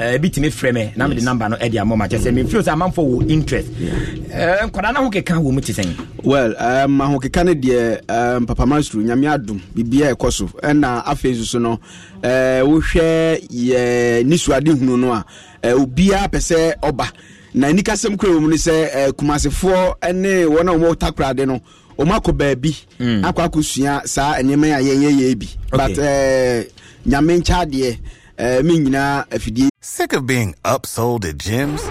Eh, ebi tumi frɛ mɛ eh, na mede number no ɛde eh, amɔ ma kyɛ mi mefiri sɛ amanfoɔ wɔ interest nkɔda no ho keka wɔ mu te sɛn well um, ahokeka no deɛ um, papa maestro nyame adom biribia ɛkɔ so ɛna afei nso no uh, wohwɛ yɛ nisuade hunu no a uh, obiaa pɛ sɛ ɔba na anikasɛm kora wɔ mu no sɛ uh, kumasefoɔ ne wɔn a wɔmɔtakorade no ɔmo akɔ baabi mm. akɔ akɔsua saa nneɛma a yɛnyɛ yɛ bi but uh, nyame nkyɛ adeɛ uh, me nyinaa afidie Sick of being upsold at gyms?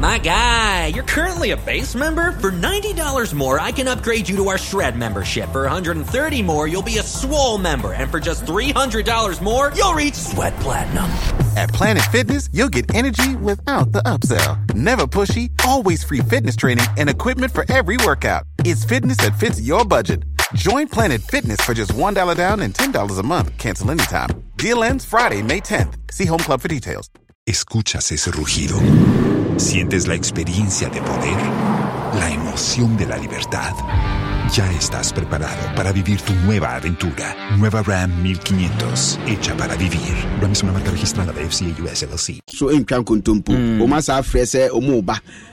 My guy, you're currently a base member. For $90 more, I can upgrade you to our Shred membership. For $130 more, you'll be a Swole member. And for just $300 more, you'll reach Sweat Platinum. At Planet Fitness, you'll get energy without the upsell. Never pushy, always free fitness training and equipment for every workout. It's fitness that fits your budget. Join Planet Fitness for just $1 down and $10 a month. Cancel anytime. Deal ends Friday, May 10th. See Home Club for details. Escuchas ese rugido. Sientes la experiencia de poder, la emoción de la libertad. Ya estás preparado para vivir tu nueva aventura. Nueva Ram 1500, hecha para vivir. Ram es una marca registrada de FCA US LLC. So in kan kontompo, mm. o ma sa frese o mu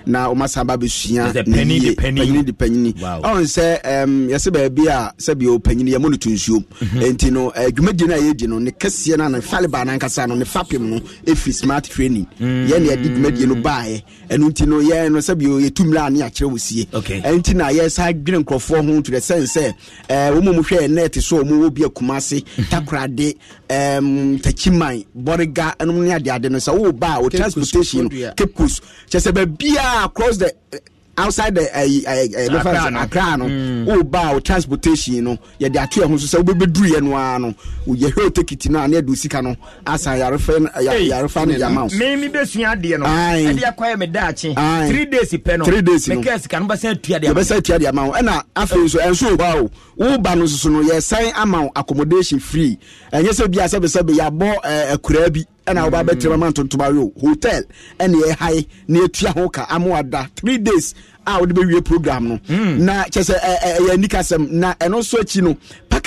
na o ma sa ba be sua. Penny the penny. Penny the penny. On say ah, um yese ba bia se em, bi o penny ye mo mm-hmm. no tunsuo. Eh, Entino, no adwumadi na ye di ne kese na na fale na nkasa no ne fapem no e fi smart training. Mm. Ye ne adi dwumadi no bae, Enu nti no ye no se bi o ye tumla ne akyere wosie. Enti na ye sa dwene nkrofo ho to the sense sɛ eh, wɔn mu hwɛ net so wɔn wɔ bi akuma ase takoradi tachiman bɔriga ɛnum ne adeade no sɛ wɔn ba o transportation capos kyɛ sɛ baabi across the. Uh, outside the ɛbɛfa eh, eh, eh, sɛ akra no woba mm. wo transportation no yɛde ato ɛho so sɛ wobɛbɛduru yɛ no ara no yɛhwɛ wo tikiti no a ne ɛde sika no asan yarefa no yama wo meme bɛsua adeɛ no ɛde akɔyɛ medaakye Three days pɛ no 3 days no mekɛ sika no bɛsɛ atua deɛ yɛbɛsɛ atua deɛ ama wo ɛna afei nso ɛnso woba wo woba no soso no yɛsan ama wo accommodation free ɛnyɛ sɛ bia sɛbesɛbe yɛabɔ akuraa bi ɛna wɔba bɛtiri mama ntontoma yi o hotel ɛna yɛ ha yi na etua ho ka amoada three days a wɔde bɛwie program no hmm. na kyɛ sɛ ɛɛ ɛyɛ nikasɛm na ɛno nso akyi no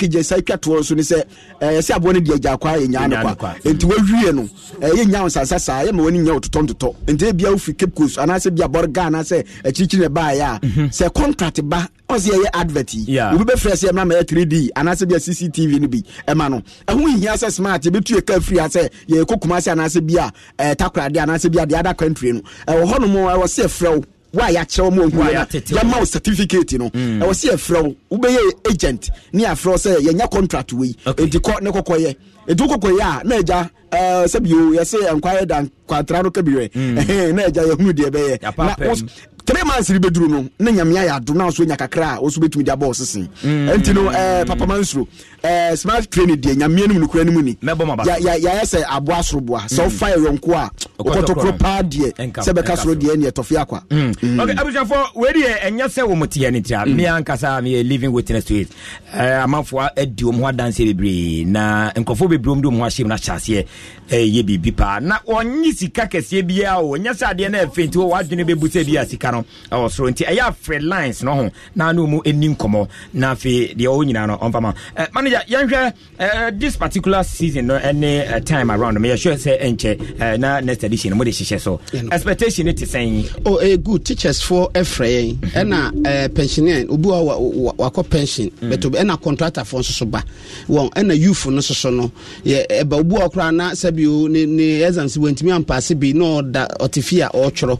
package sa atwa toɔ nso ne sɛ yɛsɛ aboɔ no deɛ agya kwa yɛnyaa no kwa enti wawie no yɛnya wo sansa saa yɛma wani nya wo totɔntotɔ enti ɛbia wofi cape coast anaasɛ bia bɔrga anaasɛ akyirikyiri ne baeɛ a mhm. sɛ contract ba ɔsɛ yɛyɛ advert yi obi bɛfrɛ sɛ ɛma ma yɛ 3d anaasɛ bia cctv no bi ɛma no ɛho hia sɛ smart yɛbɛtu yɛ ka afiri ha sɛ yɛyɛkɔ kumase anaasɛ bia takorade anaasɛ bia deɛ ada country no ɛwɔ hɔ nom ɛwɔ sɛ frɛ wo Hmm. wa a yɛakyerɛ wɔ ma ɔhu yɛma wo certificate no ɛwɔ sɛ yɛfrɛ wo wobɛyɛ agent ne yɛafrɛ sɛ yɛnyɛ contract wei ɛnti kɔ ne kɔkɔyɛ ɛnti wokɔkɔyɛ a na agya sɛ bio yɛse nkwayɛ da nkwatra no ka bi wɛ na agya yɛhunu deɛ ɛbɛyɛ three months ni bɛduru no ne nyame ayɛ ado na so nya kakra a ɔso bɛtumi de abɔɔ sesen ɛnti mm. no eh, papa mansuro eh, smart training deɛ nyameɛ no mu nokora no mu ni yɛayɛ sɛ aboa soroboa sɛ wofa mm. yɛyɔnko a wokɔtɔ paa deɛ sɛ bɛka soro deɛ neɛ tɔfe akwa mm. abusuafoɔ weideɛ ɛnyɛ sɛ wɔ moteɛ no tia me meyɛ living witness to it eh, amanfoɔ adi wɔ m ho adanseɛ bebree na nkurɔfoɔ bebree m de wɔ m ho ahyɛm no ahyɛ aseɛ biribi paa na ɔnye sika kɛseɛ biaa o ɛnyɛ sɛ adeɛ no ɛfei nti wɔ w'adwene bɛbu sɛ bi a sika no ɛwɔ soro nti ɛyɛ afrɛ lines no ho na ne ɔmu ɛni nkɔmmɔ na afei deɛ ɔwɔ nyinaa no ɔmfa manager yɛnhwɛ this particular season no ɛne time around no meyɛhwɛ sɛ ɛnkyɛ na next edition no mode hyehyɛ so expectation no te sɛn oh, eh, good teachers for ɛfrɛ yɛn mhm. ɛna eh, pensioner obi wa wakɔ pension mm. but ɛna contractor nso so ba wɔn ɛna youth no soso no yɛ ɛba obi wa koraa na sɛbi o ne ne exams wɔntumi ampaase bi na ɔda ɔte fie a ɔretwerɛ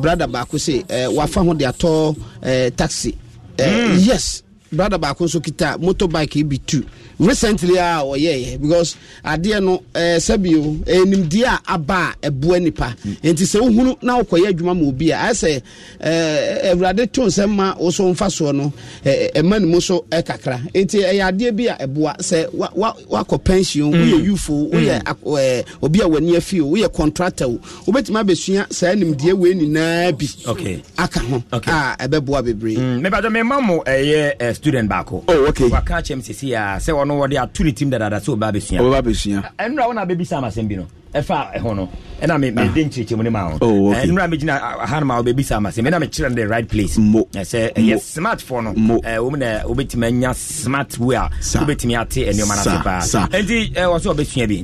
brada baako sɛ Eh, wafa ho de atɔ eh, taxi eh, hmm. yes brother, baako nso kita motorbike bi too recently a ɔyɛɛ because adeɛ no ɛɛ eh, sɛbio ɛnimdeɛ a aba a ɛboa nipa nti sɛ wohunu na wokɔyɛ adwuma ma obi a ayɛ sɛ ɛɛ eh, awurade to nsɛm ma woso mfa soɔ no ɛɛ eh, ɛma ne mu so ɛkakra nti ɛyɛ adeɛ bi a ɛboa sɛ wa wa wakɔ pension woyɛ mm. yufo mm. woyɛ ɛɛ obi a w'ani afi o woyɛ contractor o wobɛtumi abɛsua saa ɛnimdeɛ wei nyinaa bi aka ho a ɛbɛboa bebree. mbɛbàdàn mi ma mo ɛyɛ student baako. ɔ oh, ok waka kyɛm sisi a sɛ wɔn no wɔde ato ne tim dadada sɛ ɔba bɛsua ɔba bɛsua ɛnora wona bɛbisa ama asɛm bi no ɛfa ho no ɛna mede ah. nkyerɛkyɛmu oh, no ma ho ɛnora megyina ha no ma wobɛbisa ama asɛm ɛna mekyerɛ no the right place sɛ ɛyɛ smart fɔ no wɔm na wobɛtumi anya smart way a wobɛtumi ate nneɔma no ase paa ɛnti wɔ sɛ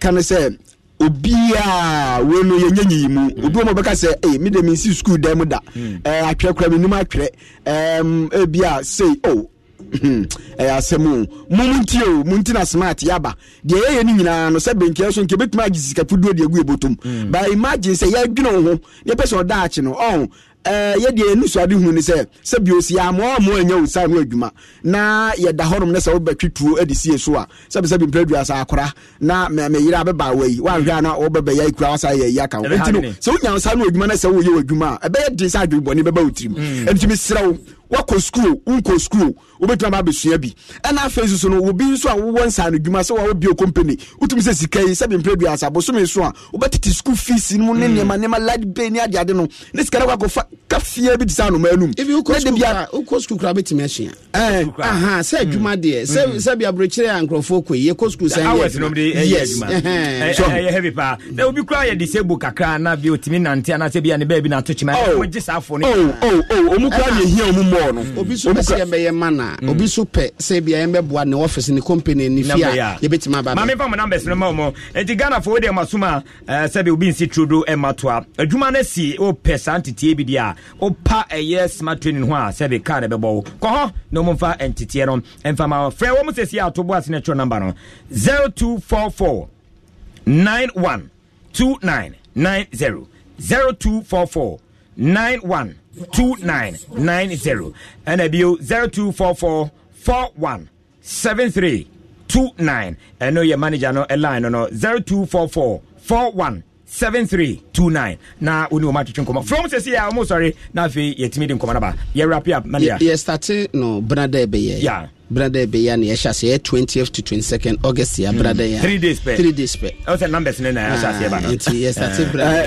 ɔbɛsua bi obiaa wei yɛnyɛ nyiyi mu mm. obi wɔ ma ɔbɛka sɛ ee mi de nsi sukuu dan mu da mm. atwerɛ kora mi atwerɛ ɛɛm sei o oh, ɛyɛ asɛm o mo mu ntie o mo nti na smart yaba deɛ yɛyɛ no nyinaa no sɛ benkia so nka bɛtumi agye sika deɛ gu ba imagine sɛ yɛadwene wo ho ne yɛpɛ sɛ ɔda akye no ɔn yɛdeɛ ɛnu so ade hunu ne sɛ sɛ si amoa amoa anya wo saa no adwuma na yɛda hɔnom ne sɛ wobɛtwe tuo de sie so a sɛbɛ sɛ bimpra aduasa akora na meyere abɛba wa woanhwɛ a na wɔbɛbɛyɛ akura wasa yɛ yi aka wo ɛnti no sɛ wonya wo saa no adwuma sɛ woyɛ w'adwuma a ɛbɛyɛ den sɛ bɛba wo tirim mm. serɛ wo wakɔ school nkɔ school wobɛtumi aba abɛsua bi ɛna afei nso no obi nso a wowɔ nsaano dwuma sɛ wɔwɔ bio company wotumi sɛ sika yi sɛbi mpere duasa bosome so a wobɛtete school fees no mu ne mm. nneɛma nneɛma light bill ne adeade no ne sika no wakɔfa ka fie bi te sɛ anoma anum wokɔ school kora bɛtumi asua eh. sɛ mm. adwuma deɛ sɛbi mm. aborɔkyerɛ a nkurɔfoɔ kɔ yi yɛkɔ school sɛ na obi kora yɛ de sɛ kakra na bi ɔtumi nante anasɛ bi ne baabi na ato kyima ɔgye no ɔmu kora ne ɔmu mmɔ wɔ no mm. obi so pɛ sɛ yɛbɛyɛ ma na mm. obi so pɛ sɛ bia yɛbɛboa ne office ne company ne fie a yɛbɛtumi aba mo numbers no ma wo mɔ enti ghanafoɔ wode ma som eh, a sɛbe obi nsi trodo ɛma to a adwuma no si wopɛ saa nteteɛ bi deɛ a wopa ɛyɛ smart training ho a sɛbe kar no bɛbɔ wo kɔ hɔ na ɔmomfa nteteɛ no ɛmfa ma frɛ wɔ m sɛsie ato boase no kyerɛ number no 0244 91 90 0244 91 2990 ɛna bio 0244 41 73 29 ɛno yɛ manager no line no no 0244 41 7329 na wone wɔ matwetwe nkɔmmɔ from sɛsi a ɔmo sɔre na afei yɛtumi de nkɔmmɔ no ba yɛwrapi up manager yɛstate no bena dɛ bɛyɛ yeah brother bɛ yɛ ne yɛhyɛ aseɛ yɛ twentieth to twenty second august yɛ hmm. brother yɛ three days pɛ three days pɛ ɔsɛ numbers ne na yɛhyɛ aseɛ ba no nti yɛ sase brother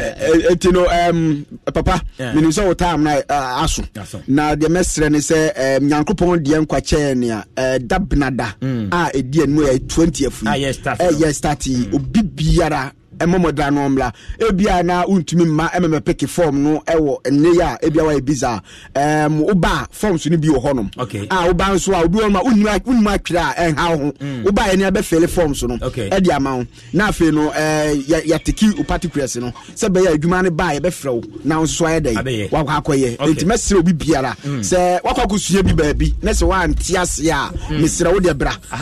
nti no um, papa menim sɛ wo time na eh, aso na deɛ mɛserɛ ne eh, sɛ nyankopɔn deɛ nkwakyɛɛ ne a eh, da benada a ɛdi anim yɛ twentieth yi ɛyɛ start yi obi biara mmɔmɔdra no mmra ebia na wontumi mma mmɛmɛ peke fɔm no ɛwɔ nne ya a ebia wayɛ biza ɛɛm woba fɔm so no bi wɔ hɔnom a woba nso a obi wɔ ma wonum atwerɛ a ɛnha ho mm. woba yɛ ne abɛfɛle fɔm so no ɛde ama wo na afei no ɛɛ yɛteki wo particulars no sɛ bɛyɛ adwuma no ba yɛbɛfrɛ wo na nso ayɛ dɛ wakɔ akɔyɛ nti mɛsrɛ obi biara mm. sɛ wakɔ akɔsua bi baabi na sɛ woante ase a mm. mesrɛ wo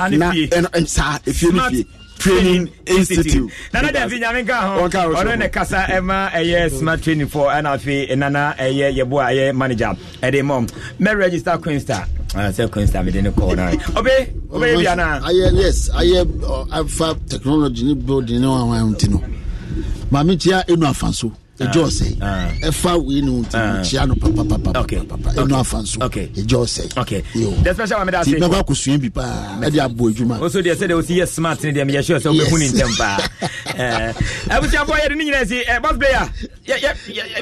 na saa efie training institute nana dɛmfi nyame nka ho ɔno ne kasa ɛma ɛyɛ smart training for ɛna afei nana ɛyɛ yɛboa ɛyɛ manager ɛde mɔ mɛ register quinsta ah, sɛ quinsta mede ne kɔɔ no ɔbe wobɛyɛ bia no yes ayɛ afa technology ne building ne wawa nti no ma mentia ɛnu afa so ɛgya ɔsɛe ɛfa wei ne nti mekyia no papapapapa ɛno afa nso ɛgya ɔsɛe mɛba akɔsua bi paa ɛde abɔ adwuma ɔso deɛ sɛdeɛ wosi yɛ smart ne deɛ meyɛ sure sɛ wobɛhu ne ntɛm paa abusuafoɔ yɛde no nyina si bos player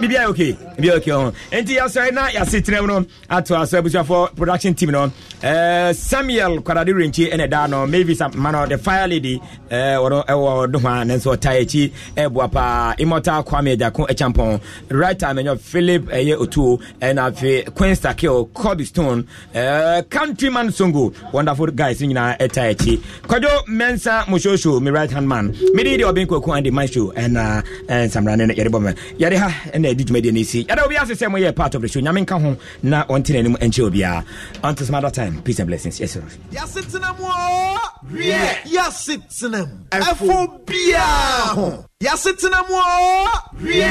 biribia ok biribia ok ho enti yɛsɔre na yɛase tenam no ato aso abusuafoɔ production team no eh, samuel kwadade renkyi ɛne daa no mavis mano oh, the fire lady wɔno eh, ɛwɔ doho a nanso ɔtae akyi ɛboa eh, paa immortal kwame agyako Nwankwo right time and Philip Eye eh, Otuo, and i Queen Stakio, Kobe Stone, uh, Countryman Sungu, wonderful guys in our etaiti. Eh, Kodo Mensa Mushoshu, my right hand man, Midi Obinko and the Manshu, and uh, and Samran and Yeribom, Yariha, and Edith Medianisi. Yada will be the same part of the show. Yaminka home, na on Tinenum and Chobia. Until some other time, peace and blessings. Yes, sir. Yes, it's an yɛasetena ɛfo biaa ho yɛasetena mu ɔ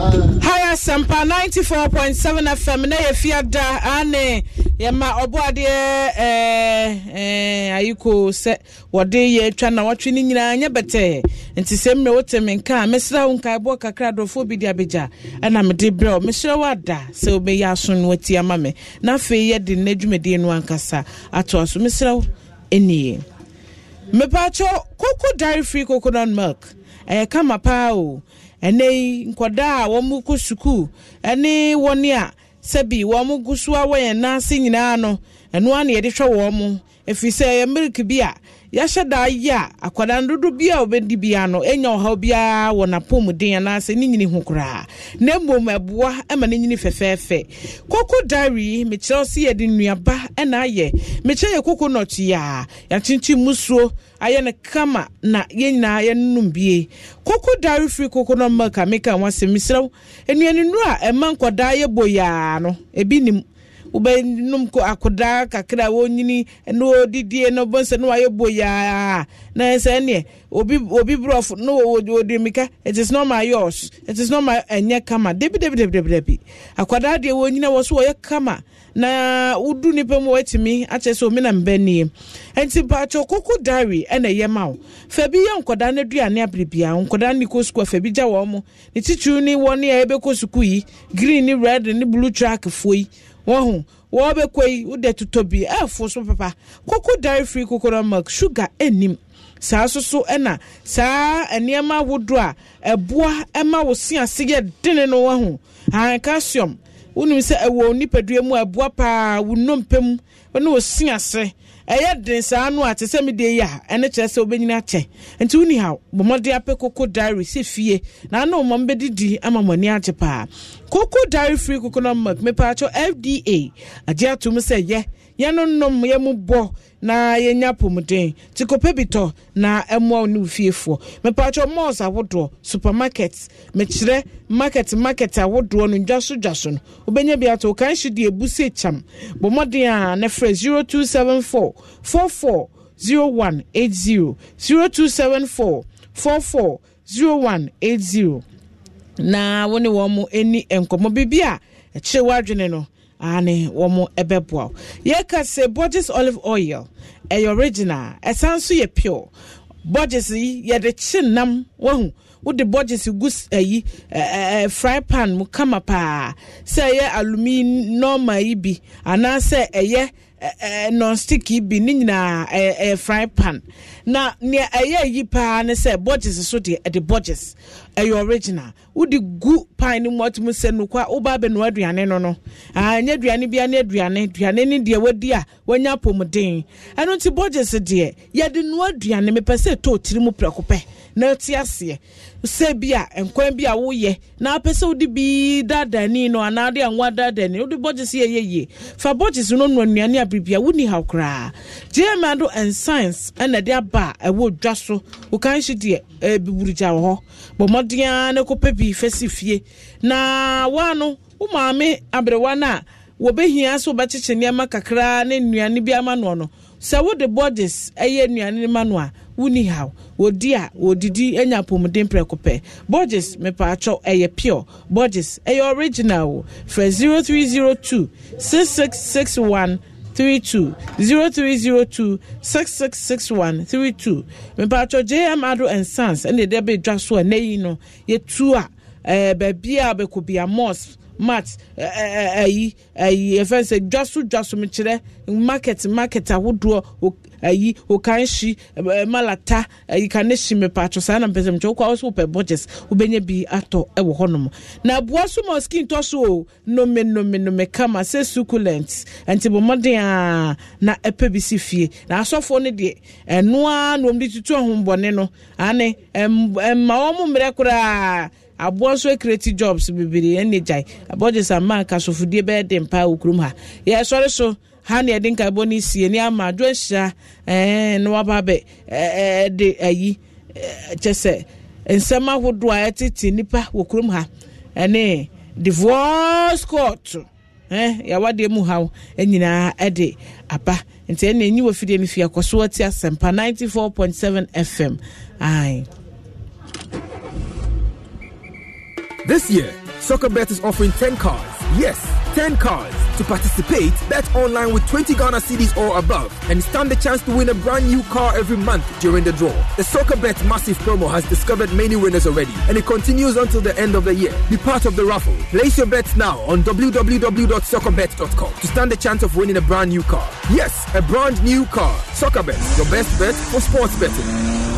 higher sampa 94.7 fm na yɛfi ada ane yɛma ɔboadeɛ eh, eh, ayiko sɛ wɔde yɛ atwa na wɔtwe no nyinaa nyɛ bɛtɛɛ nti sɛ mmerɛ wote me nka a mesrɛ wo nkaeboɔ kakra adɔfoɔ bi de abɛgya ɛna mede berɛ wo mesrɛ wo ada sɛ wobɛyɛ aso no wati ama me na afei yɛde nna dwumadie no ankasa atoa so mesrɛ wo ɛnie mepatwɔ koko dairy free coconut milk ɛyɛ eh, kama paa o ɛnɛ yi nkɔdaa a wɔn kɔ sukuu ɛne wɔn a sɛbi wɔn gu so a wɔyɛ nan ase nyinaa no ɛnoa na yɛde hwɛ wɔn mo efisɛ ɛyɛ milk bi a. yɛahyɛ daa yi a akwadaa no dodo bi a wɔbɛdi bia no ɛnya ɔhaw biara wɔ n'apɔmuden anaasɛ ne nyini ho koraa na mmom ɛboa ma ne nyini fɛfɛɛfɛ koko diary yi mekyerɛ sɛ yɛde nnuaba ɛna ayɛ mekyerɛ yɛ koko nɔtwe a yɛakyenkyen mu suo ayɛ no kama na yɛn nyinaa yɛnonom bie koko diary firi koko no milk a meka ho asɛm a ɛma nkwadaa yɛ boyaa no ebi nim wobɛnum akodaa kakra a wɔnyini ne wɔdidie no bɛn sɛ ne wayɛ boyaa na sɛ neɛ obi obi borɔfo ne wɔdi mika it is not my yours it not my ɛnyɛ eh, kama debi debi debi debi debi akwadaa deɛ wɔnyina wɔ so wɔyɛ kama na wodu nipa mu watumi akyɛ sɛ omi na mbɛ nie nti mpakyɛ koko diary ɛna ɛyɛ ma wo fa bi yɛ nkɔdaa no aduane aberebia nkɔdaa no kɔ sukuu fa bi gya wɔn mo ne titiri ne wɔn a ɛbɛkɔ sukuu yi green ne red ne blue track foɔ yi wɔn wɔbɛkɔ yi wode totɔ bi ɛɛfo eh, so papa koko dairy free coconut milk sugar ɛnim saa nso so ɛna saa nneɛma ahodoɔ a ɛboa ɛma wo se ase yɛ dene no wɔn ho wonim sɛ ɛwɔ nipadua mu ɛboa paa wo nnompe mu ɛne wo se ase. ɛyɛ den saa no a te sɛ mede yi a ɛne kyerɛ sɛ wobɛnyini akyɛ nti wo ni haw bɔmmɔde apɛ koko diary sɛ fie na ana ɔmam bɛdidi ama mo ani agye paa koko diary free coconut milk mepaakyɛ fda agye atom sɛ yɛ yɛno nom yɛ mu bɔ na yɛnya apɔmuden nti kɔpɛ bi tɔ na ɛmoa ne wofiefoɔ mepatwɛ malls ahodoɔ supermarket mekyerɛ market market ahodoɔ no dwa so dwa so no wobɛnya bi atɔ wokan hye de ɛbu sɛ kyam bɔ mmɔden a ne frɛ 0274 44 0180 0274 44 0180 na wo ne wɔn mo ani nkɔmmɔ biribi a ɛkyerɛ w'adwene no Ani wɔn ɛbɛboa yɛka sɛ Borges olive oil ɛyɛ original ɛsan so yɛ pure Borges yi yɛde kye nam wɔhu wode Borges gu ayi ɛɛ fry pan mu kama paa sɛ ɛyɛ alumi normal yi bi anaasɛ ɛyɛ ɛɛ nonstick bi ne nyinaa ɛɛ ɛɛ fry pan na nea ɛyɛ uh, yi paa ne sɛ Borges so deɛ ɛde uh, Borges. ɛyɛ original wode gu pan no mu atumi sɛ nokwa woba abɛnoa aduane no no ɛnyɛ aduane bia ne aduane aduane ne deɛ wadi a wanya apɔmuden ɛno nti budges deɛ yɛde noa aduane mepɛ sɛ ɛtɔ tiri mu prɛko pɛ na ɛte aseɛ sɛ bi a nkwan bi a woyɛ na apɛ sɛ wode bi daadani no anaa de anwa daadani wode budges yɛ yɛ fa budges no noa nnuane a biribi a wonni haw koraa gmado and science ɛna ɛde aba a ɛwɔ dwa so wokan hye deɛ ɛbiburu wɔ hɔ bɔmmɔden mmɔden a ne kɔpɛ bi fɛsi fie na waa no wo maame aberewa no a wɔbɛhia so wobɛkyekyɛ nneɛma kakra na nnuane bi ama noɔ no sɛ wode bodies ɛyɛ nnuane no ma a woni haw wɔdi a wɔdidi anya apɔmuden prɛko pɛ bodies mepaakyɛw ɛyɛ pure bodies ɛyɛ original o frɛ 0302 6661 three two zero three zero two six six six one three two mpatsɔ jm ado and sons ɛna ɛde ɛbɛdwa so a n'ayi no yɛtu a ɛɛ eh, baabi a mosque mat ɛyi eh, eh, eh, ɛyi efɛn sɛ dwaso dwaso mi kyerɛ market market ahodoɔ ɛyi okan hyi malata ɛyi kane hyi mipatro saa na mpɛsɛm kyɛ wokɔ awosɛ wopɛ budgets wobɛnya bi atɔ ɛwɔ hɔnom na aboa so ma skin tɔ so o nnome nnome nnome kama sɛ succulent ɛnti bɔ mmɔden a na ɛpɛ bi si fie na asɔfoɔ no deɛ ɛnoa na wɔm de tutu ahombɔne no ane ɛmma wɔn mmerɛ koraa aboɔ nso create jobs bebree ɛne gyae aboɔ gye sama nkasofodie bɛyɛ de mpa wɔ kurom ha yɛsɔre so ha ne yɛde nkaebɔ no sie ne ama adwo ahyia na waba bɛ de ayi kyɛ sɛ nsɛm ahodoɔ a ɛtete nnipa wɔ kurom ha ɛne divorce court yɛawadeɛ mu haw nyinaa ɛde aba nti ɛne ɛnyi wɔ fidie no fie akɔ so wate asɛmpa 94.7 fm ae This year, SoccerBet is offering 10 cards. Yes, 10 cards. To participate, bet online with 20 Ghana CDs or above and stand the chance to win a brand new car every month during the draw. The SoccerBet massive promo has discovered many winners already and it continues until the end of the year. Be part of the raffle. Place your bets now on www.soccerbet.com to stand the chance of winning a brand new car. Yes, a brand new car. SoccerBet, your best bet for sports betting.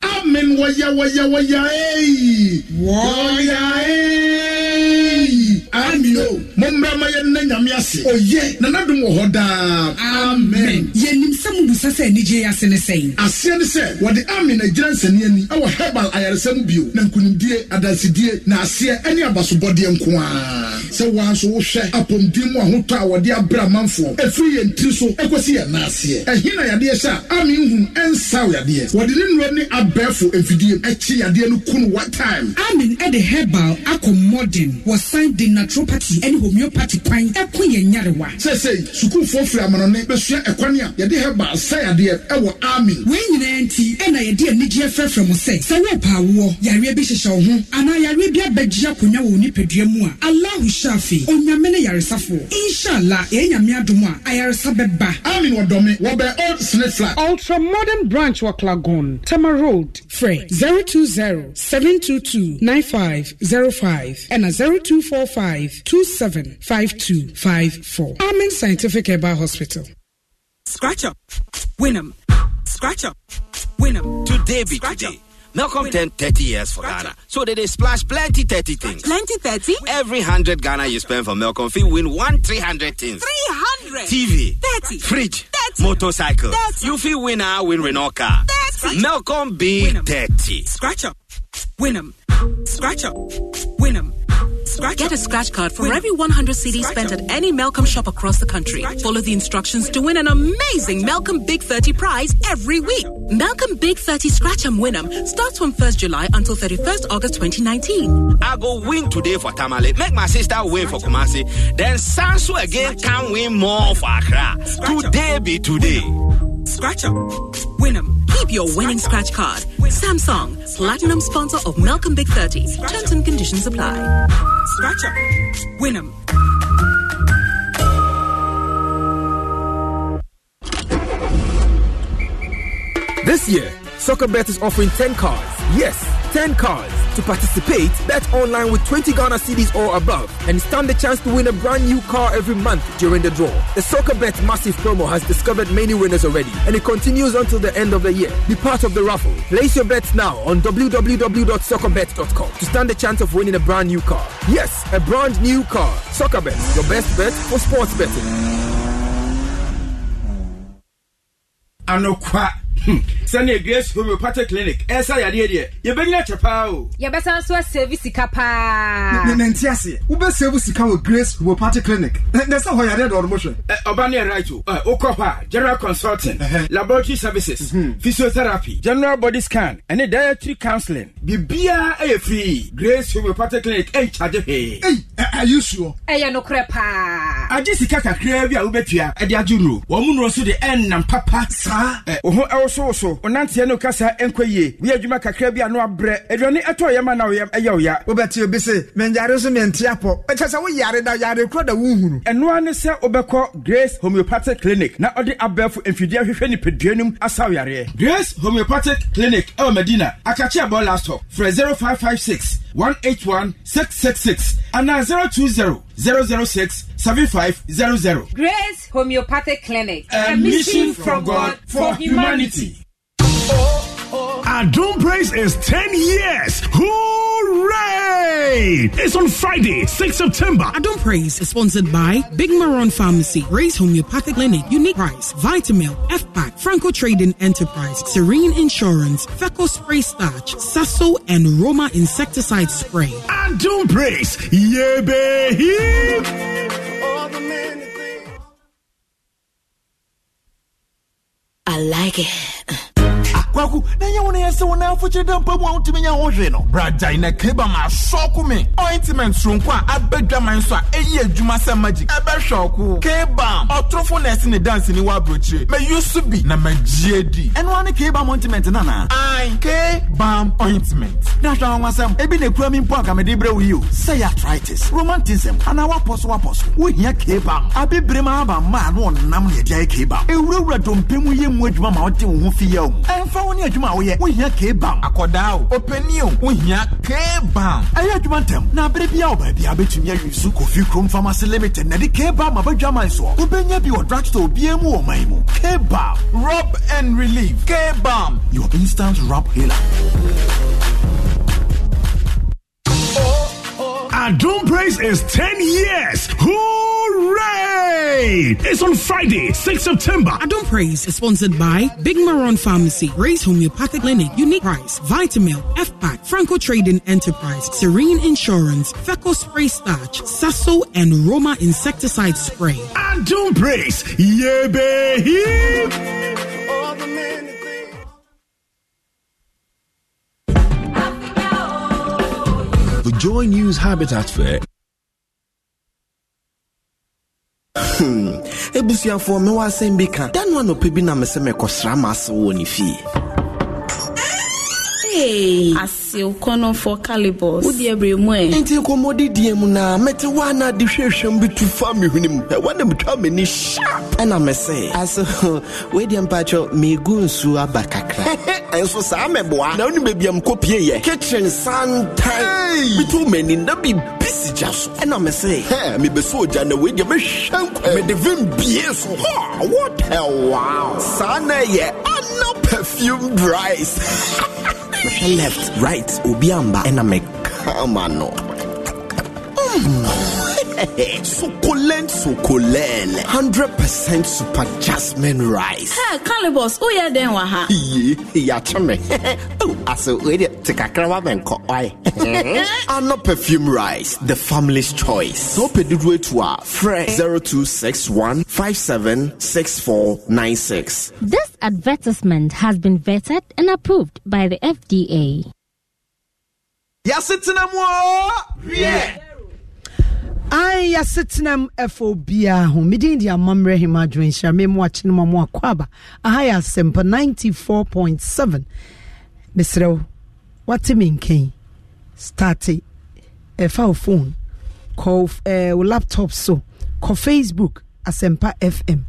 amen waya waya waya ei waya ei amino mommra ma yɛnna nyame ase ɔyɛ na nadom wɔ hɔ daa amen nim sɛ mu mubusa sɛ anigyeɛ ase ne sɛn aseɛ ne sɛ wɔde amen agyira nsane ani ɛwɔ hebal ayaresa bio na nkonimdie adansedie na aseɛ ne abasobɔdeɛ nko aa sɛ wɔn nso wohwɛ apɔnden mu ahotɔ a wɔde abira amanfoɔ efiri yɛn tiri so ekosi yɛn naaseɛ ɛhin na yadeɛ hyɛ a ami nhun ɛnsaw yadeɛ wɔde ne nnuro ne abɛɛfo mfidie ɛkyi yadeɛ no kun one time. amin ɛde herbal akɔ modern wɔsan de naturopathy ɛne homeopathy kwan ɛko yɛn nyarewa. sɛsɛyi sukuufoɔ firi amanɔne bɛsua ɛkwan a yɛde herbal sɛ yadeɛ ɛwɔ amin. wɔn nyinaa nti ɛna yɛde anigyeɛ fɛfɛ mo sɛ sɛ wɔn paawoɔ yareɛ bi hyehyɛ wɔn anaa yareɛ bi abɛgye akonnwa wɔ nipadua mu a alahu hyɛ ahyɛ afei onyame inshallah old snake ultra modern branch work clagon tama road Frey. 020 722 9505 ɛna 0245 27 5254 amen scientific herbal hospital scratch up Win win 'em scratch up Win today To scratch Up. Malcolm 10, 30 years for Ghana. So they, they splash plenty 30 things. Plenty 30? Every 100 Ghana you spend for Malcolm, Fee win one 300 things. 300? TV. 30. Fridge. 30. Motorcycle. 30. You feel winner ah, win Renault car. 30. Milcom B 30. Scratch up. Win them. Scratch up. Win them. Scratch Get a scratch card for win. every 100 CDs spent at any Malcolm shop across the country. Follow the instructions to win an amazing Malcolm Big 30 prize every week. Malcolm Big 30 Scratch and Win'em starts from 1st July until 31st August 2019. I go win today for Tamale, make my sister win for Kumasi, then Sansu again can win more for Accra. Today be today. Scratch up. Win 'em. Keep your winning scratch card. Samsung, platinum sponsor of Malcolm Big 30. Terms and conditions apply. Scratch up. Win 'em. This year, SoccerBet is offering 10 cars. Yes, 10 cars. To participate, bet online with 20 Ghana cedis or above and stand the chance to win a brand new car every month during the draw. The SoccerBet massive promo has discovered many winners already and it continues until the end of the year. Be part of the raffle. Place your bets now on www.soccerbet.com to stand the chance of winning a brand new car. Yes, a brand new car. SoccerBet, your best bet for sports betting. quite. Hmm. sɛne grace homeopathic clinic ɛsa eh, yadeɛ deɛ yɛbɛnyina kyɛ paa o yɛbɛsan so asɛvi sika paa nante aseɛ wobɛsɛvi sika wɔ grace homeopathic clinic eh, nɛ sɛ hɔ yadeɛ dɔɔde mohwɛ eh, ɔba ne right o wokɔ hɔ a general consulting laboratory services mhm. physiotherapy general body scan ɛne dietary counseling biribiaa ɛyɛ frii grace homeopathic clinic ɛnkyade hwee ayɛ suɔ ɛyɛ nokorɛ paa agye sika kakraa bi a wobɛtua ɛde agye nuro wɔn mu nuro nso de ɛnnam papa saa wo ho ɛwɔ wosowoso wonanteɛ no kasa ɛnkɔ yie woyɛ adwuma kakra bi a no abrɛ aduane ɛtɔ yɛ ma na woyɛ ɛyɛ wo ya wobɛte obi se menyare so mente apɔ ɛkyɛ sɛ woyare da yare kora da wohunu ɛnoa ne sɛ wobɛkɔ grace homeopathic clinic na ɔde abɛɛfo mfidie ahwehwɛ nipadua no mu asaw grace homeopathic clinic ɛwɔ madina akakye abɔ last hɔ frɛ 0556 181 666 anaa 020 006 7500. Grace Homeopathic Clinic. A, a mission, mission from God for humanity. humanity. Adum Praise is 10 years. Hooray! It's on Friday, 6 September. Adum Praise is sponsored by Big Maron Pharmacy, Grace Homeopathic Clinic, Unique Price, Vitamil, Pack, Franco Trading Enterprise, Serene Insurance, Feco Spray Starch, Sasso, and Roma Insecticide Spray. Adum Praise, yeah, baby! I like it. kwaku na ɛnyɛ wo no yɛ sɛ wo na afokyere da mpa mu a wotumi nya ho hwee no bragyae na kaba ma asɔko me ointment soronko a abɛdwaman so a ɛyi adwuma sɛ magic ɛbɛhwɛ ɔko kabam ɔtorofo nɛse ne danse ni wɔ aburokyire mayu bi na magyie di ɛno ara ne kabam ointment no anaa ae ointment na hwɛ awawasɛm ebi na ekura mi mpo akamede brɛ wo yi o sɛ yɛ arthritis romantism anaa woapɔ so woapɔ so wohia kabam abibire ma aba mmaa na ɔnam ne yɛde ayɛ kabam ewurawura dompe mu yɛ mu adwuma ma ɔde wo ho fi yɛ wo mu ɛmfa wo ni adwuma a woyɛ wohia kbam akɔdaa o ɔpani o k kbam ɛyɛ adwuma ntɛm na abere bia wɔ baabi a bɛtumi awi so kofi kurom pharmacy limited na de kbam abadwaman soɔ wobɛnya bi wɔ drugstore biaa mu wɔ man mu kbam rob and relief k kbam your instant rub healer Doom Praise is 10 years. Hooray! It's on Friday, 6 September. Adon Praise is sponsored by Big Maron Pharmacy, Grace Homeopathic Clinic, Unique Price, Vitamil, Pack, Franco Trading Enterprise, Serene Insurance, Feco Spray Starch, Sasso, and Roma Insecticide Spray. Adon Praise, yeah, baby! the Joy News Habitat Fair. Hmm. ebusuafoɔ mewɔ asɛm bi ka da no anɔpɛ bi na mesɛ mekɔsra ma ase wɔ ne fie Hey. Ase okono for calibers. Wo die bre mu e. Nti e ko modi die mu na mete wa na de hwehwem bi tu fa me hwenim. E wa na metwa me ni sharp. Ɛna e me se. Aso we die mpacho me gu nsu aba kakra. Enso saa meboa. Na onu bebi am kopie ye. Kitchen santai. Bitu me ni na bi bisi gya so. Ɛna e me se. He me be so gya na we die me hwen. Me de vim bie so. Ha what hell wow. Sana ye. Anna perfume rice. left right ubiamba, amba ɛna mɛkama no mm succulent, succulent. 100% super jasmine rice. Ha, Calibos, who ya den wa ha? Ye, ya chame. Oh, aso, wait, take a crab and cook. Ano perfume rice, the family's choice. So pedidwe to fresh 0261 576496. This advertisement has been vetted and approved by the FDA. Yasitinamu! Yeah an yɛasetenam ɛfo FOB ho medin de amammerɛ hema adwenhyia me mu akye no ma mu akɔ 94.7 Mr. What you mean, King? Start eh, a phone call uh, laptop so facebook asempa fm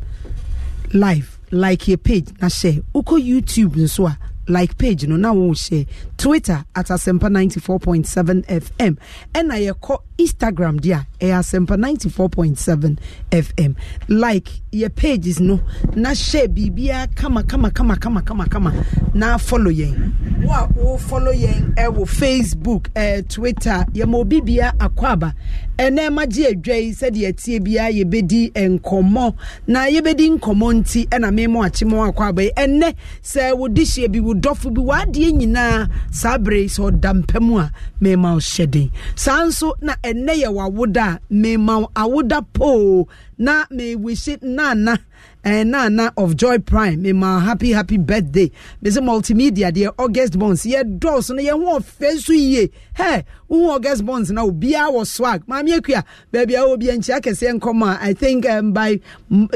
live like your page na share Uko youtube nso like page no na wo share twitter at asempa 94.7 fm ɛna yɛkɔ instagram deɛ a ɛyɛ asempa 94.7 fm like yɛ pages no na hyɛ biribiara kama kama kama kama kama kama na follow yɛn wo a wo follow yɛn ɛwɔ facebook ɛɛ twitter yɛma obi bia akɔ aba ɛnɛ ma gye adwa yi sɛdeɛ tie bia yɛbɛdi nkɔmmɔ na yɛbɛdi nkɔmmɔ nti ɛna mɛmɔ akyi mɔ akɔ aba yi ɛnɛ sɛ wo dihyeɛ bi wo dɔfo bi w'adeɛ nyinaa saa berɛ yi sɛ ɔda mpɛ mu a mema wo hyɛ den saa nso na ɛnɛ yɛ wawoda a mema wo awoda poo na mewihye nana eh, nana of joy prime mema happy happy birthday mesɛ multimedia deɛ august bonds yɛdɔɔso no yɛho ɔfɛ so yie hɛ wohu august bonds na obiaa wɔ swag maame akua baabi a wɔ bia nkyia kɛseɛ nkɔm a i think um, by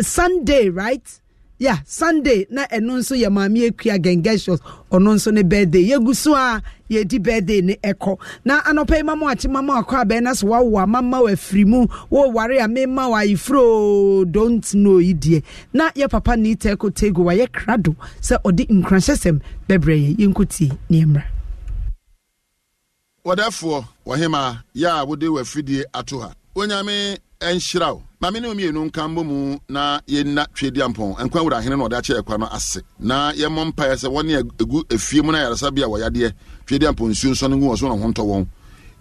sunday right yeah sunday na ɛno nso yɛ maame ɔno nso ne birthday yɛgu so a yɛdi birthday ne ɛkɔ na anɔpɛ yi mama akye mama akɔ abɛn na so wawo ama ma wafiri mu wɔware a mema wɔ ayifuro don't know yi deɛ na yɛ papa ne ita ɛkɔ tego wayɛ krado sɛ ɔde nkuranhyɛsɛm bɛbrɛ yɛ wɔdɛfoɔ wɔhema yɛ a ɛnhyira wo maame ne mmienu nka mbɔ mu na yɛnna twedi ampɔn nkwa wura hene na ɔde akyɛ ɛkwa no ase na yɛmmɔ mpaeɛ sɛ wɔne ɛgu efie mu na yaresa bi a wɔyadeɛ twedi ampɔn nsuo nsɔ no ngu wɔn so na wɔn ntɔ wɔn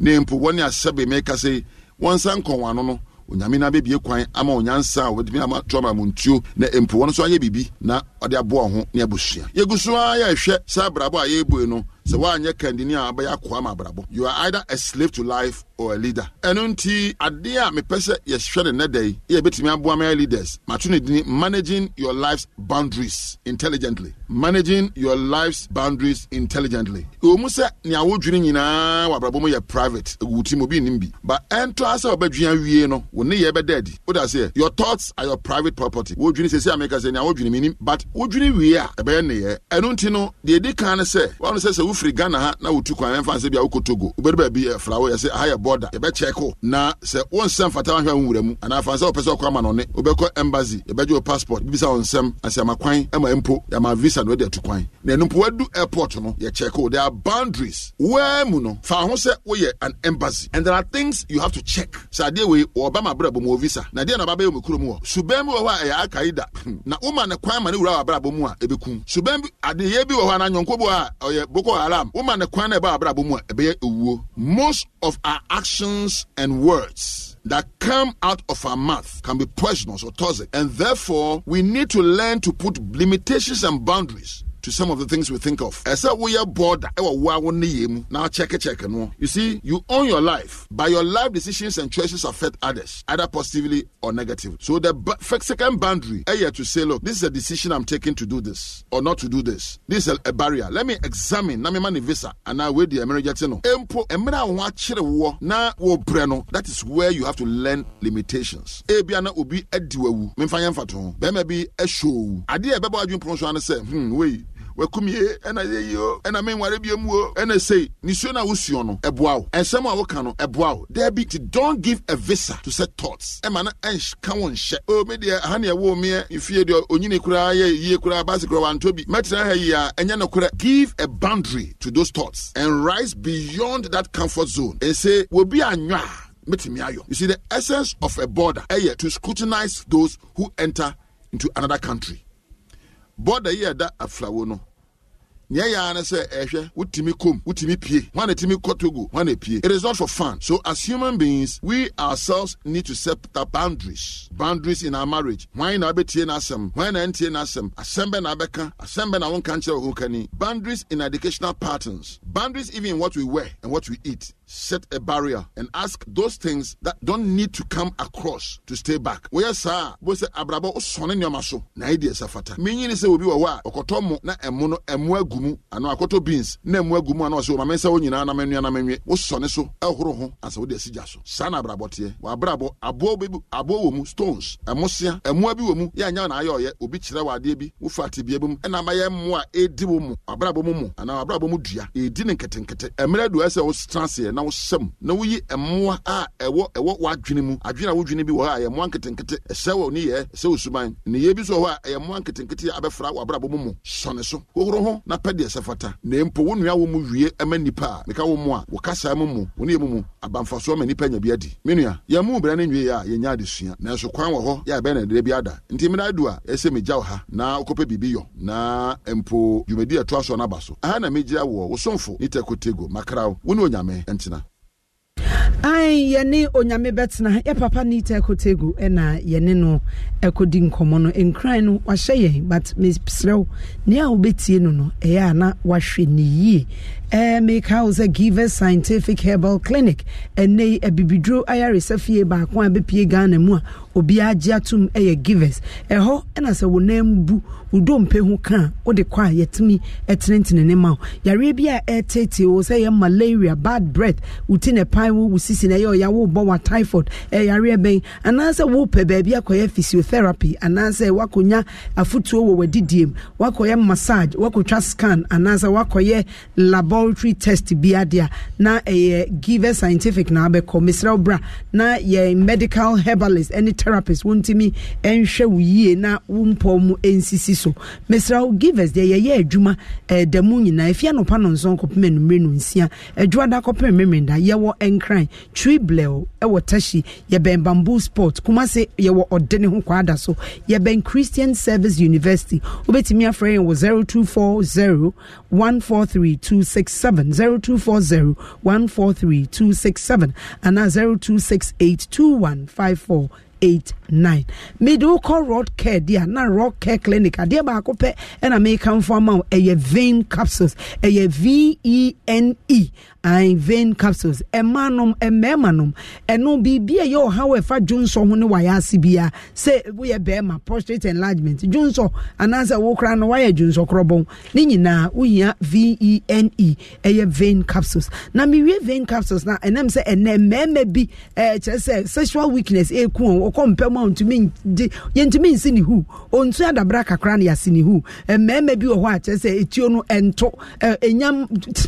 ne mpo wɔne asɛbe mɛka sɛ wɔn nsa nkɔn wɔn ano no onyame no abɛbie kwan ama onyansa a wɔbɛtumi ama to ama mo ntuo na mpo wɔn nso ayɛ biribi na ɔde aboa ho ne abusua yɛgu so ara yɛhwɛ sɛ abrabɔ a yɛrebue no sɛ woanyɛ kandini a abɛyɛ akoa ma abrabɔ you are either a slave to life or a leader ɛno nti adeɛ a mepɛ sɛ yɛhwɛ ne nɛda yi yɛ bɛtumi aboa ma leaders mato ne din managing your life's boundaries intelligently managing your life's boundaries intelligently ɛwɔ mu sɛ nea ni nyinaa wɔ abrabɔ mu yɛ private ɛgu tim obi nnim bi but ɛnto asɛ wɔbɛdwea wie no wo ne yɛ bɛda adi woda seɛ your thoughts are your private property wodwene sɛsi a meka sɛ nea wodwene menim but wodwene wie a ɛbɛyɛ nneyɛ ɛno nti no deɛ ɛdi kan ne sɛ wɔno sɛ sɛ wofiri ghana ha na wotu kwan ɛmfa nsɛ bi a wokɔ togo wobɛde baabi ɛfra wo yɛ sɛ aha yɛ bɔ border yɛbɛkyɛ ko na sɛ wonsɛm fata ahwɛ nwura mu anaa afa sɛ wopɛ sɛ ɔkɔ ama no ne wobɛkɔ embassy yɛbɛgye wo passport bibisa wo nsɛm asiama kwan ama mpo yɛama visa no wode ato kwan na ɛno mpo wadu airport no yɛkyɛ ko there are boundaries waa mu no fa ho sɛ woyɛ an embassy and there are things you have to check sɛ adeɛ wei wɔba ma abrabɔ mu wɔ visa na adeɛ na ɔbabɛyɛ mu kuro mu wɔ suban bi wɔ hɔ a ɛyɛ akaida hmm. na woma ne kwan ma ne wura wɔ abrabɔ mu a ɛbɛkum suban bi adeyɛ bi wɔ most of our actions and words that come out of our mouth can be poisonous or toxic. And therefore, we need to learn to put limitations and boundaries to some of the things we think of. As a we are bored, now check it, check it. You see, you own your life. By your life decisions and choices affect others, either positively or negatively. So the second boundary here to say, look, this is a decision I'm taking to do this or not to do this. This is a, a barrier. Let me examine. Na me visa and I wait the American no. Empo emina wachire wo na wo breno. That is where you have to learn limitations. Ebi ubi obi ediwewu. Memfa yemfa to. Be ma bi ehwo. Ade e bebo adwun say, hmm, wait wakumie ɛna yɛyi o ɛna menware bio mu o ɛna sei nisuo no a wosuo no ɛboa wo ɛnsɛm a woka no ɛboa wo daabi nti don't give a visa to set thoughts ɛma no ɛnka wo nhyɛ o me deɛ aha ne ɛwo meɛ mfie deɛ onyini koraa yɛ yie koraa base koraa wantɔ bi mɛtena ha yi a ɛnyɛ nokorɛ give a boundary to those thoughts and rise beyond that comfort zone and say wobi anwa metimi ayɔ you see the essence of a border ɛyɛ to scrutinize those who enter into another country bɔda yi ɛda aflawo no nea yɛ ara sɛ ɛhwɛ wotumi kom wotumi pie wɔn na tumi kɔ togo wɔn na pie it is not for fun so as human beings we ourselves need to set up boundaries boundaries in our marriage wɔn na abɛtie n'asɛm wɔn na ntie n'asɛm asɛm bɛ na abɛka asɛm bɛ na wɔn nka nkyerɛ wɔn kani boundaries in educational patterns boundaries even in what we wear and what we eat set a barrier and ask those things that don't need to come across to stay back. Where saa bo sɛ abrabɔ sɔne nneɛma so na ayi deɛ safata. ni sɛ obi wɔ hɔ a ɔkɔtɔ mo na ɛmo no ɛmo agu mu anaa beans na ɛmo agu ano anaa ɔsɛ ɔmame nsa wo nyinaa na mɛnua na mɛnwe wo sɔne so ɛhoro ho ansa wode asi gya so. Saa na abrabɔ teɛ. Wɔ abrabɔ aboɔ bi aboɔ wɔ mu stones ɛmo sea ɛmoa bi wɔ mu yɛ anya na ayɛ ɔyɛ obi kyerɛ wɔ adeɛ bi wofa atibea bi mu ɛna amayɛ mmoa ɛdi wo mu abrabɔ mu mu anaa abrabɔ mu dua ɛdi ne nketenkete ɛmmerɛ du ɛsɛ wo na na wosɛm na woyi mmoa a ɛwɔ ɛwɔ w'adwene mu adwene a wodwene bi wɔ hɔ a ɛyɛ mmoa nketenkete ɛsɛ wɔ ne yɛ ɛsɛ osuman nneyɛ bi so wɔ hɔ a ɛyɛ mmoa nketenkete a abɛfra w'abrabɔ mu mu sɔne so hohoro ho na pɛ deɛ ɛsɛ fata na mpo wo nua wɔ mu wie ma nnipa a meka wɔ mu a wo kasaa mu mu wo ne yɛ mu mu abamfasoɔ ma nnipa nya bi adi me nua yɛn mu berɛ ne nwie a yɛnya adesua nanso kwan wɔ hɔ yɛ abɛn na ɛdɛ bi ada nti mmera adu a ɛsɛ megya wo ha na wokɔpɛ biribi yɔ na mpo dwumadi ɛtoa so no aba so aha na megyira wɔ wo somfo ne takotego makraw wo ne onyame ɛntena ai yɛne onyame bɛtena yɛ papa nita ɛkotego ɛna yɛne no ɛkɔ di nkɔmɔ no nkran no wahyɛ yɛn but mesrɛ wo nea wobɛtie no no ɛyɛ ana na wahwɛ ne yie meka wo sɛ givers scientific herbal clinic ɛnɛ yi abibiduro ayaresa fie baako a bɛpie ghana mu a obiara gye atom yɛ givers ɛhɔ ɛna sɛ wo nan bu wo dompe ho ka a wode kɔ a yɛtumi tenetene ne ma wo yareɛ bi a ɛtetee wo sɛ yɛ malaria bad breath wo ti ne pan wo wo sisi na ɛyɛ ɔya wobɔ wa typhoid ɛyareɛ bɛn anaasɛ wopɛ baabi akɔyɛ physiotherapy anaasɛ woakɔnya afutuo wɔ w'adidie mu woakɔyɛ massage woakɔtwa scan anaasɛ woakɔyɛ labor laboratory test biadeɛ na ɛyɛ giver scientific na abɛkɔ mesrɛ bra na yɛ medical herbalist ne therapist wontumi nhwɛ eh, eh, wo yie na eh, wo mpɔ mu nsisi so mesrɛ givers deɛ yɛyɛ adwuma da mu nyinaa ɛfia nɔpa no nson kɔpem anumere no nsia adwuma da kɔpem memenda yɛwɔ nkran tree blɛw ɛwɔ tashi yɛbɛn bamboo sport kumase yɛwɔ ɔdene ho kwaada so yɛbɛn christian service university wobɛtumi afrɛ yɛn wɔ 0240 143 26 267 0240 143 267 and 0268 2154 nine mede wokɔ rod care deɛ na rod care clinic adeɛ baako pɛ ɛna meka mfo ama wo ɛyɛ vein capsules ɛyɛ v-e-n-e ae vein capsules ɛma nom mmarima nom ɛno biribi a ɛyɛ ɔhaw ɛfa dwonsɔ ho ne wayɛ ase biara sɛ woyɛ bɛrima prostate enlargement dwonsɔ anaasɛ wokora no wayɛ dwonsɔ korɔbɔn ne nyinaa wohia v-e-n-e e. ɛyɛ vein capsules na mewie vein capsules na ɛnam sɛ ɛnɛ mmarima bi ɛɛ sɛ sexual weakness ɛɛku ɔn wɔkɔ mpɛ mu a ntumi gye yɛntumi nsi ne hu ontu adabra kakra na yɛasi ne hu mmarima bi wɔ hɔ a kyerɛ sɛ etuo no ɛnto ɛnyam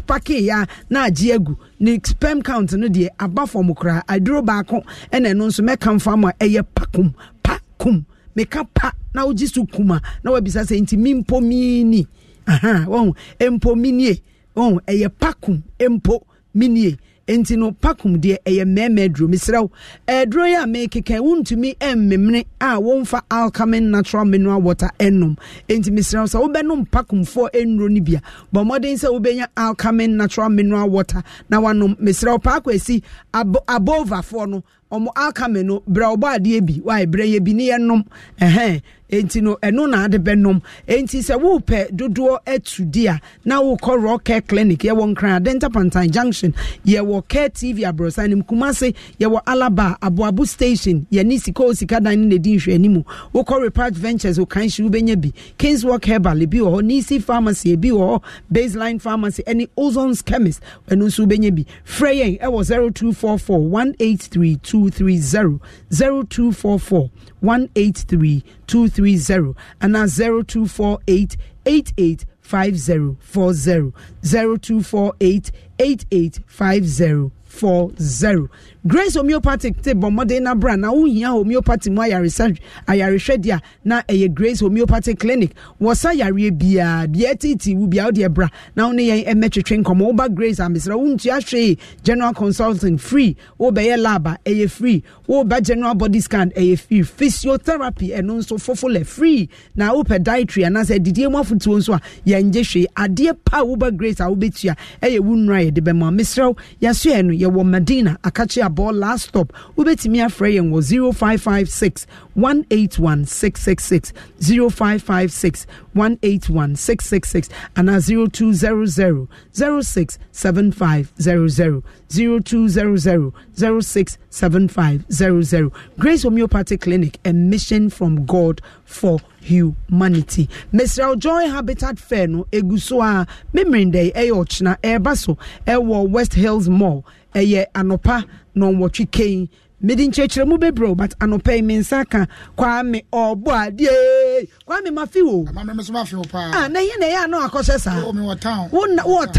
pake ya na agye agu ne sperm count no deɛ aba fam koraa aduro baako ɛna ɛno nso mɛka mfa a ɛyɛ pakum pakum meka pa na wogye so kuma na wabisa sɛ nti mi mpo miini aha wɔn mpo minie ɛyɛ pakum mpo minie. nti no pakum deɛ ɛyɛ mmarima aduro mesrɛ wo aduro yi a mekeka wontumi mmemene a wɔmfa alkamin natural mineral water ɛnom nti mesrɛ wo sɛ wobɛnom pakumfoɔ nnuro no bia bɔ mmɔden sɛ wobɛnya alkamin natural mineral water na wanom mesrɛ wo paakɔ asi abovafoɔ no ɔmo alkamin no brɛ ɔbɔ adeɛ bi wae brɛ yɛ bi ne yɛnom ɛhɛn nti no ɛno na ade nom nti sɛ wopɛ dodoɔ atu di a na wokɔ raw care clinic yɛwɔ nkran adenta pantan junction yɛwɔ care tv aborɔsan nim kumase yɛwɔ alaba aboabo station yɛne sika o sika dan ne nedi nhwɛ anim wokɔ repatch ventures okan hyi wobɛnya bi kingswalk herbal ebi wɔ hɔ nisi pharmacy ebi wɔ hɔ baseline pharmacy ɛne ozons chemist ɛno nso wobɛnya bi zero two four four one eight three Two three zero and 0248 88 0248 88 four zero grace homeopathic te bɔ mmɔden na bra na wohia homeopathy mu ayaresa ayarehwɛ deɛ na ɛyɛ grace homeopathic clinic wɔsa yareɛ biara deɛ titi wo bia wodeɛ bra na wo ne yɛn mɛtwetwe nkɔmmɔ woba grace amesrɛ wontua hwee general consulting free wobɛyɛ laba ɛyɛ eh, free woba general body scan ɛyɛ eh, free physiotherapy ɛno eh, nso fofolɛ free na wopɛ dietary anaasɛ adidie mu afotuo nso a yɛngye hwee adeɛ pa a woba grace a wobɛtua ɛyɛ wo nnura yɛde bɛma mesrɛ wo yɛasoɛ no yɛwɔ Medina Akachi Abo last stop wobɛtumi afrɛ yɛn wɔ 0556 181 666 0556 181 666 anaa 0200 Grace Homeopathic Clinic a mission from God for humanity. Mesrel Joy Habitat Fair no egu so a memrendɛ ɛyɛ ɔkyena ɛreba West Hills Mall. ɛyɛ anɔpa na ɔnwɔtwe mede nkyerɛkyerɛ mu bebree but anɔpɛ yi me nsa ka kwame ɔbɔ adeɛ kwame mafi o yɛ ah, na ɛyɛ anɔ akɔhyɛ saa town wodua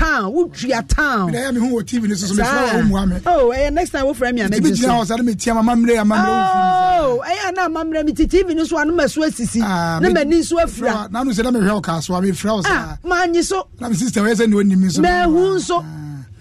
town oh, next time wofrɛ me anɛyɛ ana mammerɛ mete tv no so a asisi ah, na mani nso afira ah, manyi so nso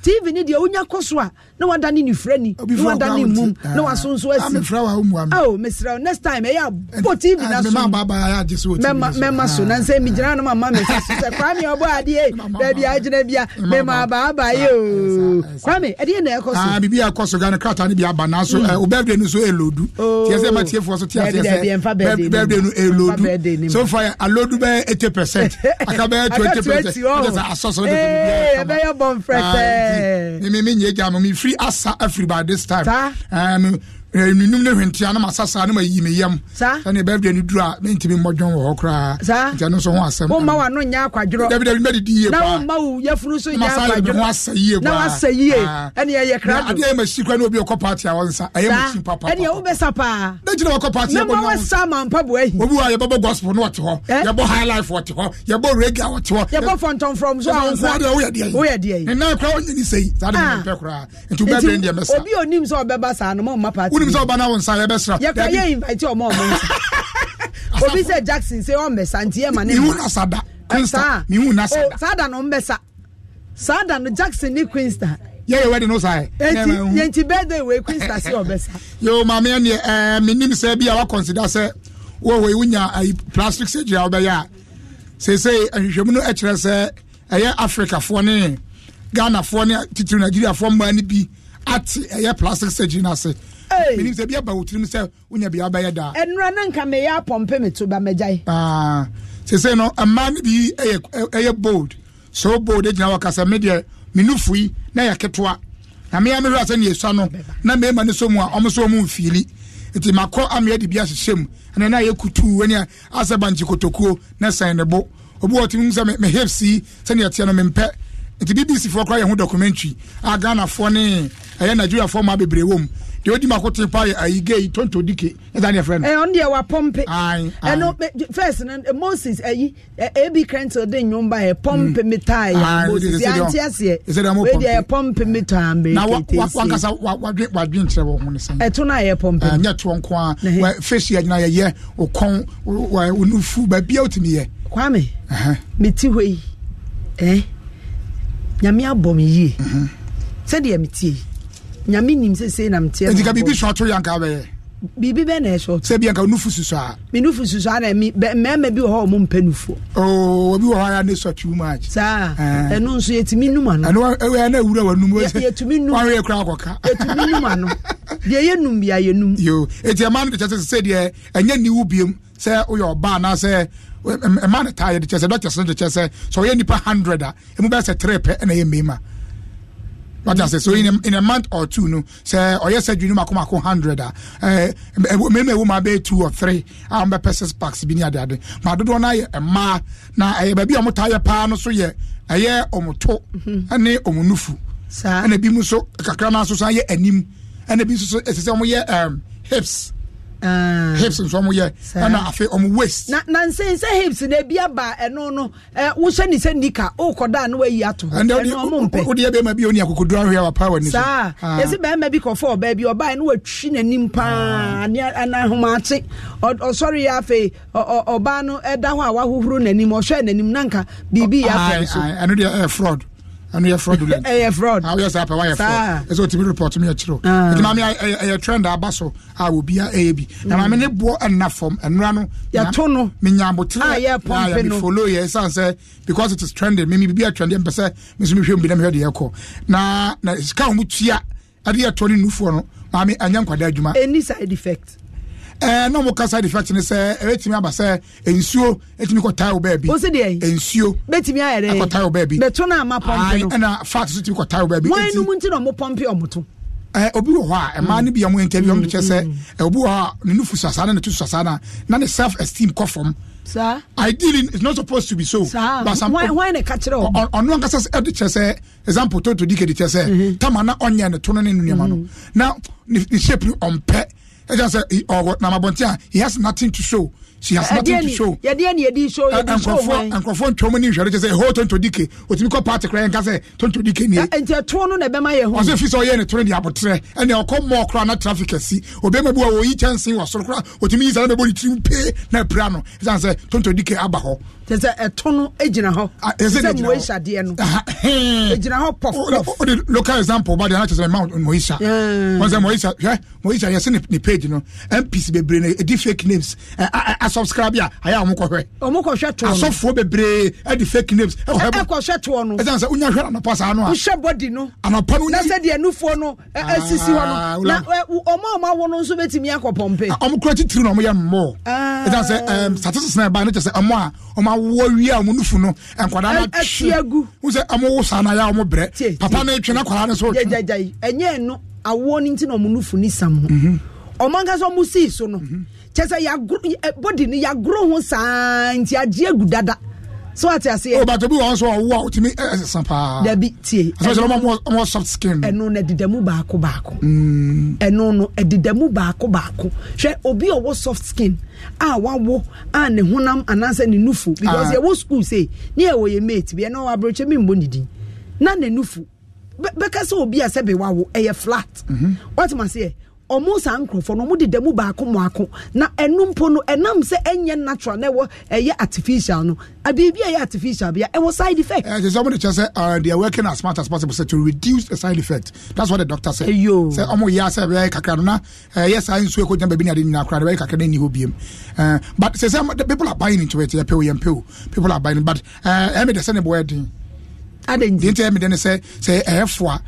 tv ni deɛ wonya kɔ so a na wadane ne frɛ ni na wadane mum na ah, waso nso asi mesrɛ next time ɛyɛ abɔ tv ah, na so mɛma so na ah. nsɛ megyina no mama me sa so sɛ kwame ɔbɔ adeɛ baabi agyina bia mema abaabaeɛ o kwame ɛdeɛ na ɛkɔ so biribi akɔ so gane krataa no bi aba nanso mm. eh, wobɛbrɛ no so ɛlɔdu oh. tiɛ sɛ matiefoɔ so teaseɛ sɛ bɛbrɛ no ɛlɔdu so fa alɔdu bɛyɛ 80 percent aka bɛyɛ 20 percent ɛsɛ asɔ so ɛbɛyɛ bɔmfrɛtɛɛ mi mi mi nye gya mi mi firi asa afiri by this time. Eh, nunum ne hwentea no masasa no mayi me yam sɛne bɛbrɛ no duru a mentimi mmɔdwon wɔ hɔ koraa nti ɛno nso ho asɛm woma wano nyɛ akwadworɔ dabidabi mɛdedi yie pawoma wo yafunu so nyɛ akwadworɔ asɛ yie na wasɛ yie ah. ɛne ɛyɛ kra do adeɛ yɛ masi kora ne obi ɔkɔ party a wɔnsa ɛyɛ masi papa ɛne wobɛsa paa na gyina wɔkɔ party yɛbɔ nwa wasa ma mpa bo ahi obi wa yɛbɛbɔ gospel no wɔte hɔ eh? yɛbɔ high life wɔte hɔ yɛbɔ reggae wɔte hɔ yɛbɔ fɔntɔn from so a wɔnsa woyɛ deɛ woyɛ deɛ ne nan kora wɔnyɛ ni sɛyi saa de ah. mɛmpɛ koraa sɛ ɔbɛba saa no ma ɔma wonim sɛ ɔba no wo nsa yɛbɛsra yɛkra yɛ invite ɔma ɔmo nsa obi sɛ jackson sɛ ɔmmɛsa nti yɛma ne mehu na sada queensta mehu na sada saa da no ɔmbɛsa saa da no jackson ne queensta yɛyɛ wɛde no saa yɛnti bɛde wei queensta sɛ ɔbɛsa yo maame ɛneɛ eh, menim sɛ bi a wakɔnsida sɛ wɔwɔi wonya plastic surgery a wobɛyɛ a seesei ahwehwɛmu no kyerɛ sɛ ɛyɛ africafoɔ ne ghanafoɔ ne titiri nigeriafoɔ mmaa no bi ate ɛyɛ plastic surgery no ase menim sɛ bi aba wo tirim sɛ wonya bia bɛyɛ daa ɛnora na nka meyɛ apɔmpe me to ba mɛgyae paa sesei no mmaa no bi ɛyɛ ɛyɛ bold so bold gyina wɔka sɛ medeɛ menufo yi na yɛ ketewa na mea mehwɛ sɛ ne yɛsua no na mmarima no so mu a ɔmo so ɔmo mfiili nti makɔ ameɛ de bi ahyehyɛ mu ɛna na yɛ kutuu ani asɛ bankye kotokuo na sɛn ne bo obi wɔ tumi sɛ me hips yi sɛnea teɛ no mempɛ nti bbc foɔ koraa yɛ ho documentary a ghanafoɔ ne ɛyɛ nigeriafoɔ ma bebree wɔ mu deɛ odi mako te pa yɛ ayi gay tonto dike ɛda ne yɛfrɛ no. ɛɛ ɔno deɛ wa ɛno first no moses ayi ebi krantɛ ɔde nnwom ba yɛ pɔmpe mm. mi taa yɛ moses yɛ ante aseɛ ɛdi yɛ pɔmpe mi taa mbɛ na wankasa wadwi wadwi nkyerɛ wɔn ho ne sɛn. ɛto na yɛ pɔmpe. ɛɛ nyɛ toɔ nko a wɛ fesi agyina yɛ yɛ okɔn wɛ yɛ. kwame mi ti hɔ yi ɛɛ nyame abɔ mi yie sɛdeɛ mi nyame nim sesei na mteɛ nti ka biribi sɔ to yɛ anka bɛyɛ biribi bɛ na ɛsɔ sɛ bi anka nufu susu a mi nufu susu a na mi mɛɛma bi wɔ hɔ ɔmo mpɛ nufu. ooo oh, obi wɔ hɔ sɔ too much. saa eh. ɛnu nso yɛtumi num ano. ɛnu ɛwɛ ɛna ewura wɔ num. yɛtumi num wɔn ayɛ kura akɔka. yɛtumi num ano deɛ yɛ num bia yɛ num. yoo eti ɛmaa no de kyɛ sɛ sɛ deɛ ɛnyɛ niwu biem sɛ oyɛ ɔbaa anaasɛ ɛmaa no taa yɛ de kyɛ sɛ dɔkita sɛ de kyɛ sɛ sɛ ɔyɛ nipa hundred a emu bɛ sɛ three pɛ ɛna yɛ mmarima wati ase so in a, in a month or two no sɛ ɔyɛ sɛ dwene mako mako hundred ah. eh, eh, a maybe ɛwɔ mu abɛyɛ two or three ah, a wɔmbɛpɛ six packs bi ne adeade ma dodoɔ no ayɛ mmaa na e eh, baabi a ɔmotaa yɛ paa no so aye omuto. Ane omunufu. ɔmonufu ɛna bi mu so kakra no nso so ayɛ anim ɛna bi nso so ɛsɛ sɛ ɔmoyɛ hips Ah. hips nso ɔmo yɛ ɛna afei ɔmo waist. na na nse nse hips na ebi aba ɛno no ɛ wohyɛ ne sɛ nika okɔ da ano ayi ato ɛno ɔmo mpɛ. o de yɛ bɛrima bi oni akokoduro ahwɛ awa paa wɔ ne so. saa ah. yɛsi bɛrima bi kɔfɔ ɔbaa bi ɔbaa yɛ no watwi n'anim paa ah. ne anahomakye ɔsɔre yɛ afei ɔbaa no ɛda hɔ a wahohoro n'anim ɔhwɛ n'anim nanka biribi yɛ afɛ nso. ɛno deɛ ɛyɛ fraud ɛno yɛ fraudulent ɛyɛ eh, fraud awoyɛ saa pɛ wayɛ fraud ɛsɛ otumi report mi akyerɛw ah. nti maame ɛyɛ trend aba so a obia ɛyɛ bi na mm. maame ne boɔ ɛnna fam ɛnura no yɛto ah, no menyabotire a yɛ me follow yɛ ɛsan sɛ because it is trending mimi bibi yɛ trending mpɛ sɛ mi nso mi hwɛ mu bi na mi hwɛ deɛ ɛkɔ na na sika wɔn mu tia ɛde yɛ tɔ ne nufoɔ no maame ɛnyɛ nkwadaa adwuma any side effect ɛɛ eh, na kasa ka side effect ni sɛ ɛbɛtumi eh, aba sɛ nsuo ɛtumi kɔ taa o baabi o si deɛ nsuo bɛtumi ayɛ dɛ ɛkɔ taa o baabi bɛtɔ na ama pɔmpi no ɛna fat so tumi kɔ taa o baabi wɔn enum ti na ɔmo pɔmpi ɔmo to ɛɛ eh, obi wɔ hɔ a ɛmaa mm. ne bi ɔmo ntɛ bi ɔmo kyɛ sɛ ɛobi mm. wɔ hɔ a ne nufu sasa na ne tu sasa na na ne self esteem kɔ fam. Sir? ideally it's not supposed to be so Sir? but some wọn ɛna kakyere o ɔno ankasa ɛde kyerɛ sɛ example toto dike de kyerɛ sɛ mm-hmm. tamana ɔnyɛ ne tono ne nneɛma no mm-hmm. na ne shape ɔmpɛ ẹ jẹ́ sẹ́ ọ̀wọ̀ nàmàbọ̀ntì a ah, he has nothing to show she has nothing to show yɛdeɛ ne yɛdi show yɛdi show wɔn nkurɔfoɔ ntwom ne nhwɛre kyɛ sɛ ɛhɔ tonto dike otumi kɔ paati koraa nka sɛ tonto dike nie nti ɛtoɔ no na ɛbɛma yɛ ho ɔsɛ fi sɛ ɔyɛ ne toro ne abotrɛ ɛnna ɔkɔ mɔɔ koraa na traffic asi obɛma bi wɔ oyi kyɛnsee wɔ soro koraa otumi yi sɛ ɛna bɛbɔ ne tirim pee na apira no ɛsan sɛ tonto dike aba hɔ te sɛ ɛto no gyina hɔ ah, sɛ moahyia deɛ no ɛgyina ah, ah, eh. hɔ pɔfwode oh, oh, oh, local example ba deɛ na kyerɛ sɛ ma moahyia ɔ sɛ moahyia hwɛ moahyia yɛse ne, ne page no mps bebree no ɛdi fake names asubscribe eh, eh, a ayɛ a ɔmokɔhwɛ ɔmokɔhwɛ toɔ asɔfoɔ bebree ɛde fake names ɛkɔhwɛ toɔ no ɛsiane sɛ wonya hwɛ no anɔpa saa no a wohyɛ body no anɔpa no na sɛdeɛ nufoɔ no asisi hɔ no na ɔma ɔma wo no nso bɛtumi akɔ pɔmpe ɔmokora titiri no ɔmoyɛ mmɔɔ ɛsiane sɛ um, statistics na ɛba no kyɛ sɛ ɔmɔ a ɔmo awoɔ wie a ɔmo nufu no nkwadaa no atwi agu wosɛ ɔmo wo saa n'ayɛ a ɔmo brɛ papa no etwi n'akwadaa no so otwi ɛnyɛ no awoɔ no nti na ɔmo nufu ne sam no ɔmo mhm. ankasa ɔmo sii so no mhm. kyɛ sɛ yagoro e- body no yagoro ho saa nti agye agu dada so ati ase yɛ. o bàtò bi wà wọn sọ wa o ti mi ẹ ẹ sisan paa. dabi tie ɛnu ɛnu ɔmɔ soft skin. ɛnu na didamu baako baako. ɛnu mm. no ɛdidamu eh, baako baako hwɛ obi a soft skin a wawo a ne honam anaasɛ ne nufu because ah. yɛwɔ school sey ne yɛ wɔ yɛ mate bi ɛnu aburokye mi mbɔ ne din na ne nufu bɛka sɛ obi a sɛ bi wawo ɛyɛ flat mhm. wɔtí ma se yɛ ɔmo saa nkurɔfoɔ no ɔmo de dɛm baako mako na ɛnum po no ɛnam sɛ ɛnyɛ natural na ɛwɔ ɛyɛ artificial no abiribi a ɛyɛ artificial bia ɛwɔ side effect. ẹ ṣe sọ wọn de kyerɛ sɛ eh, they are working as smart as possible to reduce the side effect that's what the doctor said. ayo sɛ ɔmo yɛ asɛ ɛbɛyɛ kakra no na ɛyɛ eh, saa nsu ɛkɔ gyina baabi ni adi nyina kora ɛbɛyɛ eh, kakra n'ani hɔ biem but sɛ sɛ people are buying into it yɛ pew yɛ pew people are buying but ɛmi de sɛ ne bɔ ɛdin deɛ mede ne sɛ sɛ ɛyɛ foa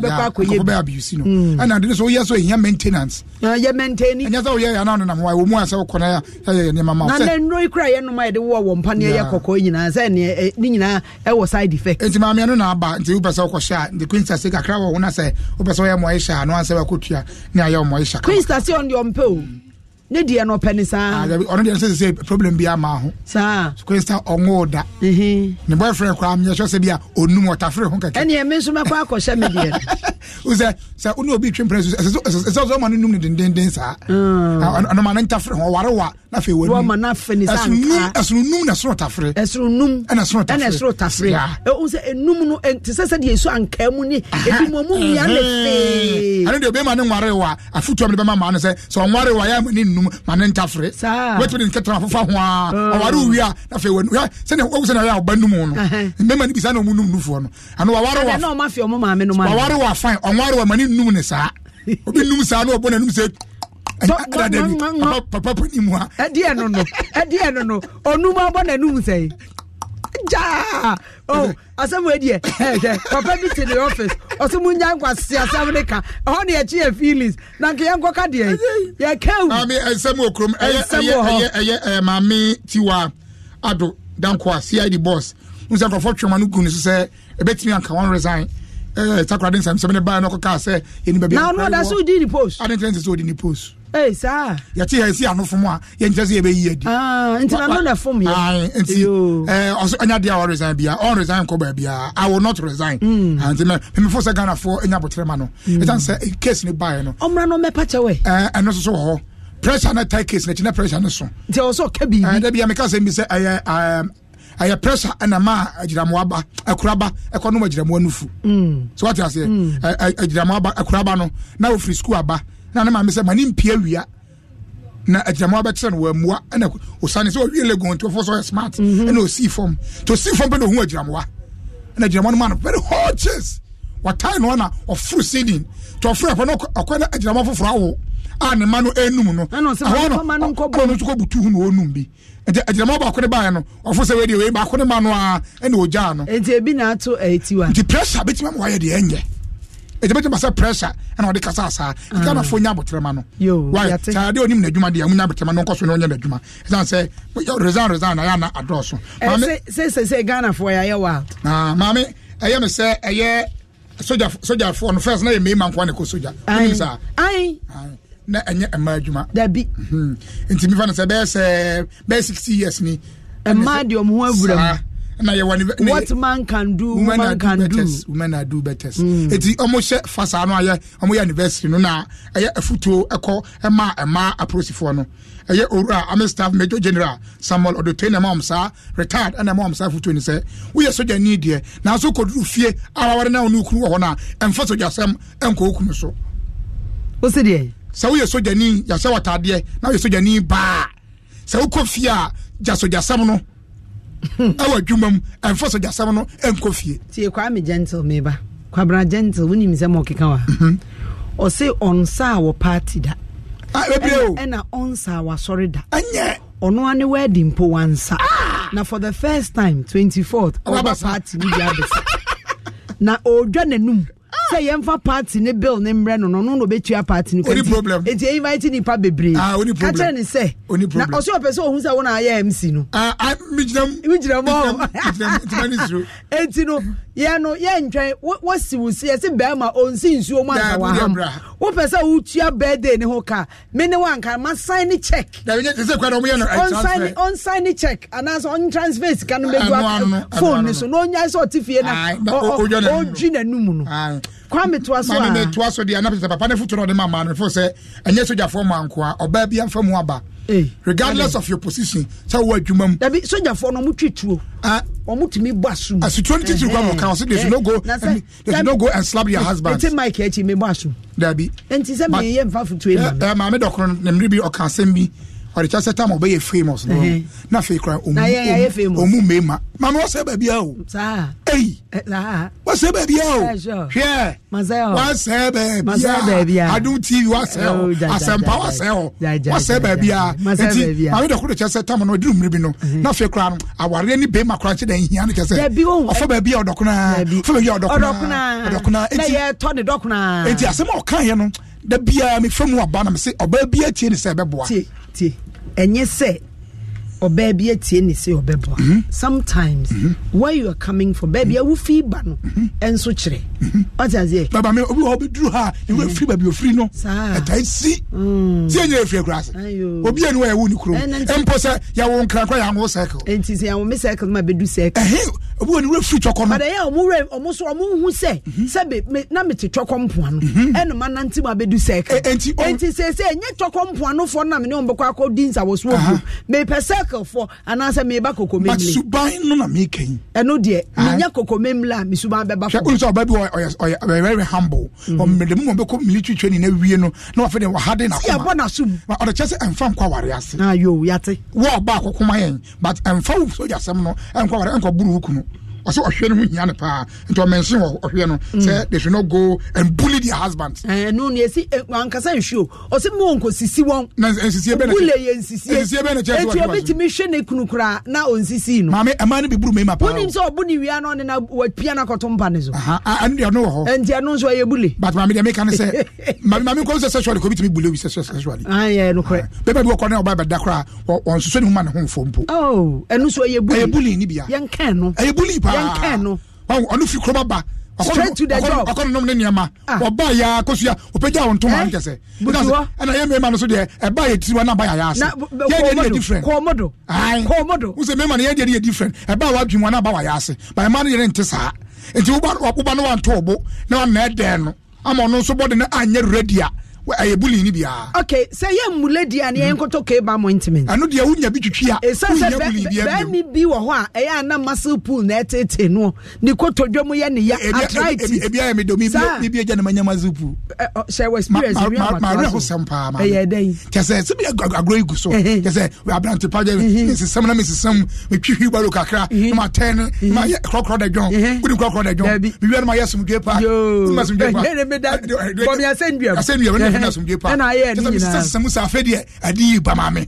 bɛkɔbɛ abuse no ɛna dene sɛ woyɛ sɛ ɛhia maintenance ɛnyɛ sɛ woyɛ ana no namoa wɔ mu a sɛ wokɔne a sɛyɛyɛ nneɛma ma na nnuro yi kora yɛnom a yɛde wowɔ wɔ mpa ne ɛyɛ kɔkɔɔ nyinaa sɛ ni nyinaa ɛwɔ side effect nti maamea no naaba nti wopɛ sɛ wokɔhyɛ a nti queenstase kakra wɔ wo na sɛ wopɛ sɛ woyɛ mmɔyɛ hyɛ a no ansɛ wakɔtua ne ayɛ mmɔyɛ hyɛ queenstase ɔn deɛ ɔmpɛ o ne deɛ no ɔpɛ ne saa ah, ɔno deɛ sɛ sɛ problem bi ama ho saa kwesta ɔnwo da ne boyfriend koraa meyɛhwɛ sɛ bi a ɔnum ɔtafere ho kɛkɛ ɛneɛ me nso mɛkɔ akɔhyɛ me deɛ wo sɛ sɛ wone obi twe mprɛ ɛsɛ sɛ ɔma no num ne dendenden saa ah. ah, ɔnoma no ntafere ho ɔware wa na afei wɔma no afe ne saaɛsono na ɛsoro tafere ɛsono num ɛna ɛsoro tafere ɛhu sɛ ɛnum no te sɛ sɛdeɛ ɛsu ankaa mu ne ɛbi mɔ mu mia ne fee ɛno deɛ obɛma ne nware wa afotuam ne bɛma maa no sɛ sɛ ɔnware wa yɛ ne num no mu ma ne ntafere wetumi ne nketena ho a aware oh. owie a na afei wanu sɛnea wawu sɛnea ɛyɛ a ɔba num no mmɛma no bisa na ɔmu num nufoɔ no ano waware wɔ afan ɔware wɔ ma num ne saa obi num saa na ɔbɔ n'anum sɛ papa pani a ɛdeɛ no no ɛdeɛ no no ɔnum abɔ n'anum sɛ gyaa o asɛm wei deɛ hɛhɛ papa bi te ne office ɔsɛ mu nya nkwasi asɛm ne ka ɛhɔ ne yɛkye yɛ feelings na nka yɛnkɔka deɛ yɛka wu maame ɛnsɛm wɔ kurom ɛyɛ ɛyɛ ɛyɛ ɛyɛ maame tiwa ado dankoa cid boss n sɛ nkurɔfoɔ twɛn no gu ne so sɛ anka wɔn resign ɛɛ sakurade nsɛmsɛm ne baa no kɔka sɛ yɛn ni baabi a na ɔno ɔda so di ni post adi n tɛ n so di ni post ee saa. yɛte yɛ si ano fom a yɛnkyɛ sɛ yɛbɛyi adi. nti na no na fom yɛ. nti ɛɛ ɔsɔ ɛnya di ah, a ɔn ah, eh, resign bia ɔn resign kɔ baabi a i will not resign. nti mɛ mɛ fo sɛ ghana fo ɛnya abotire ma no. ɛsan sɛ case ni baa yɛ no. ɔmuna no mɛpa kyɛ wɛ. ɛɛ ɛno soso wɔ hɔ pressure na tie case n'akyi na pressure ne eh, hmm. so. nti ɔsɔ ɔkɛ bi. ɛɛ dabi amika sɛ mi sɛ ɛyɛ ɛɛ ɛyɛ pressure ɛna ma agyiramoaba akuraba ɛkɔ nom agyiramoa nufu. so wate aseɛ. agyiramoaba akuraba no na ofiri school aba na ne maame sɛ ma ne mpia awia na agyinamoa bɛkyerɛ no wammua ɛna ɔsane sɛ ɔwie legon nti ɔfo sɛ ɔyɛ smart mhm. ɛna ɔsii fam nti ɔsii fam pɛ na ɔhu agyinamoa ɛna agyinamoa no ma no very hard chase watae no ana ɔforo ceiling nti ɔforo apɛ no ɔkɔ na agyinamoa foforɔ awo a ne ma no ɛnum no ɛhɔ no ɔkɔ no nso butu hu na ɔnum bi nti agyinamoa baako ne baeɛ no ɔfo sɛ wei deɛ wei baako ne ma no a ɛna ɔgyaa no nti ebi na ato ɛti wa nti pressure bɛtumi ɛgyabɛgyama sɛ pressure ɛna ɔde kasa saa ghanafoɔ nya abotrɛma no saadeɛ ɔnim n'adwuma deɛ munya abotrɛma no nkɔ so ne ɔnyɛ n'adwuma ɛsiane sɛ resign resign na yɛana adɔɔso sɛsɛsɛ ghanafoɔ yɛayɛ wild maame ɛyɛ me sɛ ɛyɛ sogyafoɔ no first na yɛ mmarima nkoa ne kɔ sogya wonim saa na ɛnyɛ mmaa adwuma dabi nti mefa no sɛ bɛyɛ sɛ bɛyɛ 60 years ni mmaa deɛ ɔmo ho awura mu na yɛ wɔn what man can do woman, can do betters. women are do better. mm. eti ɔmo hyɛ fasa no ayɛ ɔmo yɛ anniversary no na ɛyɛ afutuo ɛkɔ ɛma ɛma apolisifoɔ no ɛyɛ owura army staff major general samuel ɔdotɔyi na ɛma saa retired ɛna ɛma wɔn saa afutuo ni sɛ woyɛ sogya ni deɛ nanso koduru fie a wawari na wɔn ne okunu wɔ hɔ na ɛnfa sogya sɛm ɛnkɔ okunu so. o si deɛ. sɛ woyɛ sogya ni yasɛ wɔ na woyɛ sogya ni baa sɛ wokɔ fie a jasojasɛm no ɛwɔ adwuma mu ɛmfa sogyasɛm no ɛnkɔ fie tie kwame gentle meba kwabra gentle wonim sɛ ma ɔkeka wa mhm. ɔse ɔnsa a wɔ party da ɛna ɔnsa a wasɔre da ɛnyɛ ɔno ane wadi mpo wansa ah! na for the first time 24th ɔba party no bi abɛsa na ɔredwa n'anum sɛ yɛmfa party ne bill ne mmerɛ no no no na ɔbɛtua party no kɔnti problem enti nipa bebree ah oni problem kakyɛ ne sɛ oni problem na ɔsɛ ɔpɛ sɛ ohun sɛ wɔn a yɛ mc no ah ah mi gyina mu ɔwɔ tuma ni suro enti no yɛn no yɛn ntwɛn wɔsi wusi yɛsi bɛrima onsi nsuo mu anka waham wopɛ sɛ wotua birthday ne ho ka me ne wanka ma sign ne check ɔnsign ne check anaasɛ ɔntransfer sika no ah, bɛgu phone ne so na ɔnya sɛ ɔte fie na ɔdwi n'anum no kwame toa so maame ne toa so deɛ anapɛ sɛ papa ne foto no ɔde ma maa no fo sɛ ɛnyɛ sogyafoɔ ma nkoa ɔbaa bi amfa mu aba regardless of your position sɛ wowɔ adwuma mu dabi sogyafoɔ no ɔmotwe tuo ah. ɔmo bɔ asum asutuo no titiri kwa mɔka so there's eh, no go there's no go and slap your husband ɛte mike akyi mebɔ asum dabi nti sɛ meyɛ mfa fotoe ma eh, eh, maame dɔkoro no ne mmere bi ɔka asɛm bi ɔdekyɛ sɛ tam ɔbɛyɛ famous no na afei kora ɔmu mema ma no wasɛ baabia o ei wasɛ baabia o hwɛ wasɛ baabia adom tv wasɛ hɔ asɛmpa wasɛ hɔ wasɛ baabia nti ma me dɛko dekyɛ sɛ tam no ɔduru mmiri bi no na afei kora no awareɛ ne bɛma kora nkyɛ da nhia no kyɛ sɛ ɔfa baabia ɔdɔkonaa ɔfa baabia ɔdɔkonaa ɔdɔkonaa enti asɛm a ɔkaeɛ no da biaa mefa mu aba na mese ɔbaa bia tie ne sɛ ɛbɛboa tie ɛnyɛ sɛ ɔbaa bi atie ne se ɔbɛboa mhm. sometimes mm -hmm. where you are coming from baabi awo mhm. fi ba no ɛnso kyerɛ ɔte aseɛ. baba mi obi wɔ ɔbi duru ha ewu efiri mhm. baabi ofiri no ɛta esi mm. si enye efiri ekura ase obi enu ɛwu ni kurom ɛmpo sɛ eh, yawo nkrankora yawo circle. nti sɛ yawo mi circle ma bɛ du circle. ɛhin obi wɔ ni wura firi tɔkɔ no. padà eh, yɛ ɔmu wura ɔmu so ɔmu hu sɛ sɛbi na mi ti tɔkɔ mpoano ɛnu ma nante ma bedu du circle. Eh, nti sɛ sɛ nye tɔkɔ mpoano fɔ nam ne wɔn bɛ kɔ akɔ di nsawɔsoɔ circlefoɔ anaasɛ meba kokomemle but suban no na meka yi ɛno deɛ ah. menya kokomemle a me suban bɛba fo sɛ ɔba bi ɔyɛ very humble mhm. ɔmmede mu wɔbɛkɔ military training no awie no na wafei de wahade nakɔma ɔde kyɛ sɛ ɛmfa nkɔ aware ase ah, yo yate wɔ ɔba akɔkoma yɛn but ɛmfa wo sogya asɛm no ɛnkɔ aware ɛnkɔboro wo kunu ɔsɛ ɔhwɛ no ho hia no paa nti ɔmɛnsen ɔhwɛ no mm. sɛ they should not go and bully their husbands. ɛnu eh, ni esi eh, ankasa nsuo ɔsi mu nko sisi wɔn. na nsisie bɛ na kyɛ wule yɛ nsisie nsisie bɛ na kyɛ etu ebi ti mi hwɛ ne kunu kura na onsisi no. maame ɛmaa ni bi buru mɛma paa o. wóni sɛ ɔbu ni wia na ɔnena wapia na kɔtɔ mpa ne so. ɛnu deɛ ɔno wɔ hɔ. ɛnti ɛnu nso ɛyɛ bule. but maame deɛ meka ne sɛ maame maame nkɔ sɛ sexually kobi ti mi bule wi sɛ sexually. ayɛ ah, nukurɛ. bɛbɛ bi wɔ kɔ ne ɔba bɛ da kora ɔnsoso ne ho ma ne ho nfo mpo. Oh, ɛnu nso ɛyɛ bule. ɛyɛ bule ni bia. yɛn kan no. ɛyɛ bule paa. ɛnkɛn no ɔno fi kuroma ba straight to the job ɔkɔ nonom ne nneɛma ɔba yɛ akosua ɔpɛgya wɔn ntoma nkɛsɛ ɛna yɛ mmarima no so deɛ ɛba yɛ tiri na ba yɛ ayɛ ase no yɛ deɛ yɛ different ɛba wa na ba wa yɛ ase ba mmaa no yɛ ne nte saa nti woba no wa na wa na no ama ɔno nso bɔde no anyɛ a ɛyɛ bullying ni biara. ok sɛ yɛ mmule di a ni yɛn koto keba mo intimate. ɛnu deɛ wunya bi tutu a wunya bullying biara. bɛɛni bi wɔ hɔ a ɛyɛ ana muscle pool na ɛtete noɔ ni koto dwom yɛ ni ya arthritis. ebi ayɛ mi do mi bi mi bi egya na ma nya muscle pool. sɛ wɔ experience mi so, maa rɛ ko sɛm paa maa. ɛyɛ dɛ yi. kyesɛ sɛbi agorɔ yi gu so kyesɛ abirante pa jɛ mi sisɛm na mi sisɛm mi twi hwi baro kakra ne ma tɛn ne ma yɛ kɔkɔrɔ de jɔn kudi kɔkɔrɔ de jɔn bibi yɛ ne ma yɛ sumdue pa. yoo bɔn mi asɛn duya. asɛn duya nyame na somdwe pa ɛna ayɛ ne nyinaa sɛ sɛ afɛ deɛ ade yi ba ma me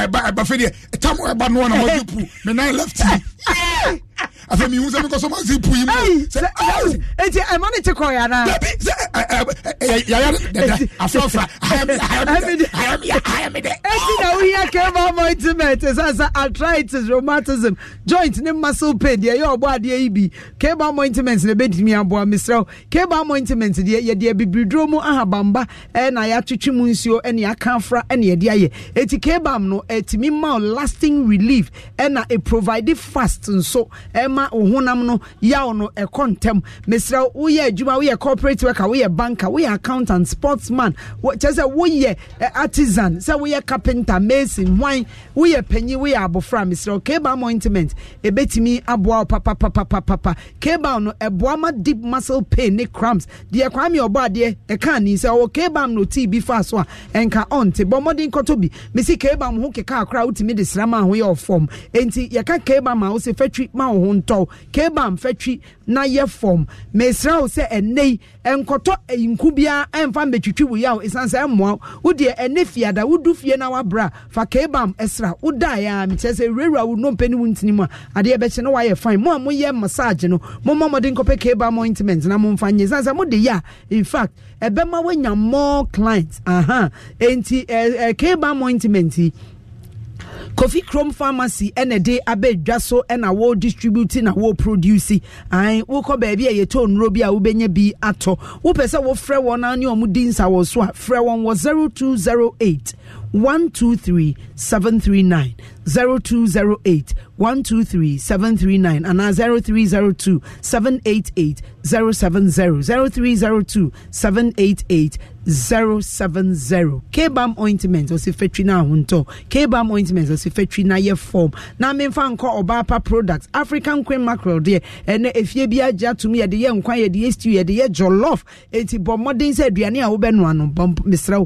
ɛba ɛba fɛ deɛ tam ɛba no na wɔde pu me nan left afei mi hun sɛ mi kɔ sɔmɔ si puyi mu sɛ awu. eti ɛmɔ ni ti kɔ yàrá. dabi sɛ ɛ ɛ yaya dɛdɛ afrɔfra ahayami ahayami ahayami ahayami dɛ. eti na wuyi ake ma ɔmɔ intimate sasa arthritis rheumatism joint ne muscle pain deɛ yɛ ɔbɔ adeɛ yi bi keba ɔmɔ intimate na ebedimi aboa misiraw keba ɔmɔ intimate deɛ yɛ deɛ bibiduro mu ahabamba ɛna yɛatwitwi mu nsuo ɛna yɛaka afra ɛna yɛde ayɛ eti kebam no etimi ma lasting relief ɛna e provide fast nso ɛma ama wo honam no yaw no ɛkɔ ntɛm mesrɛ woyɛ adwuma woyɛ corporate worker woyɛ banker woyɛ accountant sportsman kyerɛ sɛ woyɛ artisan sɛ woyɛ carpenter mason hwan woyɛ panyin woyɛ abɔfra mesrɛ kebaa ointment ɛbɛtumi aboa wo papapapapapa kebaa no ɛboa ma deep muscle pain ne cramps deɛ kwame ɔbɔ adeɛ ɛka ni sɛ ɔwɔ kebaa no tii bi fa so a ɛnka ɔnte bɔ mmɔden kɔtɔ bi mesi kebaa ho keka akora wotumi de sra ma ho yɛ ɔfɔm enti yɛka kebaa ma wo sɛ fatwi ma wo ho nto tɔw kebam fɛtwi na yɛ fam mesra wo sɛ ɛnɛ yi nkɔtɔ e nku biara ɛmfa mbɛtwitwi wo yaw ɛsiane sɛ ɛmmoa wo deɛ ɛnɛ fiada wodu fie na wabra fa kebam ɛsra wodaeɛ ya mekyerɛ sɛ wurawura wo nnompe ne wo mu a adeɛ bɛkyɛ no wayɛ fine mo a moyɛ massage no momma mɔde nkɔpɛ kebam ointment na momfa nyɛ ɛsiane sɛ mode yɛ a in fact ɛbɛma woanya more clients aha enti eh, eh, kebam ointment yi kofi chrome pharmacy ɛna de abɛdwa so ɛna wɔ distribute na wɔ produce an wokɔ baabi a yɛtɔ nnuro bi a wobɛnya bi atɔ wopɛ sɛ wofrɛ wɔn a ne ɔmo di nsa wɔ so a frɛ wɔn wɔ zero two zero eight one two three seven three nine. 0208 123 739 and 0302 788 070 0302 788 070 kbam ointment ɔsi fetri na ahontɔ kbam ointment ɔsi fetri na yɛ fɔm na mmemfa nkɔ ɔbaapa products african cream mackerel de. Ene efie bi agye atum yɛde yɛ nkwa yɛde yɛ stew yɛde yɛ jollof eti bɔ mmɔden sɛ aduane a wobɛnoa no bɔ mesrɛ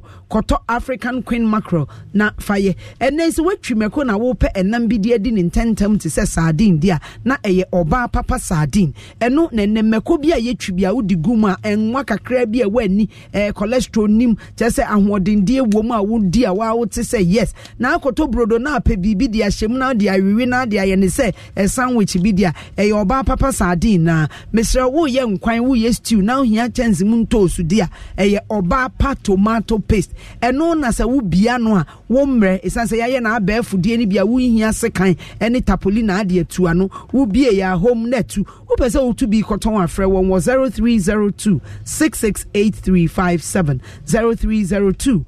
wo african queen mackerel na faye. Ene ɛnɛ nso watwi na wopɛ ɛnam bi de adi ne ntɛntɛm te sɛ sardine di na ɛyɛ ɔbaa papa sardine ɛno na nnɛmɛko bi a yɛtwi bi a wodi gu mu a ɛnwa kakra bi a woani ɛɛ cholesterol nim kyerɛ sɛ ahoɔdendeɛ wɔ mu a wodi a waa sɛ yes na akoto brodo na apɛ biribi de ahyɛ mu na de awiwi na de ayɛ ne sɛ ɛsanwich bi di a ɛyɛ ɔbaa papa sardine na mesrɛ woyɛ nkwan woyɛ stew na ohia kyɛnse mu ntoosu di a ɛyɛ ɔbaa pa tomato paste ɛno na sɛ wobia no a wo ɛsiane sɛ yɛayɛ na abɛɛfo die no bi baabi a se sekan ne tapoli na ade atua no wobie yɛ ahom na atu wopɛ sɛ wotu bi kɔtɔn afrɛ wɔn wɔ 0302 668357 0302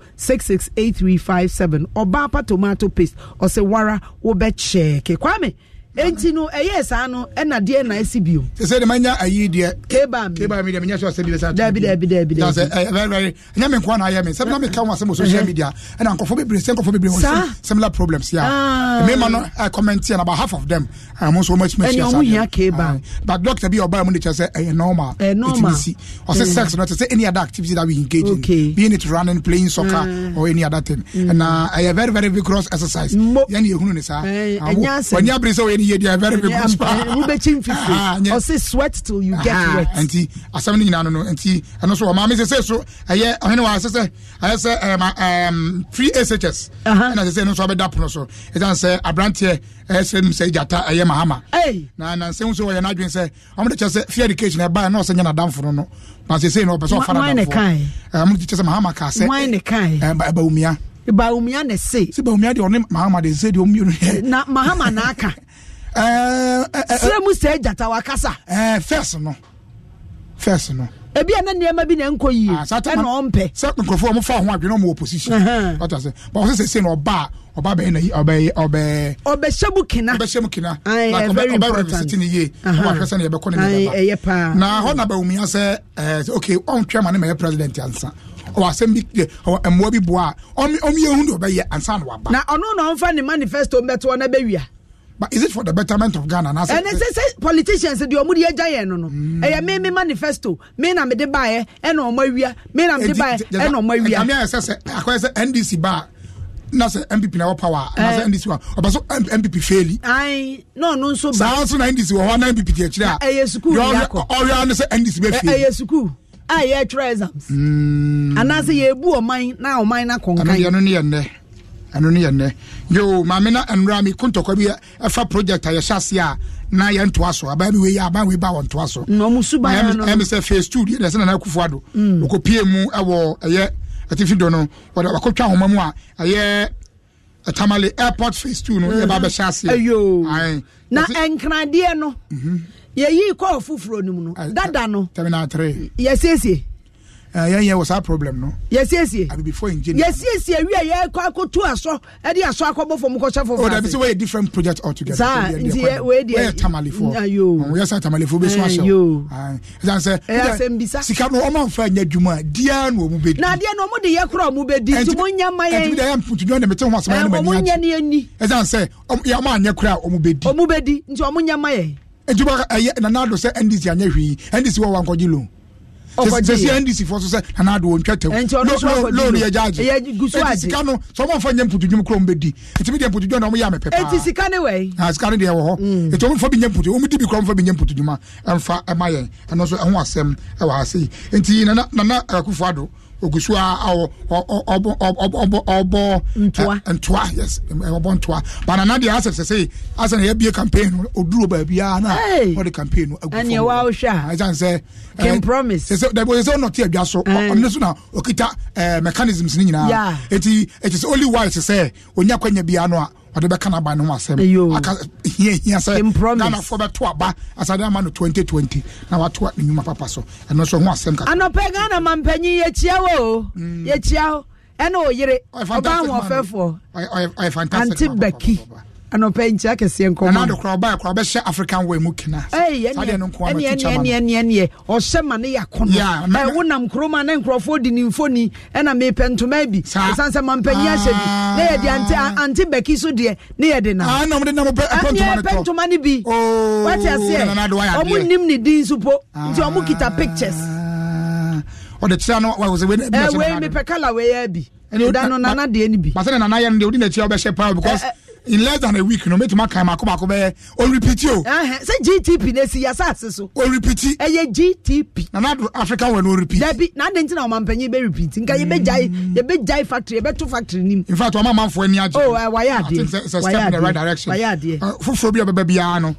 ɔbaa pa tomato paste ɔsɛ wara wobɛkyɛɛke kwame enti no ɛyɛ saa no ɛna deɛ na ɛsi bio. sese de ma nya ayi deɛ. keba mi keba mi deɛ mi nya sɔ sɛ bi bɛ sa. dabi dabi dabi dabi. yasɛ ɛ ɛbɛ ɛbɛ ɛnya mi nkɔ na ayɛ mi sɛbi na mi ka wɔn asɛm wɔ social media ɛna nkɔfo bebree sɛ nkɔfo bebree wɔn similar problems ya. Ah. mi ma no ɛ comment yɛn about half of them ɛmu nso wɔn akyi ɛni ɔmu hia keba. Ah. but doctor bi ɔbaa mu de kyerɛ sɛ ɛyɛ normal. ɛ normal ɔsɛ sex no te sɛ any other activity that we engage in being it running playing soccer ah. or any other thing ɛna mm. ɛyɛ very very vigorous exercise yɛn ni ehunu ni saa. ɛnya sɛ yie deɛ very big ones paa wobɛkyi mfifi say ah, ah, sweat till you get ah, wet nti asɛm no nyinaa no no nti ɛno so ɔmaame sɛ sɛ so ɛyɛ ɔhene wɔ asɛ sɛ ɛyɛ sɛ eh, um, free shs uh-huh. ɛna sɛ sɛ ɛno nso abɛda pono so ɛsiane sɛ aberanteɛ ɛyɛ sɛ nim sɛ gyata ɛyɛ mahama na nansɛm so wɔyɛ n'adwene sɛ ɔmde kyɛ sɛ free education ɛbaɛ na ɔsɛ nyɛ nadamfo no no na sɛ sɛ no ɔpɛ sɛ ɔfa nadamfoɔ eh, ɔmde kyɛ sɛ mahama kaa sɛ ɛbaumia eh, baumia ne se sɛ baumia deɛ ɔne mahama de sɛ deɛ ɔmmienu na mahama naaka sɛ mu sɛ gyata wakasa fɛs no fɛs no ebi a ne nneɛma bi na nkɔ yie ah, ɛna ɔmpɛ sɛ nkurɔfoɔ ɔmo fa ho adwene ɔmo wɔ position ɔta sɛ ba ɔsɛ sɛsɛ na ɔba a ɔba bɛyɛ na yi ɔbɛyɛ ɔbɛɛ ɔbɛhyɛ mu kina ɔbɛhyɛ mu kina like ɔbɛ ɔbɛ rɛvisiti ne yie ɔbɛ ahwɛ sɛ na yɛbɛkɔ ne nneɛma ɛyɛ paa na hɔ na bɛwumi asɛ ɛɛ okay ɔntwɛn ma ne ma yɛ president ansa ɔwɔ asɛm bi ɔwɔ mmoa bi boa a ɔmi ɔmi yɛ ohun de ɔbɛyɛ ansa na waba na ɔno na ɔnfa ne manifesto mbɛtoɔ na but is it for the betterment of Ghana? And ɛnɛ sɛ sɛ politicians say the de agya yɛn no no ɛyɛ hmm. me me manifesto me na me de baayɛ ɛna ɔmo awia me na me de eh, baayɛ ɛna ɔmo awia. ɛkami ayɛ sɛ sɛ eh, akɔyɛ sɛ ndc ba. na sɛ npp na ɛwɔ power na sɛ eh. ndc wa ɔba so npp faili. ayi no no so. ba. saa nso na ndc wɔ hɔ na MPP di akyire a. ɛyɛ sukuu yɛ akɔ ɔyɛ say ndc bɛ faili. ɛyɛ sukuu a ah, yɛ twerɛ exams. Hmm. anaasɛ yɛ ebu ɔman na ɔman na kɔnkan. ɛnu yɛn no ne yɛn dɛ. ɛno no yɛnnɛ yo maame na nnura mi ko ntɔkwa bi ɛfa project a yɛhyɛ ase a na yɛn ntoa so abaa bi wei yɛ abaa wei ba wɔ ntoa so ɛmi sɛ phase two deɛ sɛ nana akufo ado okopie mm. mu ɛwɔ ɛyɛ atifi dɔ no wɔde wakɔtwa ahoma mu a ɛyɛ tamale airport phase two no yɛba mm. bɛhyɛ ase na nkradeɛ no mhm. yɛyi kɔɔ foforɔ no mu no dada no terminal three yɛsiesie Eh, yɛn yɛ wɔ saa problem no. yɛsiesie abi before engineer. yɛsiesie wi a yɛ kɔ akoto aso ɛde aso akɔbɔ fɔm kɔhyɛ fɔm. o dabi sɛ wɔyɛ different project altogether. saa nti yɛ wɔyɛ deɛ wɔyɛ tamalifo ayo wɔyɛ oh, sɛ tamalifo bɛ so aso ayo ɛsan sɛ ɛyɛ asɛm bisa sika no ɔmo anfa nyɛ dwuma diya na ɔmo bɛ di. na adiɛ na ɔmo de yɛ kura ɔmo bɛ di nti mo nyɛ ma yɛn. ɛntumi de yɛ mputunjɔ na mɛ te ho asɛm yɛn ni ma nyɛ sisi ndc fɔ so sɛ nana de wɔn twɛtɛw lóòrè yɛ jaaji eti sika no sɔmɔ nfa nyɛ mputu dwom kuro mu bɛ di eti mi deɛ mputu dwom na ɔmo yɛ amɛ pɛ paa eti sika ne wɛyi aa sika ne deɛ wɔ hɔ eti ɔmo nfa bi nyɛ mputu ɔmo di bi kura nfa bi nyɛ mputu dwom a ɛnfa ɛma yɛn ɛno nso ɛho asɛm ase yi nti nana nana ɛkufo ado. ogusu uh, eh, a ɔbɔ ntoa yes ɔbɔ ntoa banana deɛ asɛ sɛ sɛ asɛ na yɛbie campaign no ɔduro baabiaa na ɔde campaign no aguɛsane sɛ sɛ ɔnɔte adwa so ɔno so na ɔkita mechanisms no nyinaa ɛnti ɛti sɛ only wise sɛ ɔnya kwanya biaa no a ɔde bɛka no aba no ho asɛm hiahia sɛ ghanafoɔ bɛto aba asade ama no 2020 na watoa ne nnwuma papa so ɛno nso ho asɛm anɔpɛ ghana mampanyi yɛkyia wo mm. yɛkyia ɛne wo yere ante baki anɔpɛ nkyia kɛseɛ nkɔmnado kora ɔba kora ɔbɛhyɛ african way mu kena ɛneɛ ɔhyɛ ma ne yɛakɔno wonam kuroma ne nkurɔfoɔ di ne mfoni ɛna mepɛ ntoma bi ɛsiane sɛ mampanyi ahyɛ bi na yɛde ante baki so deɛ ne yɛde namyɛpɛ ntoma no bi wateaseɛ ɔmo nim ne din so po nti ɔmo kita pictures ɔde kyerɛ no wei mepɛ kala wei a bi da no nana deɛ no bi masɛ ne nana yɛ no deɛ wodi n'akyi a wobɛhyɛ paa because in less than a week you know, make to make mẹtùmá come, mako mako here. o repeat o. Say gtp na esi yasa ase so. o repeat. ẹ yẹ gtp. nana do africa wẹ no repeat. dabi n'ade ntina ọmọ mpanyin bẹ repeat nka yẹ bẹ jai yẹ bẹ jai factory yẹ bẹ to factory nim. in fact ọmọ amanfo ẹni agye. o wàyà adiẹ wàyà adiẹ it's a step in the right direction. wàyà adiẹ. foforọ bi a bẹbẹ biara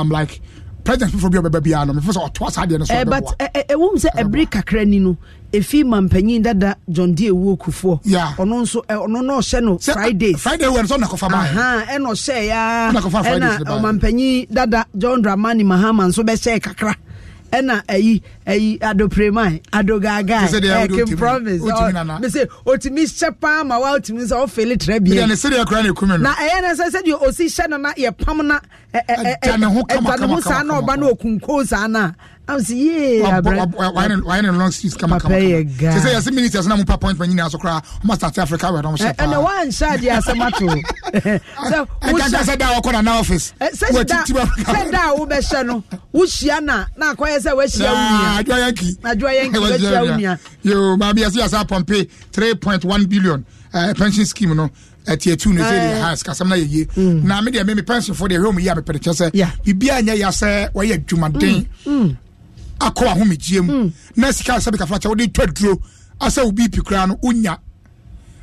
um like president foforọ bi a bẹbẹ biara no mefo sẹ ọtọ asa adiẹ no so. ẹ but ẹ ẹ wọ́n mu sẹ ẹbiri kakra ni no efi mampanyin dada john d ewu okufoɔ ɔno nso ɔno eh, na ɔhyɛ no fridays friday wɛrɛ sɔ nakɔfa baa ɛna ɔhyɛ ya ɛna ɔmampanyin dada john dramani mahama nso bɛhyɛ kakra ɛna ɛyi ɛyi adoprema adogaga ɛkim eh, promise mese otumi hyɛ paa ma wa otumi nsa ɔfeeli tẹrɛ bie na ɛyɛ na sɛ sɛdeɛ osi hyɛ no na yɛ pam na ɛɛ ɛɛ ɛta ne ho eh, saa na ɔba na okunko saa na awusi yee abirɛ wayɛ ne long sleeves kama kama papa yɛ gaa sɛ yɛsi miniti ɛsɛ na mu pa point mɛ nyinaa so koraa ɔma start africa wɛ dɔm sɛ paa ɛnɛ wɔn anhyɛ adi asɛm ato sɛ wuhyɛ sɛ da ɔkɔ na na office sɛ da sɛ da a wobɛhyɛ no wuhyia na na akɔyɛ sɛ wɔahyia wunia adwa yanki adwa yanki wɔahyia wunia yoo maa bi yɛsi yasa pɔmpe three point one billion eh, pension scheme no ɛtiɛ tu ne sɛ has kasɛm na yɛyie na me deɛ me me pension fo deɛ hwɛ mu yi a mepɛde kyɛ sɛ biribiaa nyɛ yɛ sɛ wɔyɛ adwumaden akɔ ahomegyie mu hmm. na sika sɛ bi kafra kyɛ wode twa duro asɛ wo bp koraa no wonya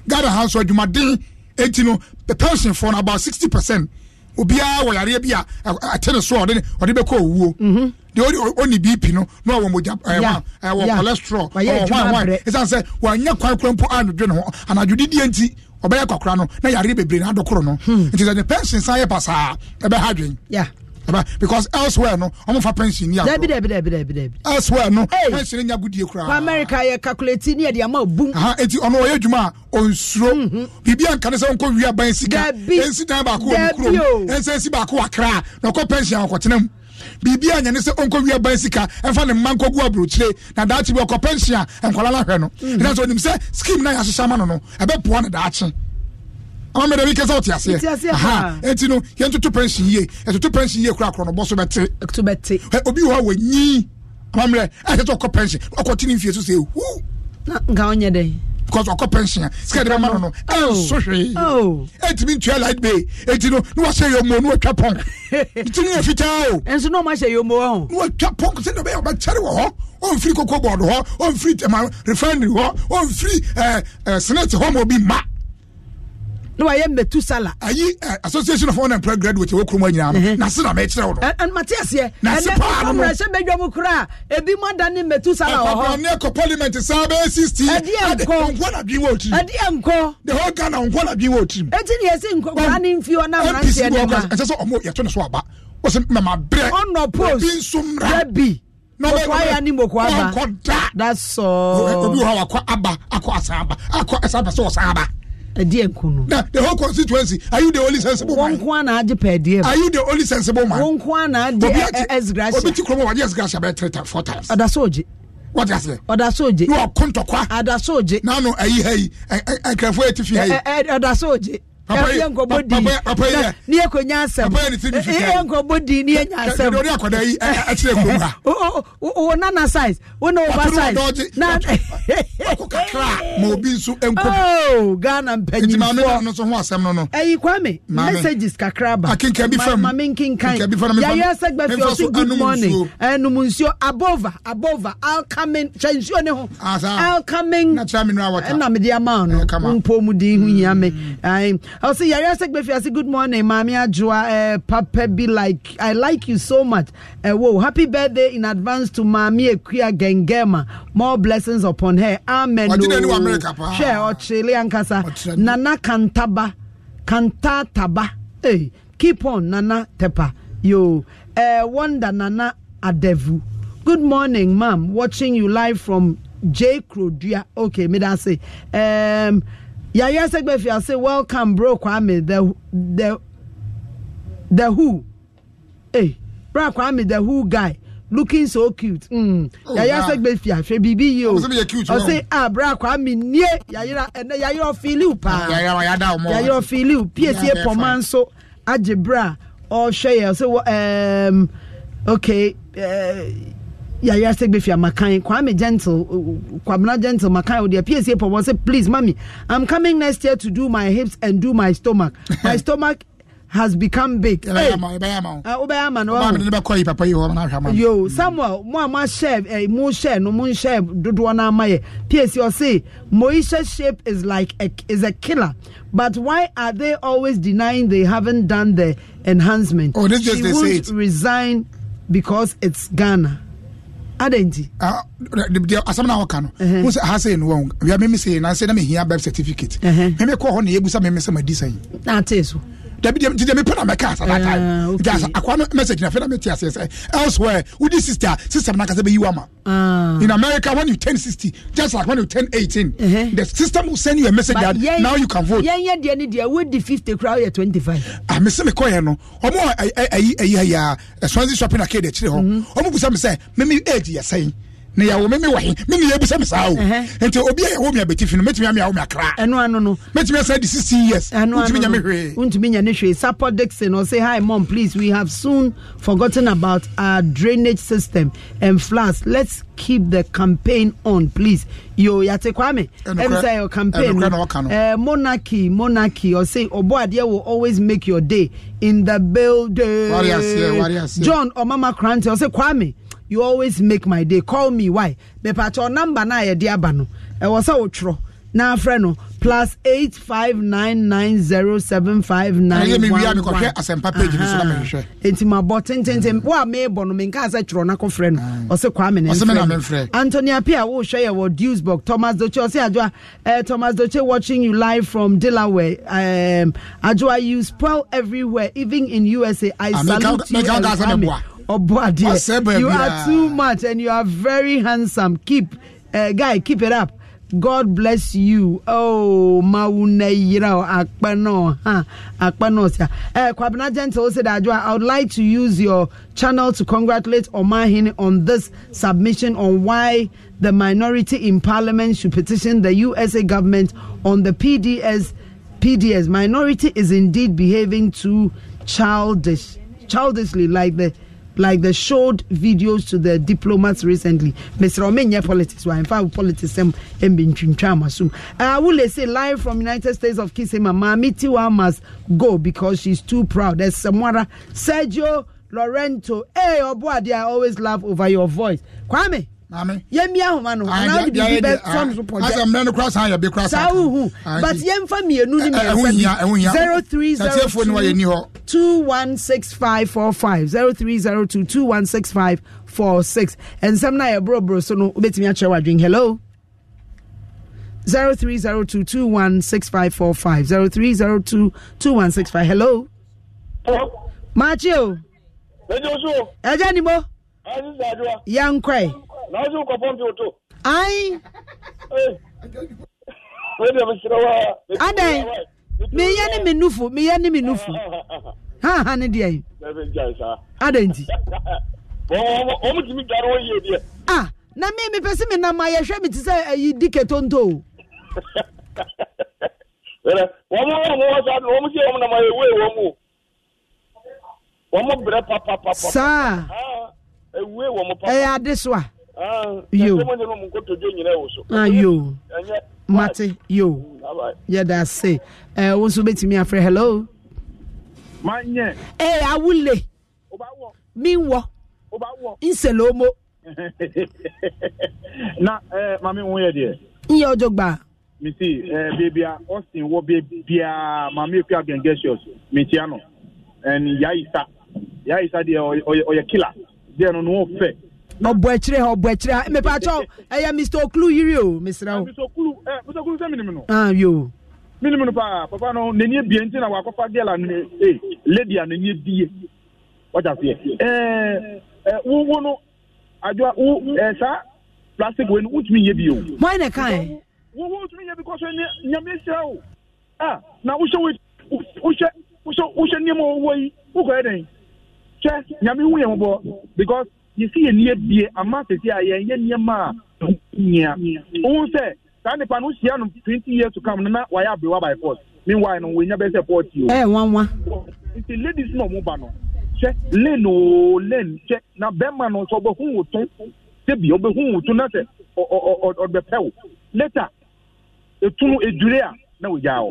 ghana ha nso adwumaden enti no pensionfoɔ no about sixty percent obiara wɔ yareɛ bi a ɛte ne so a ɔde bɛkɔ owuo mhm. deɛ ɔne bp no na ɔwɔ mogya ɛwɔ cholesterol ɔwɔ hwan ɛsiane sɛ wanya kwan kora mpo anodwe ne ho anadwodidiɛ nti ɔbɛyɛ kwakora no na yareɛ bebree na adokoro no hmm. nti sɛ ne pension san yɛ pasaa ɛbɛha adwen because elsewhere no ɔmo fa pension ni agorɔ. dabi dabi dabi dabi elsewhere no pension nya gudie koraa. for america yɛ calculate ni yɛ de ama bum. eti ɔno ɔyɛ adwuma a ɔnsuro mhm. biribi a nkane sɛ nkɔ wia ban sika ensi dan baako wɔ nkurom ensa ensi baako wɔ akra na ɔkɔ pension akɔtena mu biribi a nyane sɛ ɔnkɔ wia ban sika ɛfa ne mma nkɔgu aburokyire na daakye bi ɔkɔ pension a nkɔla lahwɛ no ɛna mm. sɛ onim sɛ scheme na yɛahyehyɛ ama no no ɛbɛpoa ne daakye kwame dabi kɛsɛ ɔte aseɛ ɛnti no yɛntoto pension yie ɛtoto pension yie kora akorɔnɔbɔ so bɛte obi wɔ a wɔnyi kwammerɛ ɛsɛ sɛ ɔkɔ pension ɔkɔte ne mfie so sɛ hu nka ɔnyɛ dɛn because ɔkɔ pension a sika de bɛ ma no no ɛnso hwee ɛntumi ntua light bay eti no ne wahyɛ yomo ne watwa pɔn ti ne yɛ fitaa o ɛnso ne ɔma hyɛ yomo hɔ ne watwa pɔn sɛ ne bɛyɛ ɔbɛkyɛre wɔ hɔ ɔmfiri koko bɔɔdo hɔ ɔmfiri tɛma refinery hɔ ɔmfiri ɛɛ sinɛti ma na wayɛ metu sala. ayi association of unemployed graduates wɔ kurom nyinaa no na se na mɛ kyerɛ wo no. ɛn mate aseɛ ɛnɛ kɔmra ɛhyɛ bɛdwa mu kura ebi mu adani mɛtu sala wɔ hɔ. ɛpapa ne kɔ parliament saa bɛyɛ sixty. ɛdiɛ nkɔ nkɔ na bi wɔ tirim. ɛdiɛ nkɔ. the whole ghana nkɔ na bi wɔ tirim. eti ni esi nkɔ kura ni nfi wɔn na mmeranteɛ ne ma. ɛsɛ sɛ ɔmo yɛtɔ ne so aba wɔsi mɛma brɛ. ɔnɔ post ebi nso mra. ebi mokwaya ni mokwaba. ɔnkɔ da. that's all. obi wɔ hɔ akɔ aba akɔ asan aba akɔ asan aba sɛ ɔsan aba ɛdi ɛnku no. na the whole constituency are you the only sensible man. wọn kún àná àjẹ pẹ̀ẹ́dì ẹ̀. are you the only sensible man. wọn kún àná àjẹ ẹsgirasia. obi ti kurom wa di ẹsgirasia bẹẹ three times four times. ọ̀dà sóòjì. wọ́n ti àṣẹ. ọ̀dà sóòjì. yóò kún tọ̀kwa. ọ̀dà sóòjì. nánú ẹ̀yí ẹ̀yí ẹ̀kẹ́fọ́ ẹ̀ ti fi ẹ̀yí. ọ̀dà sóòjì yɛ nkɔbɔ di ne yɛ kɔnya asɛm yɛ nkɔbɔ di ne yɛ eh, eh, nya asɛm wo nana size wo na woba size oh, ghana mpanyimfoɔ ɛyi kwame messages kakra ba ma me nkenkanyɛyɛ sɛ gba fie ɔso good morning ɛnom nsuo abova abova alkamin hwɛ nsuo ne ho alkamin ah, ɛna mede ama no eh, mpo mu din ho hia me mm. I'll oh, say, Yaya Sekbefi, I say, good morning, Mami Ajua, uh, Papa be like, I like you so much. Uh, whoa, happy birthday in advance to Mami Ekuya Gengema. More blessings upon her. Amen. Share or Chile Ankasa. Nana can'taba, Kantataba. Hey, keep on, Nana Tepa. Yo, uh, Nana Adevu. Good morning, ma'am. Watching you live from J. Crodia. Okay, me that say. Um, yàyà sẹgbẹfiase welcome bro Kwame the the the who eh? bro Kwame the who guy looking so cute mm. oh, yàyà sẹgbẹfia hwẹ bíbí yìí o ọsẹ ah bro Kwame nie yàyà ẹnẹ yàyà ọfìlíw paa ah, yàyà ọfìlíw psa pọmọ nso agye bra ọhwẹ yẹ ọsẹ wọ ẹẹm um, okay. Uh, yàyà sẹgbẹfì àmàkàn kwame gentle kwamina gentle màkàn ọdẹ psa pọ wọn sẹ please mami i'm coming next year to do my hips and do my stomach my stomach. has become big. Yo, Samuel, mo a ma share, eh, mo share, no mo share, dodo na ma ye. P.S. You say Moisha shape is like a, is a killer, but why are they always denying they haven't done the enhancement? Oh, she they won't resign because it's Ghana. adanti. asam ah, na ɔka no n sɛ ha sɛ no wɔn wia mimi sɛ na sɛ na mihia birth certificate mimi kɔ hɔ na yɛ busa mimi sɛ ma di sɛn. na ate so. dabi deɛ nti deɛ mi pɛ na mɛ that time nti asa message na elsewhere system ah. in America when you turn sixty just like when you turn eighteen uh-huh. the system will send you a message but that now you can vote. Yeah, yeah, yeah. ni diẹ wọ́n di fifty kura yẹ twenty five. àmì ah, sẹ́mi kọ́ yẹn no ọmọ ẹ̀yí ẹ̀yí ẹ̀yí ẹ̀yà Swansea shopping arcade ẹ̀kyẹ̀rẹ̀ I, ọmọ busa mi sẹ́ mímí age yẹ sẹ́yìn ne yàwó mi mi wà hin mi ni yẹ mi sáà o nti obi a yàwó mi abeti fi no mẹtìmí àmì àwọ mi àkàrà ẹnu ano no mẹtìmí ẹsẹ di sixty years ntumi nyame hwee ntumi nyame hwee sapo dixon ọsẹ hi mom please we have soon forgotten about our drainage system and floods let's keep the campaign on please yo yàtẹ kwame ẹnu sẹ your campaign ẹ eh, monarchy monarchy say ọbọ adiẹ will always make your day in the building john ọmọọmọ krantẹ say kwame you always make my day call me why mepatɛ number e a yɛde aba no ɛwɔ sɛ wotwerɛ na afrɛ no plus 8599075911 enti mabɔ tentente wo a meebɔ no menkaa sɛ twerɛ no akɔfrɛ no ɔse kwaa me ne mfrɛ antony api a wohwɛ yɛ wɔ duisburg thomas doche ɔse adua. uh, eh, thomas doche watching you live from delaware um, adwoa you spoil everywhere even in usa i ah, salute you you are too much and you are very handsome. Keep, uh, guy, keep it up. God bless you. Oh, mauna yirao akpano ha akpano sia. Eh, uh, Kwabena Gentle said I would like to use your channel to congratulate Omahin on this submission on why the minority in parliament should petition the USA government on the PDS. PDS minority is indeed behaving too childish, childishly like the like they showed videos to the diplomats recently. Mr. Omenya politics, why in fact politics them in Binchum uh, I will say live from United States of Kisima, Mamitiwa must go because she's too proud. There's Samara Sergio Lorento. Hey, Obuadi, I always laugh over your voice. Kwame. yɛmi ahoma no anaa de biribi bɛ fɔm so pɔgya asɛ mmerɛ no kura san yɛ bi kura san saa uhu but yɛmfa mmienu ni mmiɛnsa bi zero three zero two two one six five four five zero three zero two two one six five four six nsɛm na yɛ borɔborɔ so no wobɛtumi akyerɛ wadwin hello. 0302216545 03022165 hello hello machio ẹjẹ ni mo yankwai naje uko pombe utu ai eh. wende msirawa adai meyɛ ne me nufu meyɛ ne me nufu haha ne deɛ adɛn nti ah na me mepɛ sɛ menam a yɛhwɛ me te sɛ ayi di ketonto o saa ɛyɛ ade so a Ah, yo ayo ah, mate yo yɛda se ɛ wo nso bɛtumi afrɛ hello manyɛ ee eh, awule minwɔ nsɛlɛ omo na eh, ɛ maame wo yɛ deɛ nyɛ ɔjɔ gba misi ɛ eh, beebia ɔsin wɔ beebia maame fi agengesios metia no ɛn yaisa yaisa deɛ ɔyɛ kila deɛ no no wɔn fɛ ɔbɔ akyire ha ɔbɔ akyire ha mepɛ atɔ ɛyɛ mr okulu yiri o mesra o. mr okulu ɛ mr okulu sɛ minimu no. ah yo. minimu no paa papa no n'ani ebie nti na wakɔfa gɛl a ne e lady a n'ani ebie ɔjà seɛ ɛɛ ɛ wo wo no adwa wo ɛ saa plastic wo ni wotumi yɛ bi o. mɔɛ na kan yɛ. wo wo wotumi yɛ bi kɔsɔ ɛni nyame sira o a na wohyɛ wo wohyɛ wohyɛ wohyɛ nneɛma owó yi wokɔ yɛ dɛ kyɛ nyame hu yɛn bɔ because yɛsi yɛ nneɛ bie ama sisi a yɛn yɛ nneɛma a nyia ohun sɛ saa nipa no hyia no twenty years to come nana wayɛ abewa by force meanwhile no wɔn nyɛ bɛ sɛ forty o. ɛɛ nwanwa. nti ladies náà mo ba no hyɛ lane o oh. lane hyɛ e na bɛrima no sɛ ɔbɛhun wò tún sebi ɔbɛhun wò tún na sɛ o later etunu edure a na wò gya o.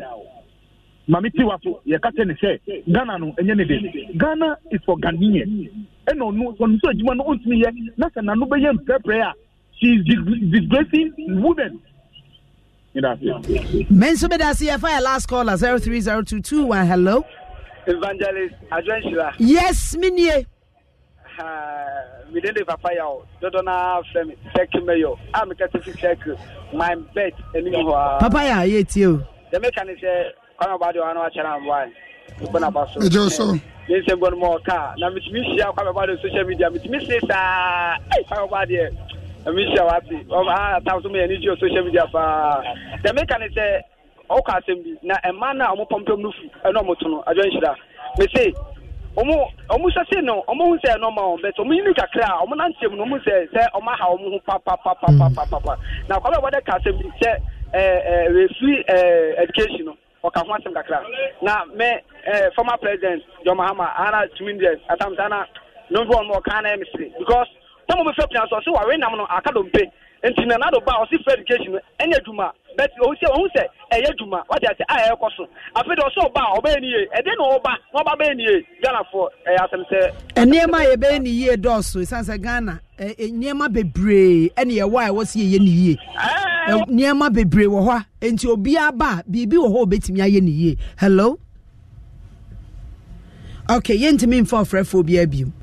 maame tiwa so yɛkasa ne sɛ ghana no ɛnyɛ ne de ghana is for ghanaian ɛna ɔno ɔno nso adwuma no ɔntumi yɛ na sɛ nano bɛyɛ mpɛpɛɛ a she is disgracing women. Mensu Bedasi, if I last call caller 03021, hello. Evangelist Adrenshila. Yes, Minye. Uh, within the papaya, Dodona from Sekimayo. I'm a Catholic Check. My bet, and you are. Papaya, yes, you. The mechanic kwan ɔba deɛ ɔno akyɛre amboa ɛbɔna ba so ɛgye so yɛnsɛ bɔ no ma ɔka na metumi hyia kwan ɔba deɛ social media metumi se saa ei kwan ɔba deɛ ɛmehyia wate atam so meyɛ ne gyio social media paa deɛ meka ne sɛ ɔwokɔ asɛm bi na ɛma no a ɔmopɔmpam no fu ɛne ɔmoto no adwenhyira mese ɔmo ɔmo sase no ɔmo ho sɛ ɛnɔma wɔn bɛtɛ ɔmo yini kakra a ɔmo nante mu no ɔmo sɛ sɛ ɔmo aha ɔmo ho papapapapapa na kwame wɔde ka asɛm bi sɛ ɛɛ eh, ɛɛ eh, refri ɛɛ eh, education no ɔka ho asɛm kakra na me eh, former president john mahama ana tumi deɛ atam sa na nomfi wɔn ɔka na ɛmesere because na mo mefɛ so nam no aka do nti na nado ba ɔse frɛ education ɛnyɛ adwuma but ɔhu sɛ ɔhu sɛ ɛyɛ adwuma a so afei ɔsɛ ɔba a ɔbɛyɛ yie ɛdeɛ na ɔba na ɔba bɛyɛ ghana Eh, eh, nneɛma bebree ɛna yɛwɔ a ɛwɔ si yɛyɛ ne yie nneɛma bebree wɔ hɔ a nti obiara ba biribi wɔ hɔ a obetumi ayɛ ne yie hello okay yɛntumi nfa ɔfrɛfoɔ bi abiem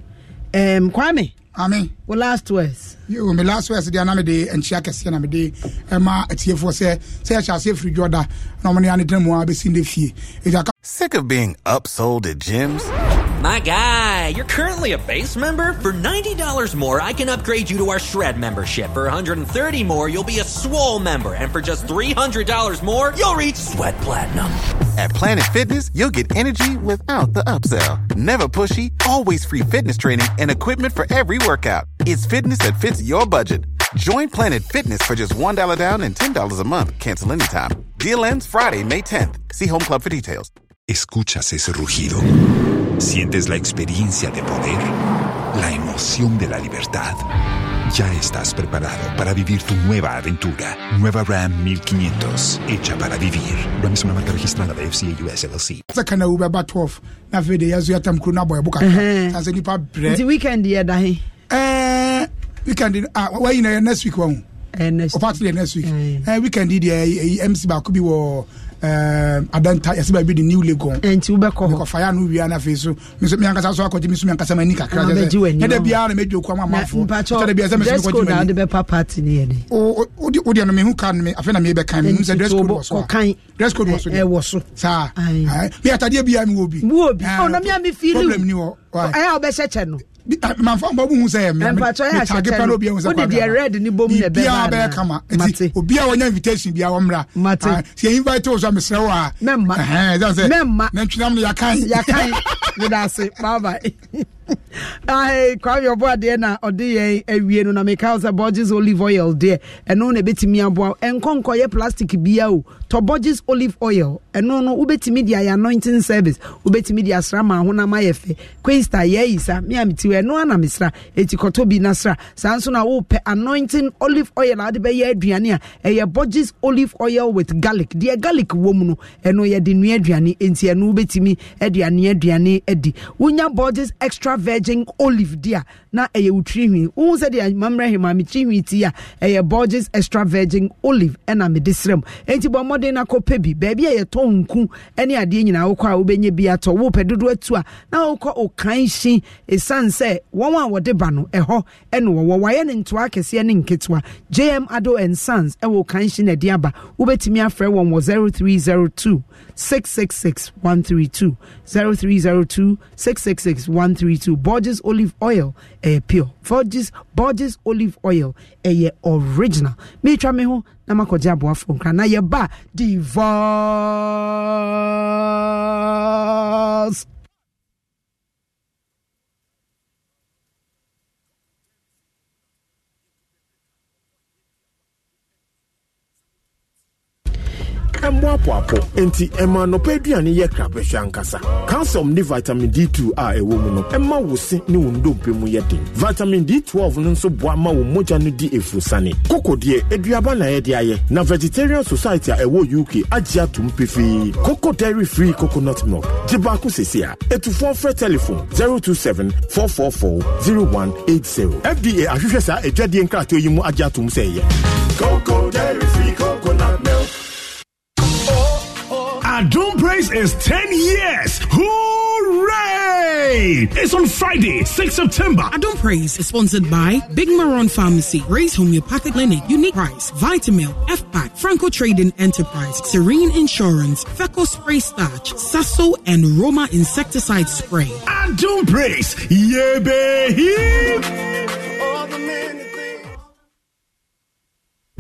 um, kwame ame wo last words yo me last words deɛ na nkyia kɛseɛ na mede ɛma atiefoɔ sɛ sɛ yɛhyɛ aseɛ firi dwɔ na ɔmo ne ane mu a bɛsi ne fie sick of being upsold at gyms my guy, you're currently a base member? For $90 more, I can upgrade you to our Shred membership. For $130 more, you'll be a Swole member. And for just $300 more, you'll reach Sweat Platinum. At Planet Fitness, you'll get energy without the upsell. Never pushy, always free fitness training and equipment for every workout. It's fitness that fits your budget. Join Planet Fitness for just $1 down and $10 a month. Cancel anytime. Deal ends Friday, May 10th. See Home Club for details. Escuchas ese rugido. Sientes la experiencia de poder, la emoción de la libertad. Ya estás preparado para vivir tu nueva aventura. Nueva Ram 1500, hecha para vivir. Ram es una marca registrada de FCA US LLC. Se na uba ba 12 na fede ya zo yatam kru na boy buka. Sanse nipa bre. The weekend ya da he. Eh, weekend ah why you next week wa. Eh next. Opa oh, to next week. Mm. Eh weekend dia MC ba ko bi wo Eh, adanta yɛsɛ baabi de new legon eh, nti wobɛkɔ hɔ faya no wia no afei so meso meankasa so akɔgye meso meankasa m'ani kakra ɛda biara na mɛdwo kwa ma amafoɔda bia sɛ meswodeɛ no mehu ka no me afei na meɛbɛkan eh, mehu sɛ dress code wɔ so dress code wɔ so saa me atadeɛ biara mewɔ bi oh, problem ni hɔ ɛa wobɛhyɛ kyɛ no manfa mbɔ mu sɛ metake pɛ no obia hu sɛbibia bɛyɛ kama nti obia wɔnya invitation bia wɔmmra sɛ yɛinvite wo so a mesrɛ wo a ɛsɛ sɛ nantwinam no yɛkan yɛkan medase bye bye kwame ɔbɔ adeɛ na ɔde yɛn awie no na meka sɛ borges olive oil deɛ ɛno na ɛbɛtumi aboa ɛnkɔnkɔ yɛ plastic bia o tɔ borges olive oil ɛno no wobɛtumi de ayɛ anointing service wobɛtumi de asra ma ahonam ayɛ fɛ quinsta yɛayi sa me a meti wɔ ɛno ana mesra ɛti kɔtɔ bi na sra saa nso na wopɛ anointing olive oil a wode bɛyɛ aduane a ɛyɛ borges olive oil with garlic deɛ garlic wɔ mu no ɛno yɛde nnua aduane enti ɛno wobɛtumi aduane aduane adi wonya borges extra virgin olive di a na ɛyɛ wo tirinwi wohu sɛ deɛ mammerɛ he ma me tirinwi ti a ɛyɛ borges extra virgin olive ɛna mede serɛ mu enti bɔ mmɔden no akɔpɛ bi baabi a yɛtɔ nku ne adeɛ nyinaa wokɔ a wobɛnya bi atɔ wopɛ dodoɔ atu a na wokɔ ɔkan hye ɛsiane sɛ wɔn a wɔde ba no ɛhɔ ɛne wɔwɔ wayɛ ne ntoa akɛseɛ ne nketewa jm ado and sons ɛwɔ ɔkan hye na ɛde aba wobɛtumi afrɛ wɔn wɔ 0302 666 132 0302 666 132 to Borges olive oil ɛyɛ eh, pure Borges Borges olive oil ɛyɛ eh, original meetwa me ho na makɔgye aboafoɔ nkra na yɛba divorce. mmoapoapo enti ɛma nnɔpa aduane yɛ krabɛhwɛ ankasa calcium ne vitamin d2 a ɛwɔ mu no ɛma wo se ne wo mu yɛ den vitamin d12 no nso boa ma wo mogya no di efurusane koko deɛ aduaba na ɛde ayɛ na vegetarian society a ɛwɔ uk agye atom pefee koko dairy free coconut milk gye baako a ɛtufoɔ frɛ telephone 027 444 0180 fda ahwehwɛ saa adwadeɛ yi mu agye atom sɛ ɛyɛ Doom Praise is 10 years. Hooray! It's on Friday, 6 September. Adon Praise is sponsored by Big Maron Pharmacy, Grace Homeopathic Clinic, Unique Price, Vitamil, FPAC, Franco Trading Enterprise, Serene Insurance, Feco Spray Starch, Sasso, and Roma Insecticide Spray. Adon Praise, yeah, baby!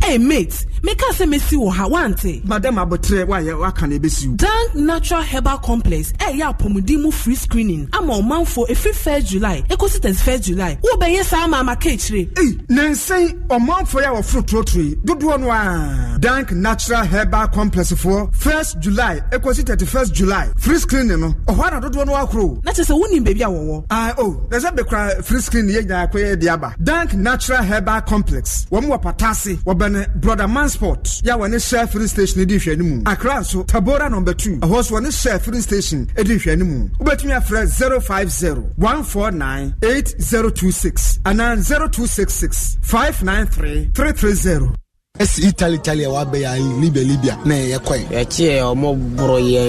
hey mate meka sɛ mesi wɔ ha wante madam abotire wayɛ waka na ɛbɛsiw dank natural herbal complex ɛyɛ apɔmuden mu free screening ama ɔmanfoɔ ɛfiri first july ɛkɔsi first july wobɛyɛ saa ama ama ka akyire ei nansɛn ɔmanfoɔ yɛ a wɔforo torotoro yi dodoɔ no a dank natural herbal complex foɔ first july ɛkɔsi first july free screening no ɔhɔ na dodoɔ no akoro na kyɛ sɛ wonim baabi a wɔwɔ ah o na sɛ bɛkora free screening yɛ nyinaa kɔyɛ de aba dank natural herbal complex wɔn wɔ patase wɔbɛn ne brother mansport yɛ wɔne share filling station di hwɛ no mu akra nso tabora number two ɛhɔ so wɔne hyɛ filling station di hwɛ no mu wobɛtumi afrɛ 050 149 8026 anaa 0266 593 330 ɛsi italy italy a wabɛyɛ ayi libya libya na ɛyɛ kɔɛ. ɛkyi yɛ ɔmɔ bɔrɔ yɛ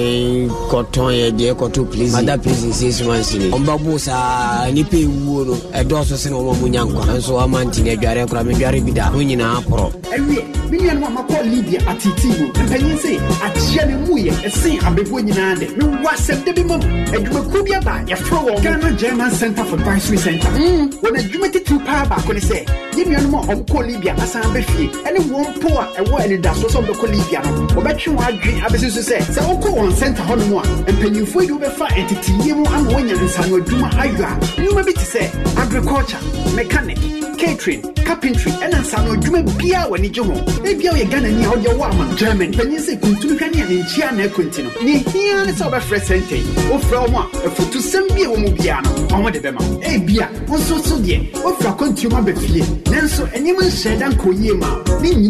kɔtɔn yɛ deɛ kɔtɔ prison mada prison six months ni ɔmba bo saa nipa ewuo no ɛdɔɔso e sɛ na ɔmɔ mu nya nkwa nso e ɔma nti na adware kora mi dware bi da no nyinaa porɔ. E ɛwie mi nua no ma kɔ libya atiti mu mpanyin sɛ akyia ne mu yɛ ɛsen abɛfoɔ nyinaa dɛ ne wa asɛm de bi ma mu adwumakuo bi aba yɛfrɛ wɔn ghana german center for advisory center mm. wɔn adwuma wɔn mpo a ɛwɔ anidasoɔ sɛ wɔbɛkɔ libya no wɔbɛtwe wɔn adwe abɛsi so sɛ sɛ wɔkɔ wɔn sɛnta hɔ a mpanyinfoɔ yi wɔbɛfa nteteyɛ mu ama wɔnya nsano adwuma ayɔ a nneɛma bi te sɛ agriculture mechanic catering carpentry ɛna nsano adwuma biara wɔ ani ho ebia wɔyɛ ghana ni a wɔde ɛwɔ ama german panyin sɛ kuntun hwɛ ne a ne nkyia na ɛkunti no ne hia ne sɛ wɔbɛfrɛ sɛnta yi wɔfrɛ wɔn a afutusɛm bi a mu biara no wɔn de bɛma ebia wɔn nso so deɛ wɔfrɛ akɔntuoma bɛ fie nanso ɛnneɛma nhyɛ dan kɔ yie ma ne nyina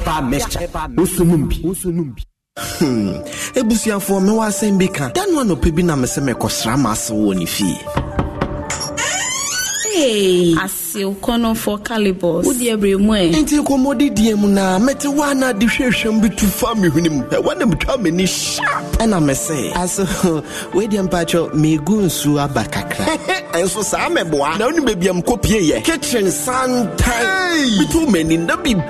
pepper mixture wosonum bi hmm. ebusuafoɔ mewɔ asɛm bi ka da no anɔpɛ bi na mesɛ mekɔsra ma wɔ ne fie asew kɔnɔfɔ calibus wodeɛ bere mu ɛ nti nkɔmmɔde deɛ mu naa mete wo ana de hwɛhwɛm bi tu fa mehwene mu ɛwɔ ne metwa m'ani sharp ɛna mesɛ aso weideɛ mpakyɛ megu nsuo aba kakra ɛnso saa mɛboa na wone baabiam kitchen santan Bitu m'ani na bibi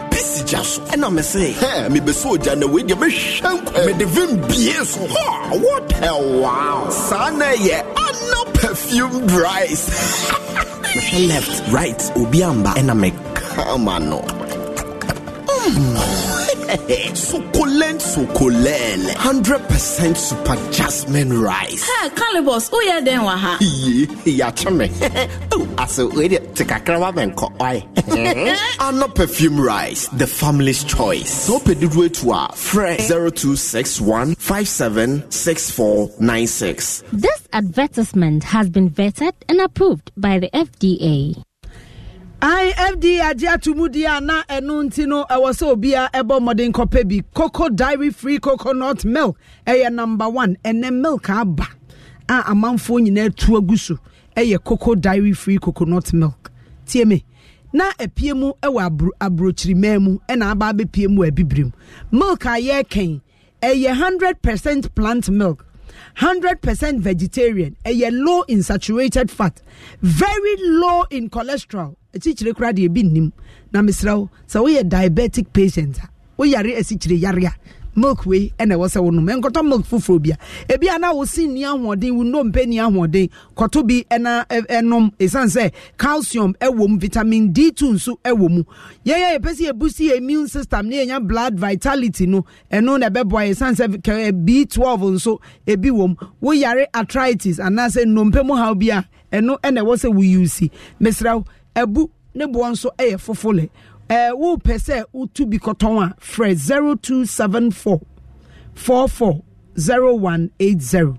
gya so ɛna me se hɛ mebɛsɛ ogya na wei deɛ mɛhwɛ nkwa mede vim bie so hɔ what a wow Sana ye ɛyɛ ana perfume rice left right obi I'm mekama no mm succulent, succulent. 100% super jasmine rice. Hey, Calibos, who ya den waha? Ye, ya chame. Oh, aso, wait it, tikakrawa menko, oi. not perfume rice, the family's choice. So pedidwe tuwa, fresh 0261 This advertisement has been vetted and approved by the FDA. I agye ato mu di a na ɛno nti no ɛwɔ sɛ obiara ɛbɔ mmɔden kɔpɛ cocoa diary free coconut milk ɛyɛ number one ɛnɛ milk aba a amanfoɔ nyinaa tu tuagusu so cocoa diary free coconut milk tie na apie mu ɛwɔ aburo aburokyirimɛn mu ɛna aba abɛpie mu wɔ abibirim milk a yɛrekɛn ɛyɛ hundred percent plant milk hundred percent vegetarian ɛyɛ low in saturated fat very low in cholesterol akyirikyiri koraa deɛ ebi nnim na mesrɛ wo sɛ woyɛ diabetic patient a woyare asikyire yare a milk wei ɛna ɛwɔ sɛ wonom nkɔtɔ milk foforɔ bia ebi ana wosi ni ahoɔden wo nnompe ni ahoɔden kɔtɔ bi ɛna ɛnom esan sɛ calcium ɛwɔ mu vitamin d two nso ɛwɔ mu yɛyɛ yɛpɛ sɛ yɛbu immune system ne yɛnya blood vitality no ɛno na ɛbɛboa esan sɛ kɛɛ b twelve nso ebi wɔ mu woyare arthritis anaasɛ nnompe mu haw bi a ɛno ɛna ɛwɔ sɛ woyi si mesrɛw ɛbu ne boɔ nso yɛ fofole ɛɛ eh, wopɛ sɛ wotu bi kɔtɔn a frɛ zero two seven four four four zero one eight zero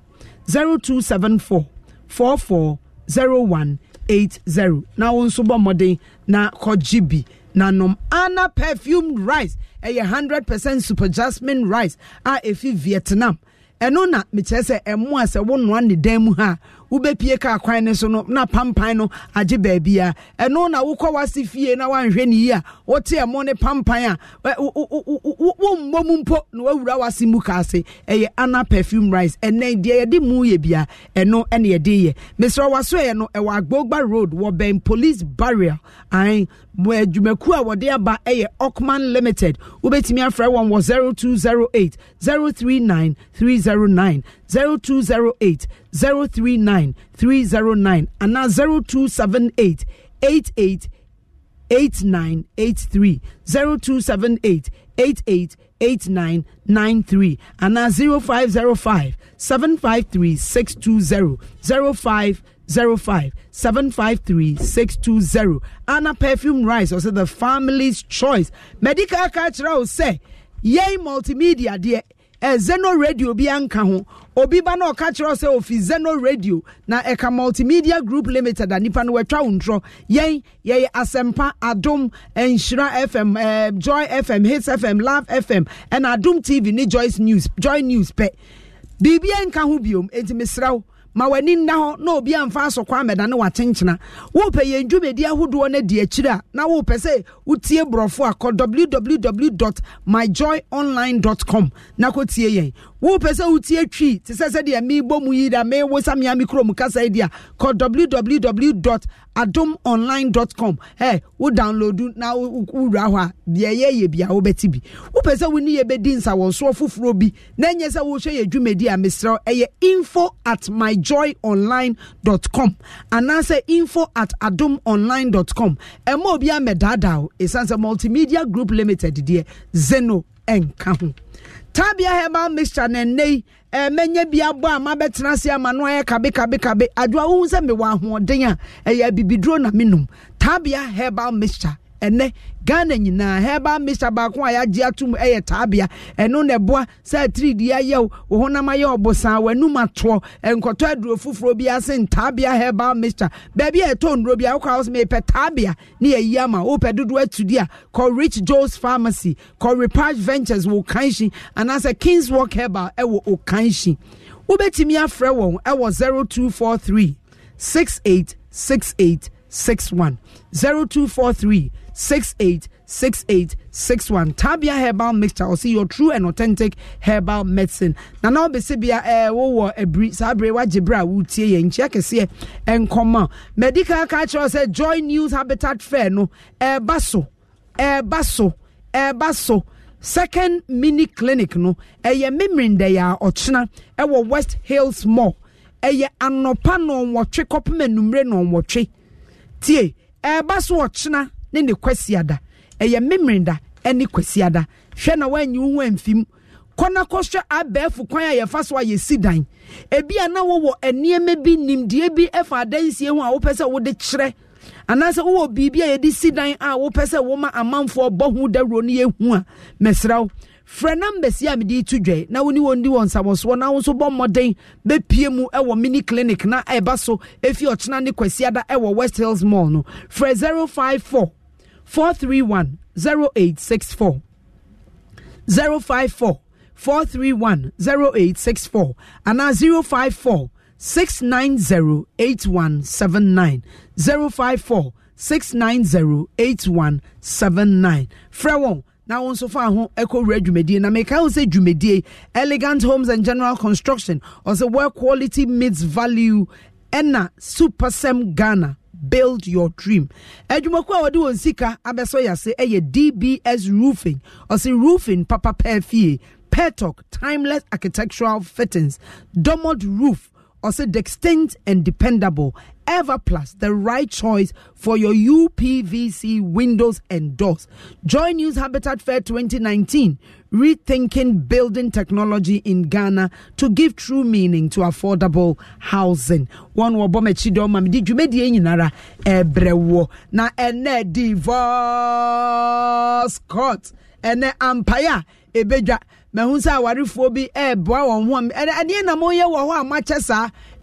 zero two seven four four four zero one eight zero na wɔn nso bɔ mmɔden na kɔgye bi na nom ana perfumed rice ɛyɛ hundred percent super jasmine rice a efi vietnam ɛno na mekyerɛ sɛ ɛmo a sɛ wɔnoa ne dan mu ha wobɛpie kaa kwan ne so no na pampan no agye baabia ɛno na wokɔ wase fie na woanhwɛ ne yi a wote ɛmo ne pampan a wommɔ mu mpo na woawura wase mu ka ase ɛyɛ ana perfume rice ɛnɛ deɛ yɛde mu yɛ bia ɛno ɛne yɛde yɛ mesrɛ waso yɛ no ɛwɔ agbogba road wɔ bɛn police barrier an mọ adwumakuo a wɔde aba yɛ okman limited wobɛtumi afrɛ wɔn wɔ zero two zero eight 039 309 0208 039 309 and now 0278 0505 753 620 Anna Perfume Rice, also the family's choice. Medical cultural say yɛn multimedia deɛ ɛ zeno radio bi anka ho obi ba na ɔka kyerɛ sɛ ofi zeno radio na ɛka multimedia group limited a nipa no wɔatwa wo ntorɔ yɛn yɛyɛ asɛmpa adom nhyira fm eh, joy fm hits fm love fm ɛna adom tv ne joy news joy news pɛ biribi anka ho biom enti mesrɛ ma w'ani nna hɔ na obi amfa asɔkɔ amɛda ne wakyenkyena wopɛ yɛn dwumadi ahodoɔ no di akyiri a na wopɛ sɛ wotie borɔfo a kɔ www myjoyonline com na kɔtie yɛn wopɛ sɛ wotie twi te sɛ sɛdeɛ mebɔ mu yi da mewo sa mea me kurom kasa yi deɛ kɔ www adom online com hey, wo download na wowura hɔ a deɛ yɛyɛ bia wobɛte bi wopɛ sɛ wo ne yɛbɛdi nsawɔsoɔ foforɔ bi na ɛnyɛ sɛ wohwɛ yɛ dwumadi a meserɛ ɛyɛ info at myjoyonline com anaasɛ info at adom online com ɛma obi amɛdaadaa o ɛsiane sɛ multimedia group limited deɛ zeno ɛnka ho Tabia herbal mixture na nne yi eh, mɛnyɛ bi abɔ a mabɛtena ase ama no ayɛ kabe kabe kabe adwoa wohu sɛ mewɔ ahoɔden a ɛyɛ abibiduro na menom Tabia herbal mixture ɛnɛ ghana nyinaa herbal mixture baako a yɛagye atom ɛyɛ taabea ɛno na ɛboa sɛ atiridi ayɛw wo honam ayɛ ɔbosan w'anum atoɔ nkɔtɔ aduro foforɔ bi ase ntaabea herbal mixture baabi a ɛtɔ nnuro bi a wokɔ awosɛ mepɛ taabea ne yɛyi ama wopɛ dodoɔ atudi a kɔ rich joes pharmacy kɔ repatch ventures wɔ kanhyi anaasɛ kings walk herbal ɛwɔ okanhyi wobɛtumi afrɛ wɔn ɛwɔ two four three 686861. Tabia herbal mixture. Or see your true and authentic herbal medicine. Now, na obesibia eh wo a ebri eh, sabre wa jibra ah, wutie ye nchia kese eh, enkoma. Medical culture say join news habitat fair no eh baso eh baso eh baso second mini clinic no ɛyɛ eh, mimrinde ya a ɔkyena wo west hills mall ɛyɛ anɔpa nɔnwɔtwe number no nɔnwɔtwe tie e basso, ochina. ne ne kwasi kwasiada ɛyɛ memory da ɛne kwasi ada hwɛ na wɔanyi wo ho amfim kɔna kɔhwɛ abɛɛfo kwan a yɛfa so a yɛsi dan ebi a na wɔwɔ nneɛma bi nimdeɛ bi ɛfa adansie ho a wopɛ sɛ wode kyerɛ anaasɛ wowɔ biribi a yɛde si dan a wopɛ sɛ woma amanfoɔ bɔ ho dawuro no yɛhu a mɛsrɛ wo frɛ numbers yi a mede to dwa na wone wɔn di wɔn nsabɔsoɔ na wo nso bɔ mmɔden bɛpie mu wɔ mini clinic na ɛba so ɛfi ɔkyena ne kwasiada wɔ west hills mall no frɛ 054 431 0864 054 431 0864 anaa 054 690 8179 054 690 8179 frɛ wɔn now wo nso fa ho ɛkɔwura dwumadie na meka ho sɛ dwumadie elegant homes and general construction also where quality meets value super sem ghana build your dream adwumakuo a wɔde wɔn sika abɛsɔ yase ɛyɛ dbs roofing also roofing papa pɛɛ petok timeless architectural fittings domod roof also distinct and dependable Everplus, the right choice for your UPVC windows and doors. Join News Habitat Fair 2019, rethinking building technology in Ghana to give true meaning to affordable housing. One wabome chido mami di jumedi nyinara ebrewo na ene divorce court ene ampaya ebeja mehunsa sɛ ebwa bi ɛɛboa wɔn ho ɛdeɛ na moyɛ wɔ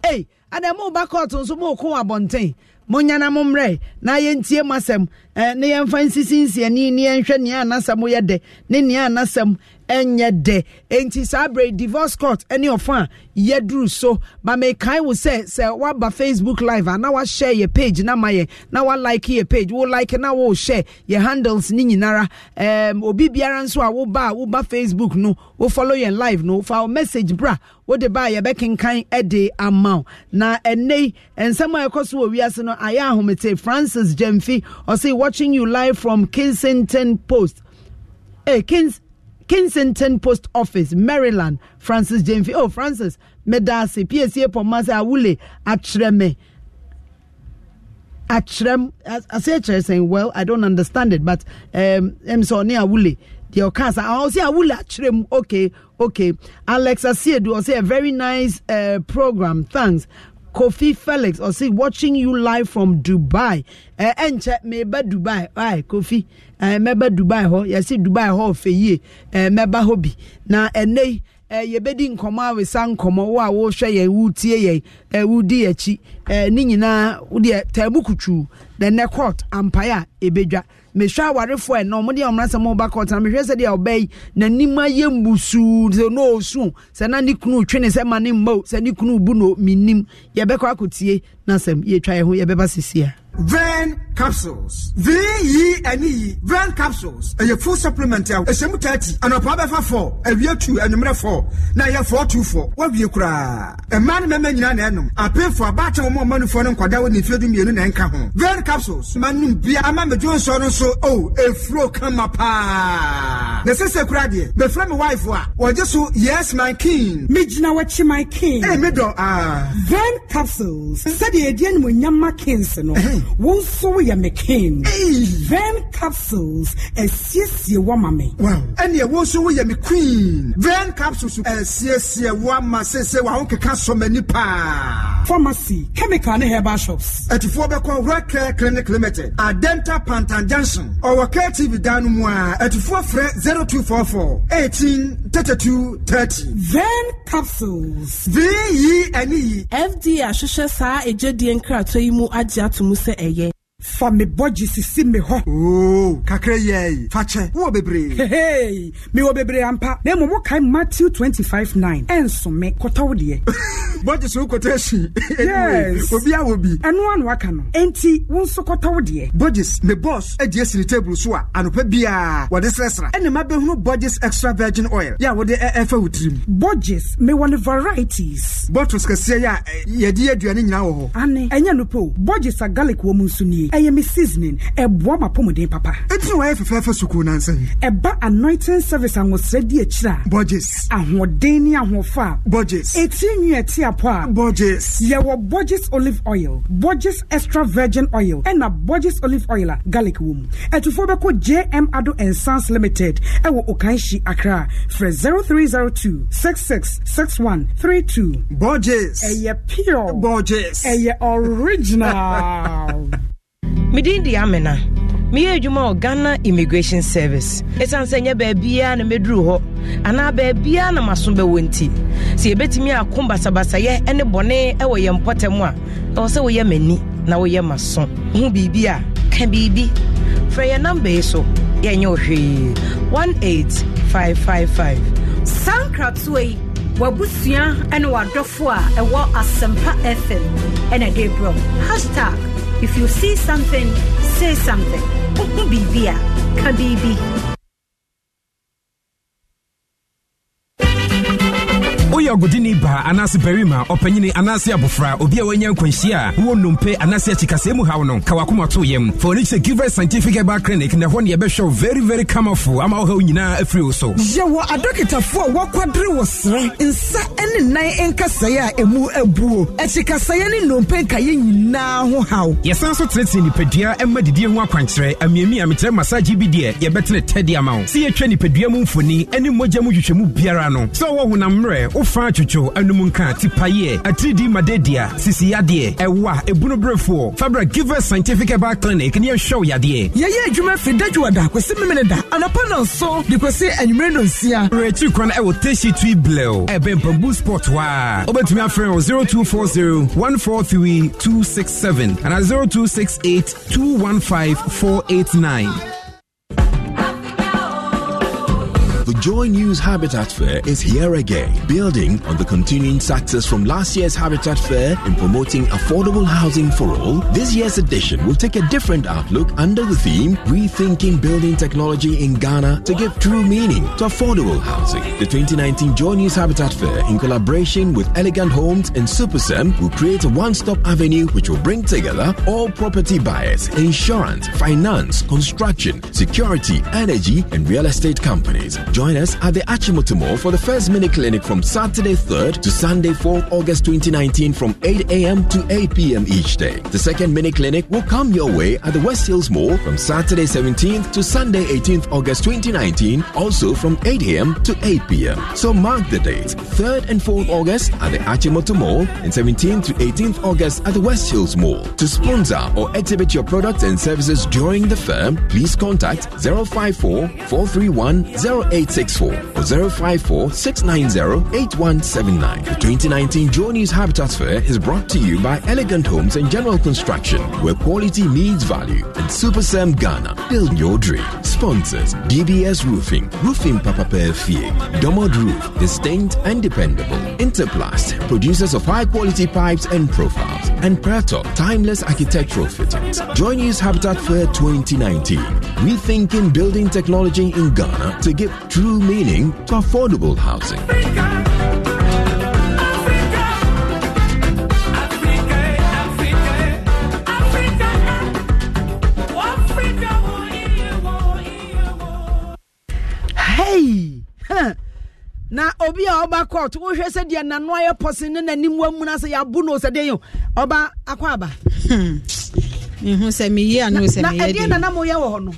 hɔ ana mu ba court nso mu ko abɔnten monya na mommrɛ na yɛntie mu asɛm na yɛmfa nsisi ni ne yɛnhwɛ nea anasɛm yɛ dɛ ne nea anasɛm ɛnyɛ dɛ any saa divorce court of them, a yɛduru so ba mekae wo sɛ sɛ woaba facebook live I will share yɛ page na ma yɛ na like yɛ page wo like na share yɛ handles ne nyinara um, obi biara nso a woba a woba facebook no follow yɛn live no fa wo message bra wode ba a yɛbɛkenkan de ama wo na ɛnɛ nsɛm a ɛkɔ so wɔ wiase no ayɛ ahomete francis jamfi ɔse watching you live from kensington post hey, eh, Ken's. Kensington Post Office, Maryland, Francis James. Oh, Francis, Medasi. PSA Pomasa Awule, Atreme. Atrem, I say Atrem saying, well, I don't understand it, but um, I'm sorry, Awule. I'll say Awule Atrem. Okay, okay. Alex Asiedu, I'll say a very nice uh, program. Thanks. Kofi Felix or see watching you live from Dubai. Eh, enche eh, meba Dubai. Ai, Kofi. Eh, meba Dubai ho. Yesi Dubai ho fe ye. Eh, meba hobi. Na ene eh, yɛbɛdi nkɔmɔ a wesa nkɔmɔ wo a wohwɛ yɛn wotie yɛn eh, wodi akyi eh, ne nyinaa wodeɛ taabu kutwuu the necot ampae a e ɛbɛdwa mehwɛ awarefoɔ ɛnɔ mo deɛ ɔmmra sɛ moba kɔtena mehwɛ sɛ deɛ ɔbɛyi n'anim ayɛ mbusuu sɛ na ɔsu sɛ na ne kunu twene sɛ ma ne mma o sɛ ne kunu bu no menim yɛbɛkɔ akɔtie na yɛtwa yɛ ho yɛbɛba sisi a capsules. V E N E. Ven capsules. A full supplement. A semi thirty. And a for four. A year two and number four. Now you're four two four. What do you cry? A man man, man, man. enum. I pay for a batch of more money for them. Quadra when you feel me and come Van capsules. Man, be a man between so so. Oh, a flow come up. The ah. sister crady. The friend wife or just so. Yes, my king. Mijina watch my king. Hey, eh, middle. Ah. Van capsules. Said deɛ yɛdeɛ no monyama kins no wo nso woyɛ me kin ven capsules asiesie woama me ɛneɛ wo nso woyɛ me queen ven capsules asiesie woama seesei waho keka sɔmani paa pharmacy chemical ne herbal shops atufoɔ bɛkɔ wrɛkrɛ clinic limited adenta pantan junction ɔwɔ ktv dan no mu a atufoɔ frɛ 0244 18 32 30 ven capsules v yi ɛne yi e. fd ahwehwɛ saa agya gyedie nkrataa yi mu agye ato mu sɛ ɛyɛ fa me bɔgye sisi me hɔ. ooo kakra yɛ fakyɛ wowɔ bebree. hehe mewɔ bebree ampa na mmom wokae matthew twenty five nine ɛnsome kɔtɔw deɛ. bɔgye so quotation. yes obi a wo bi. ɛno ano aka no enti wo nso kɔtɔw deɛ. bɔgyes me bɔs adi esi ne table so a anɔpa biara wɔde srɛsrɛ ɛna ma bɛhunu bɔgyes extra virgin oil yɛ a wɔde ɛɛfɛ wo tirim. bɔgyes mewɔ ne varieties. bottles kɛseɛ yɛ a yɛde yɛ aduane nyinaa wɔ hɔ. ane ɛnyɛ no po a garlic wɔ mu nso nie ɛyɛ me seasoning ɛboa ma pɔmuden papa. eti wɔyɛ fɛfɛɛfɛ sukuu nansa ɛba anointing service ahosɛ di akyire a. budges. ahoɔden ni ahoɔfa. budges. eti nwi ɛti apɔ a. budges. yɛwɔ budges olive oil budges extra virgin oil ɛna budges olive oil a garlic wɔ mu ɛtufo bɛkɔ jm ado and sons limited ɛwɔ okanshi akra. frɛ zero three zero two six six six one three two. budges. ɛyɛ pure. budges. ɛyɛ original. medin de amena meyɛ adwuma wɔ ghana immigration service ɛsiane sɛ nyɛ baabiaa na mɛduru hɔ anaa baabiaa na maso bɛwɔ nti sɛ yɛbɛtumi ako basabasayɛ ne bɔne ɛwɔ yɛn mpɔtam a ɛwɔ sɛ woyɛ m'ani na woyɛ maso ho biribi a ka biribi frɛ yɛ namba yi so yɛnyɛ wo hwee 18555 saa nkratoa yi wabusua ne wadɔfo e a ɛwɔ asɛmpa fm ɛna de brɛ hashtag If you see something, say something. Bibia, Kabibi. woyɛ ɔgodini baa anaase barima ɔpanyini anaase abofra obi a wanya nkwanhyia a wowɔ nnompe anaase akyikasɛɛ mu haw no ka wakoma too fa w'ani kyerɛ giver scientific herbal clinic na ɛhɔ ne yɛbɛhwɛ wo very very kamafo ama wohaw nyinaa afiri wo so yɛwɔ adɔkitafoɔ a wɔakwadere wɔ serɛ nsa ne nan nkasɛeɛ a ɛmu abuo akyikasɛeɛ ne nnompe nkayɛ nyinaa ho haw yɛsan nso tenetene nipadua ma didie ho akwankyerɛ amiami a mekyerɛ masagye bi deɛ yɛbɛtene tɛde ama wo sɛ yɛtwa nipadua mu mfoni ne mmɔgya mu hwehwɛmu biara no sɛ ɔwɔ honam wofra atwotwo anom nka tipayeɛ atiridi madadia sisiyadeɛ ɛwa ebunuberefoɔ fabra givers scientific herbal clinic ne yɛhwɛ wo yadeɛ yɛyɛ adwuma firi dadwowa da kwasi memene da anapa na nso de kwasi anwummere no nsia werɛakyi kwan ɛwɔ tasi tui blɛw ɛbɛ mpambu sport hɔ a wobɛtumi 0240 143 267 0268 215 The Joy News Habitat Fair is here again, building on the continuing success from last year's Habitat Fair in promoting affordable housing for all. This year's edition will take a different outlook under the theme Rethinking Building Technology in Ghana to give true meaning to affordable housing. The 2019 Joy News Habitat Fair, in collaboration with Elegant Homes and SuperSem, will create a one stop avenue which will bring together all property buyers, insurance, finance, construction, security, energy, and real estate companies. Join us at the Achimoto Mall for the first mini clinic from Saturday 3rd to Sunday 4th August 2019 from 8 a.m. to 8 p.m. each day. The second mini clinic will come your way at the West Hills Mall from Saturday 17th to Sunday 18th August 2019, also from 8 a.m. to 8 p.m. So mark the dates 3rd and 4th August at the Achimoto Mall and 17th to 18th August at the West Hills Mall. To sponsor or exhibit your products and services during the fair, please contact 054 431 08 0864 054 690 8179. The 2019 Joy Habitat Fair is brought to you by Elegant Homes and General Construction, where quality meets value. And Super Sam Ghana, build your dream. Sponsors DBS Roofing, Roofing Papa Perfie, Domod Roof, Distinct and Dependable, Interplast, producers of high quality pipes and profiles, and Prato, timeless architectural fittings. Join Habitat Fair 2019, rethinking building technology in Ghana to give true meaning to affordable housing. Hey! na obi a court wohwɛ sɛ deɛ nano ayɛ pɔsen ne n'anim wa mu na sɛ yɛabu no sɛ deɛ ɔba akɔ aba hmm. ɛdeɛ nana moyɛ wɔ hɔ no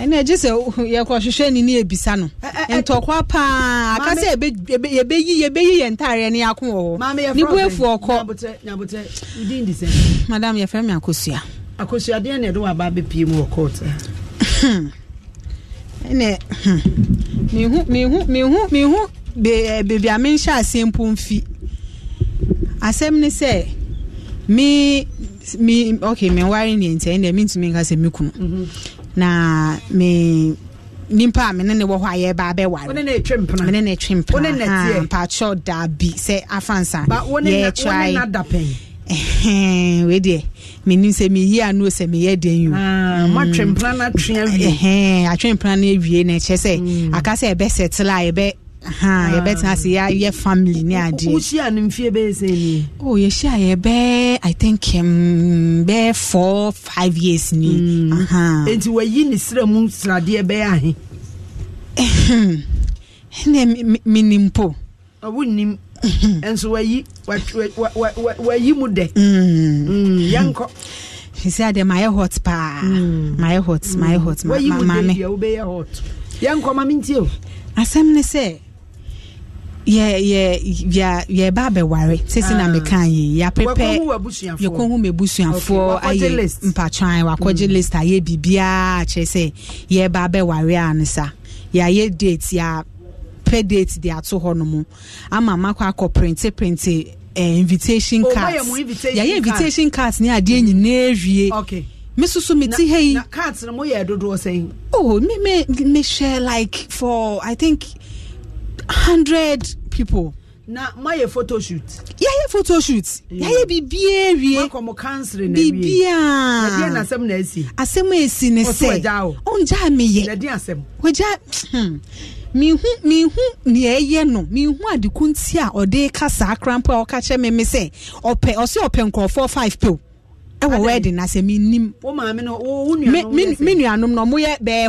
ɛna ɛgye sɛ uh, uh, yɛkɔhwehwɛ ni ne yɛbisa no ntɔkwa paa aka sɛ yɛbɛyi yɛn ntareɛ ne yɛako wɔ hɔ ni bu efu ɔkɔ madam yɛfrɛ me akosua akosua deɛ na ɛde wɔ aba abɛpie mu wɔ court eh? ɛnɛ hmm, mehu mehu mehu mehu eh, beebi a menhyɛ asɛm mpo mfi asɛm ne sɛ me me okay me ni ne nti ɛnɛ mentumi nka sɛ me kunu mhm na me nipa a mene ne wɔ hɔ a yɛba abɛware mene ne twe mpena mpakyɛ ah, da bi sɛ afansa yɛtwae wedeɛ menim sɛ meyi ano sɛ meyɛ den yiatwe ah, mpena no mm. awie no ɛkyerɛ sɛ mm. aka sɛ ɛbɛsɛtela a yɛbɛ Ah. yɛbɛtena ase yɛayɛ family ne adeɛ wohyia no mfie bɛyɛ sɛ ni o oh, yɛhyia yɛbɛɛ i think um, bɛɛ four five years ni mm. enti wayi ne serɛ mu sradeɛ bɛyɛ ahe ɛnɛ menim po wonim ɛnso wayi wayi mu dɛ mm. Mm, yɛnkɔ sɛ deɛ mayɛ hot paa mayɛ hot mayɛ hot maame yɛnkɔ ma mentio asɛm ne sɛ yɛba abɛware sɛsi na ah. meka yi yɛapepɛ yɛkɔhu mabusuafoɔ ayɛ mpatwan wakɔgye list ayɛ biribiaa kyerɛ sɛ yɛba abɛware a no sa yɛayɛ date yɛapɛ date de ato hɔ no mu ama makɔ akɔ printe printe uh, invitation cards yɛayɛ invitation cards ne adeɛ nyinaa wie me soso me ti ha na cards no mo yɛ dodoɔ sɛn oh me me me share like for i think hundred people. na mo ayɛ photoshoot. yɛyɛ photoshoot yɛyɛ bibia ewie. wakɔ mo cancer na ewie bibia. na deɛ na asɛm na esi. asɛm esi ne sɛ ɔtɔ ɔgya o ɔngya hmm. mi yɛ. na deɛ asɛm. ɔgya mihu mihu nea ɛyɛ no mihu adekunti a ɔde ka saa krampo a ɔka kyerɛ mɛmɛ sɛ ɔpɛ ɔsɛ ɔpɛ nkorɔfoɔ five pill ɛwɔ wedding na sɛ mi nim. wo maame no wo wo nuanom yɛ sɛ. mi nuanom na ɔmo yɛ bɛɛ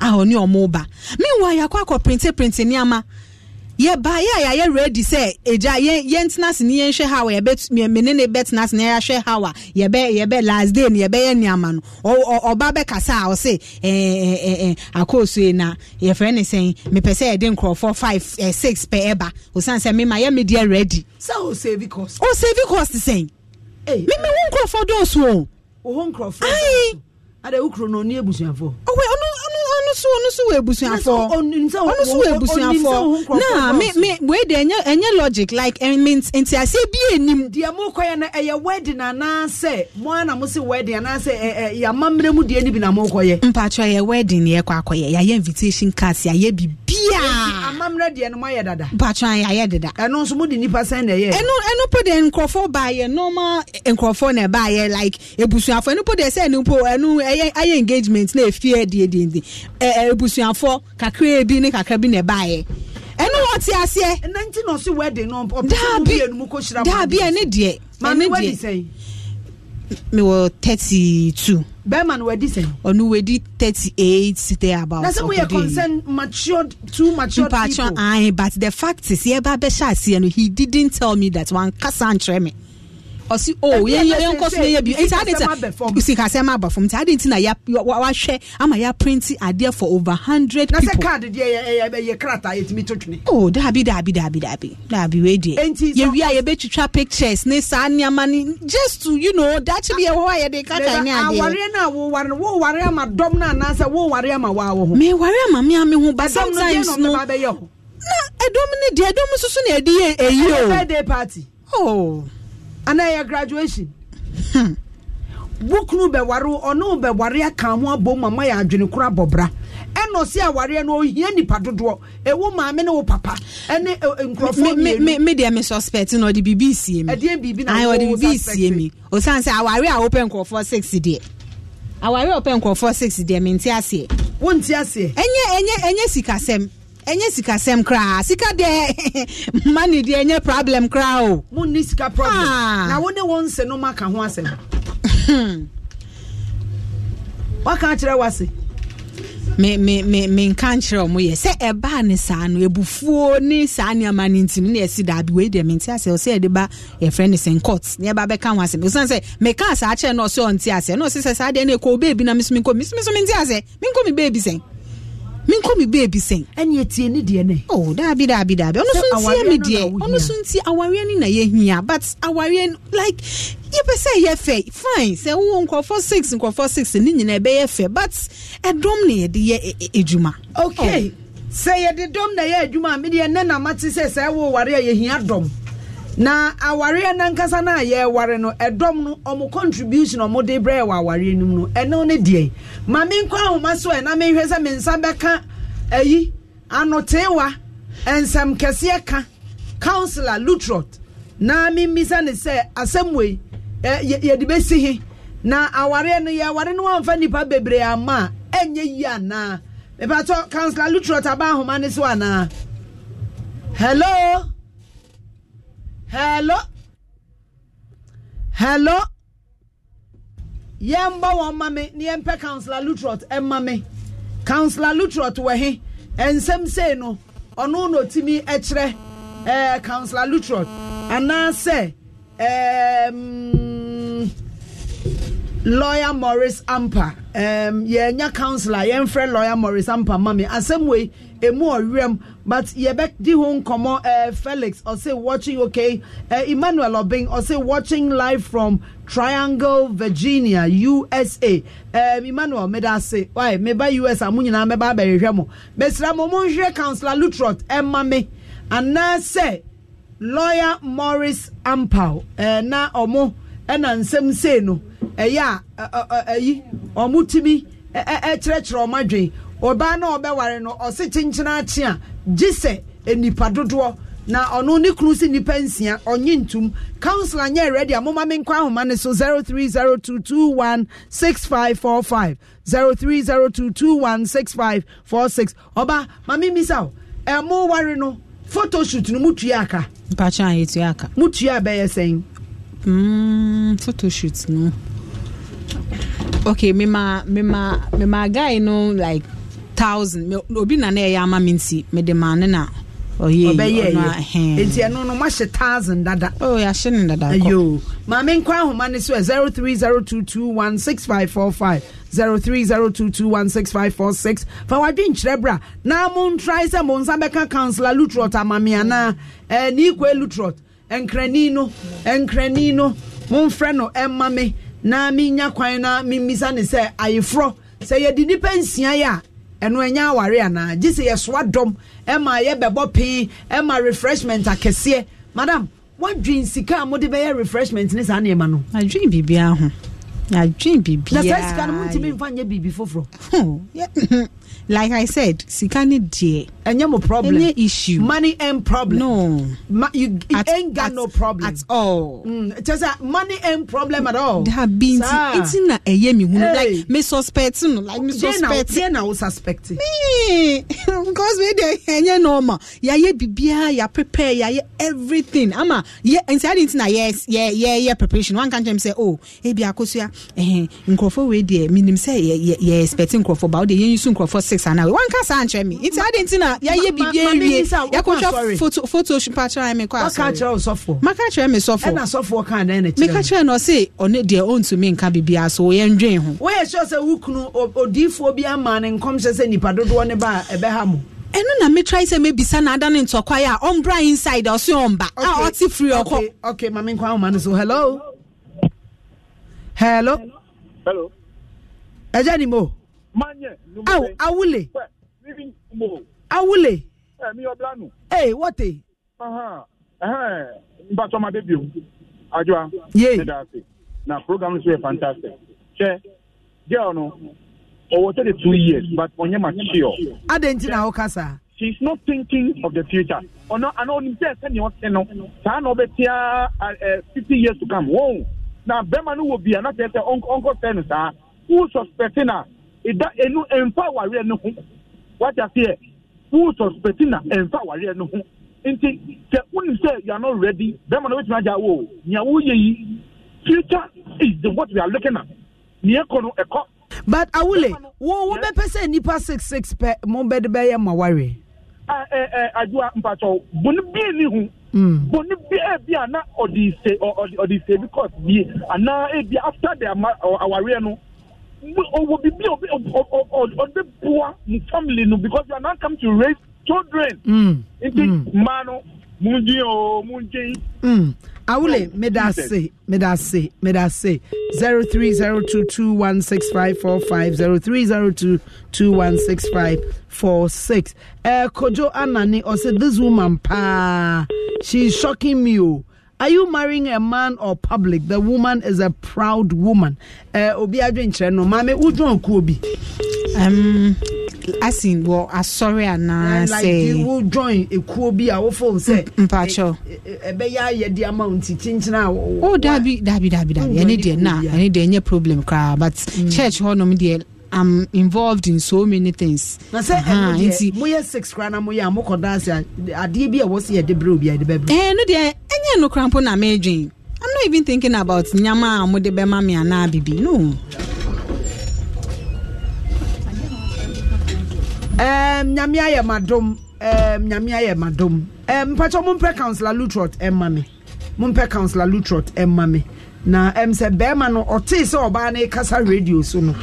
ahụ ni ọmụ ba meanwhile yakọ akọ printe printe nneɛma ya ya ya yɛayɛ ready sɛ ya yɛn yɛntena ase ya yɛnhwɛ ha ya yɛbɛ mene ebe bɛtena ase ne yɛahwɛ ha a ya yɛbɛ last day ne yɛbɛyɛ nneɛma a na yɛfrɛ ne sɛn mepɛ sɛ yɛde nkurɔfoɔ five six pɛ osan mema ready. o o ee o. ayi. ada eh, eh, eh, e na afọ. ọnụ ọnụ ɔno so ɔno so wɔ ebusuafo ɔno so wɔ ebusuafo na me me wei de ɛnyɛ ɛnyɛ logic like ɛmi nti ase bi enim. deɛ mo kɔ yɛ no ɛyɛ wedding anaasɛ mo ana mo se wedding anaasɛ ɛ ɛ yamamire mu deɛ ni bi na mo kɔ yɛ. mpatsɔ yɛ wedding yɛ kɔ akɔ yɛ yɛayɛ invitation cards yɛayɛ bibia. amamire deɛ eh, no mo ayɛ dada. mpatsɔ yɛayɛ dada. ɛno nso mo de nipa sɛn na ɛyɛ. ɛno ɛno po de eh, nkurɔfoɔ baayɛ normal nkurɔfoɔ eh, na ɛbaayɛ like ebusuafo ɛno po de sɛ ɛno po ɛno ɛyɛ ayɛ engagement na efie deɛ deɛ deɛ. Eh, eh, ebusuafo kakra bi ne kakra bi na ɛbaeɛ ɛne wɔte aseɛ nanti na ɔsi wedding no daabi daabi ɛne deɛ ɛne deɛ mewɔ thirty two bẹẹma ni wẹdi sẹ. ọnu wẹdi thirty eight there about. na sẹ mo yẹ concern matured two matured people. mpatsọ ayin but the fact is yẹ bá bẹ ṣe àṣeyẹ no he didn't tell me that wọn n kyerẹ mi ɔsi o yɛn kɔ so yɛyɛ bi nti adi ti sikasɛm aba fam nti adi ti na wahwɛ ama yɛ aprinti adeɛ for over hundred people. na sɛ kaadi deɛ yɛ yɛ krataa yɛ tumi to twene. o daabi daabi daabi daabi daabi wei deɛ yɛwia yɛ bɛ twitwa pictures ne saa nneɛma ni just to you know daakye bi yɛ hɔ a yɛ de krataa ne adeɛ. awari na wo wari wo wari ama dɔm na anaasɛ wo wari ama wa wo ho. mi wari ama mi ami ho but sometimes no na ɛdɔm ni deɛ ɛdɔm soso na ɛdi yɛ eyi o. ɛdɛ party. oh anaa ɛyɛ graduation wokunu hmm. bɛware ɔne bɛware aka ho abom ama yɛ adwene koro abɔbra ɛna ɔsi awareɛ no ohia nipa dodoɔ ewu maame ne wo papa ɛne e, e, nkurɔfoɔ mmienu. mi mi deɛ mi suspect na ɔde biribi sie mi ɛdeɛ biribi na ɔde biribi sie mi osan sɛ awareɛ a wopɛ nkurɔfoɔ six deɛ awareɛ a wopɛ nkurɔfoɔ six deɛ mi nti aseɛ. wo nti aseɛ. ɛnyɛ ɛnyɛ ɛnyɛ sikasɛm ɛnyɛ sikasɛm koraa sika deɛ money deɛ ɛnyɛ problem koraa o. mo sika problem ah. na wo ne wɔn nsɛ no ma ka ho asɛm. waka akyerɛ wase. me me me me nka nkyerɛ ɔmo yɛ sɛ ɛbaa ne saa no ebufuo ne saa nneɛma ne ntim ne ɛsi daabi wei deɛ mente asɛ ɔsɛ yɛde ba yɛfrɛ ne sɛ nkɔt ne ɛba bɛka ho asɛm osan sɛ meka saa kyerɛ no ɔsɛ ɔnte asɛ na ɔsɛ sɛ saa deɛ no ɛkɔ obeebi na mesome nkɔ mesome so mente asɛ menkɔ me beebi sɛn menkɔ me baabi sɛn ɛne atie ne deɛ ne o oh, daabi daabi daabi ɔno so ntie me deɛ ɔno so nti awareɛ no na yɛhia but awareɛ no like yɛpɛ sɛ yɛ fɛ fine sɛ wowɔ nkurɔfoɔ six nkurɔfoɔ six ne nyinaa ɛbɛyɛ fɛ but ɛdɔm na yɛde yɛ e, e, adwuma okay oh. sɛ yɛde dɔm na yɛ adwuma a medeɛ nɛ namate sɛ sɛ ɛwo ware a yɛhia dɔm na awareɛ nankasa no a yɛware no ɛdɔm no ɔmo contribution ɔmode brɛ wɔ awareɛ no mu no ɛno ne deɛ ma menkɔ ahoma so ɛ na menhwɛ sɛ me nsa bɛka ayi anoteewa nsɛm kɛseɛ ka councilor lutrot na memmisa ne sɛ asɛm wei yɛde bɛsi he na awareɛ no yɛware no wamfa nnipa bebree ama a ɛnyɛ yi anaa mepatɔ councilor lutrot aba ahoma ne so anaa hello hello hello yɛmbɔ wɔn ma me ne yɛmpɛ councillor lutrot ɛma me councillor lutrot wɔ he nsɛm sei no ɔno na otumi ɛkyerɛ ɛɛ eh, councillor lutrot anaasɛ ɛɛm ehm, lawyer morris ampa ɛɛm ehm, yɛnya councillor yɛmfrɛ lawyer morris ampa ma me asɛm wei emu ɔwerɛm but yɛbɛdi ho nkɔmmɔ uh, eh, felix ɔse watching okay uh, emmanuel obin ɔse watching live from triangle virginia usa um, eh, emmanuel meda ase wae meba us a mo nyinaa mɛba abɛhwehwɛ mo mesrɛ mo monhwɛ councilor lutrot ɛma me anaasɛ lawyer morris ampaw uh, na ɔmo ɛna nsɛm sei no ɛyɛ a ɛyi ɔmo tumi ɛkyerɛkyerɛ ɔmo adwene ɔbaa na ɔbɛware no ɔse kyenkyena akye a gye sɛ nnipa dodoɔ na ɔno ne kunu si nnipa nsia ɔnye ntum councilor nyɛ ready a moma me nkɔ ahoma ne so 0302216545 0302216546 ɔba mame misa o ɛmo ware no photoshoot no mutua aka mpakyɛ a yɛtua aka mutua bɛyɛ sɛn mm, photoshoot no okay mema mema mema guy no like thousand obi na na ɛyɛ ama mi nti mede maa ne na ɔyɛ yi ɔno a hɛn nti ɛno no wahyɛ thousand dada. o oh, yahyɛ ne dada kɔ ayo maame nkwa ahoma ne so ɛ zero three zero two two one six five four five zero three zero two two one six five four six fa wadwi nkyerɛ na mo ntrae sɛ mo nsa bɛka councillor lutrot amame anaa ɛɛ ne ikwe lutrot nkrani no nkrani no mo no ɛma me na mi nya kwan na mi mbisa ne sɛ ayeforɔ sɛ yɛde nipa nsia a ɛno ɛnyɛ aware ana. gye sɛ yɛsoa dɔm ɛma yɛbɛbɔ pii ɛma refreshment akɛseɛ madam woadwen sika a mode bɛyɛ refreshment ne saa nneɛma no adwen biribiaa ho adwen biribiaa na saa sika no montumi mfa nyɛ bibi foforɔ hmm. like i said sika ni deɛ. ɛnyɛ mo problem ɛnyɛ issue money and problem. no Ma, you at, ain't got at, no problem at all. kyɛ mm, money ain't problem at all. dabi nti nti na ɛyɛ mi hun like me suspect no like me suspect. deɛ na o suspect. me because me de ɛnyɛ normal yɛayɛ bibiara yɛ prepare yɛayɛ everything ama yɛ nti adi nti na yɛ yɛ yɛ yɛ preparation One kan kyɛn mi sɛ o ebi akosua ɛhɛn nkurɔfoɔ wei deɛ minim sɛ yɛ yɛ yɛ expect nkurɔfoɔ ba o de yɛn yi so nkurɔfoɔ. for six anawe wanka saa nkyerɛ me nti ade nti na yɛyɛ biribi awie yɛkɔtwa photo mpa kyerɛ me kɔ asɔre maka kyerɛ me sɔfo meka kyerɛ no ɔse ɔne deɛ ɔntumi nka biribiaa eh, ah, so yɛndwen ho woyɛ sure sɛ wo kunu odiifoɔ bi ama ne nkɔmhyɛ sɛ nnipa dodoɔ one ba a ɛbɛha mo ɛno na metrai sɛ mɛbisa na ada ne ntɔkwae a ɔmbra inside ɔso ɔmba a ɔte firi ɔkɔ hello ni mo aw awule awule. ẹ̀mí ọ̀bla nù. ee wọ́tẹ̀. nbàtọ́mà bẹ́ẹ̀ bí o ajọ́a. yéé na program so yẹ fantastic. kyẹ girl no ọwọ tẹ́lẹ̀ two years but ọ̀nyẹ́ mature. adé ntí na ọkà sá. she is not thinking of the future. ọ̀nà àná oníṣẹ́ ẹ̀sẹ̀ ni ọ̀sẹ̀ no sáà náà ọbẹ̀ tí a fifty years to come wow, na bẹ́ẹ̀ ma ní wo bíi àná tẹ́tẹ́ ọ̀nkọ́ sẹ́nu who suspect na. ịda enu ɛnfa awari enuhu ho wagya seɛ wuu sɔspɛti na ɛnfa awareɛ no ho nti sɛ wonim sɛ you are not ready na wobɛtumi agya wo nea yi future is the what we are looking at nea but awule wo wobɛpɛ sɛ nnipa six six pɛ mo bɛde bɛyɛ ma wareɛ adwoa mpakyɛw bone bie ne ho bone bia bi a na ɔde se bi kɔs bie anaa ebi after the awareɛ no ọwọ bíbí ọdẹ bua mu family nu because you are now come to raise children. nti mm, mmaa no mu n jin o oh, mu n jin. Mm. awule oh, medase medase medase zero three zero two two one six five four five zero three zero two two one six five four six. ẹ eh, kojo anani ọsẹ this woman paa she is shocking me o. Oh. Are you marrying a man or public? The woman is a proud woman. Eh, obi adwenkyerɛ no maame wodwan kuo bi. Um, asin wɔ asɔre anaa eh, sɛ. wodwan ekuo bi a wofo sɛ. Mm, mm, mpatsɔ. Eh, ɛbɛyɛ ayɛ di ama nti kyinkyin a. o oh, dabi dabi dabi dabi ɛni deɛ na ɛni deɛ nye problem koraa but mm. church hɔnom deɛ am involved in so many things. na sɛ ɛno deɛ moyɛ six koraa na moyɛ a mokɔ daase a adeɛ bi a ɛwɔ sɛ yɛde berɛ obi a yɛde bɛbrɛ. ɛɛ eh, no deɛ ɛnyɛ no koraa mpo na mɛdwen i'm not even thinking about nyama a mode bɛma me anaa bibi no. Um, nyame ayɛ madom um, nyame ayɛ madom um, mpakyɛ mompɛ councilor lutrot ɛma me mompɛ councilor lutrot ɛma me na um, sɛ bɛrima no ɔtee sɛ ɔbaa no kasa radio so no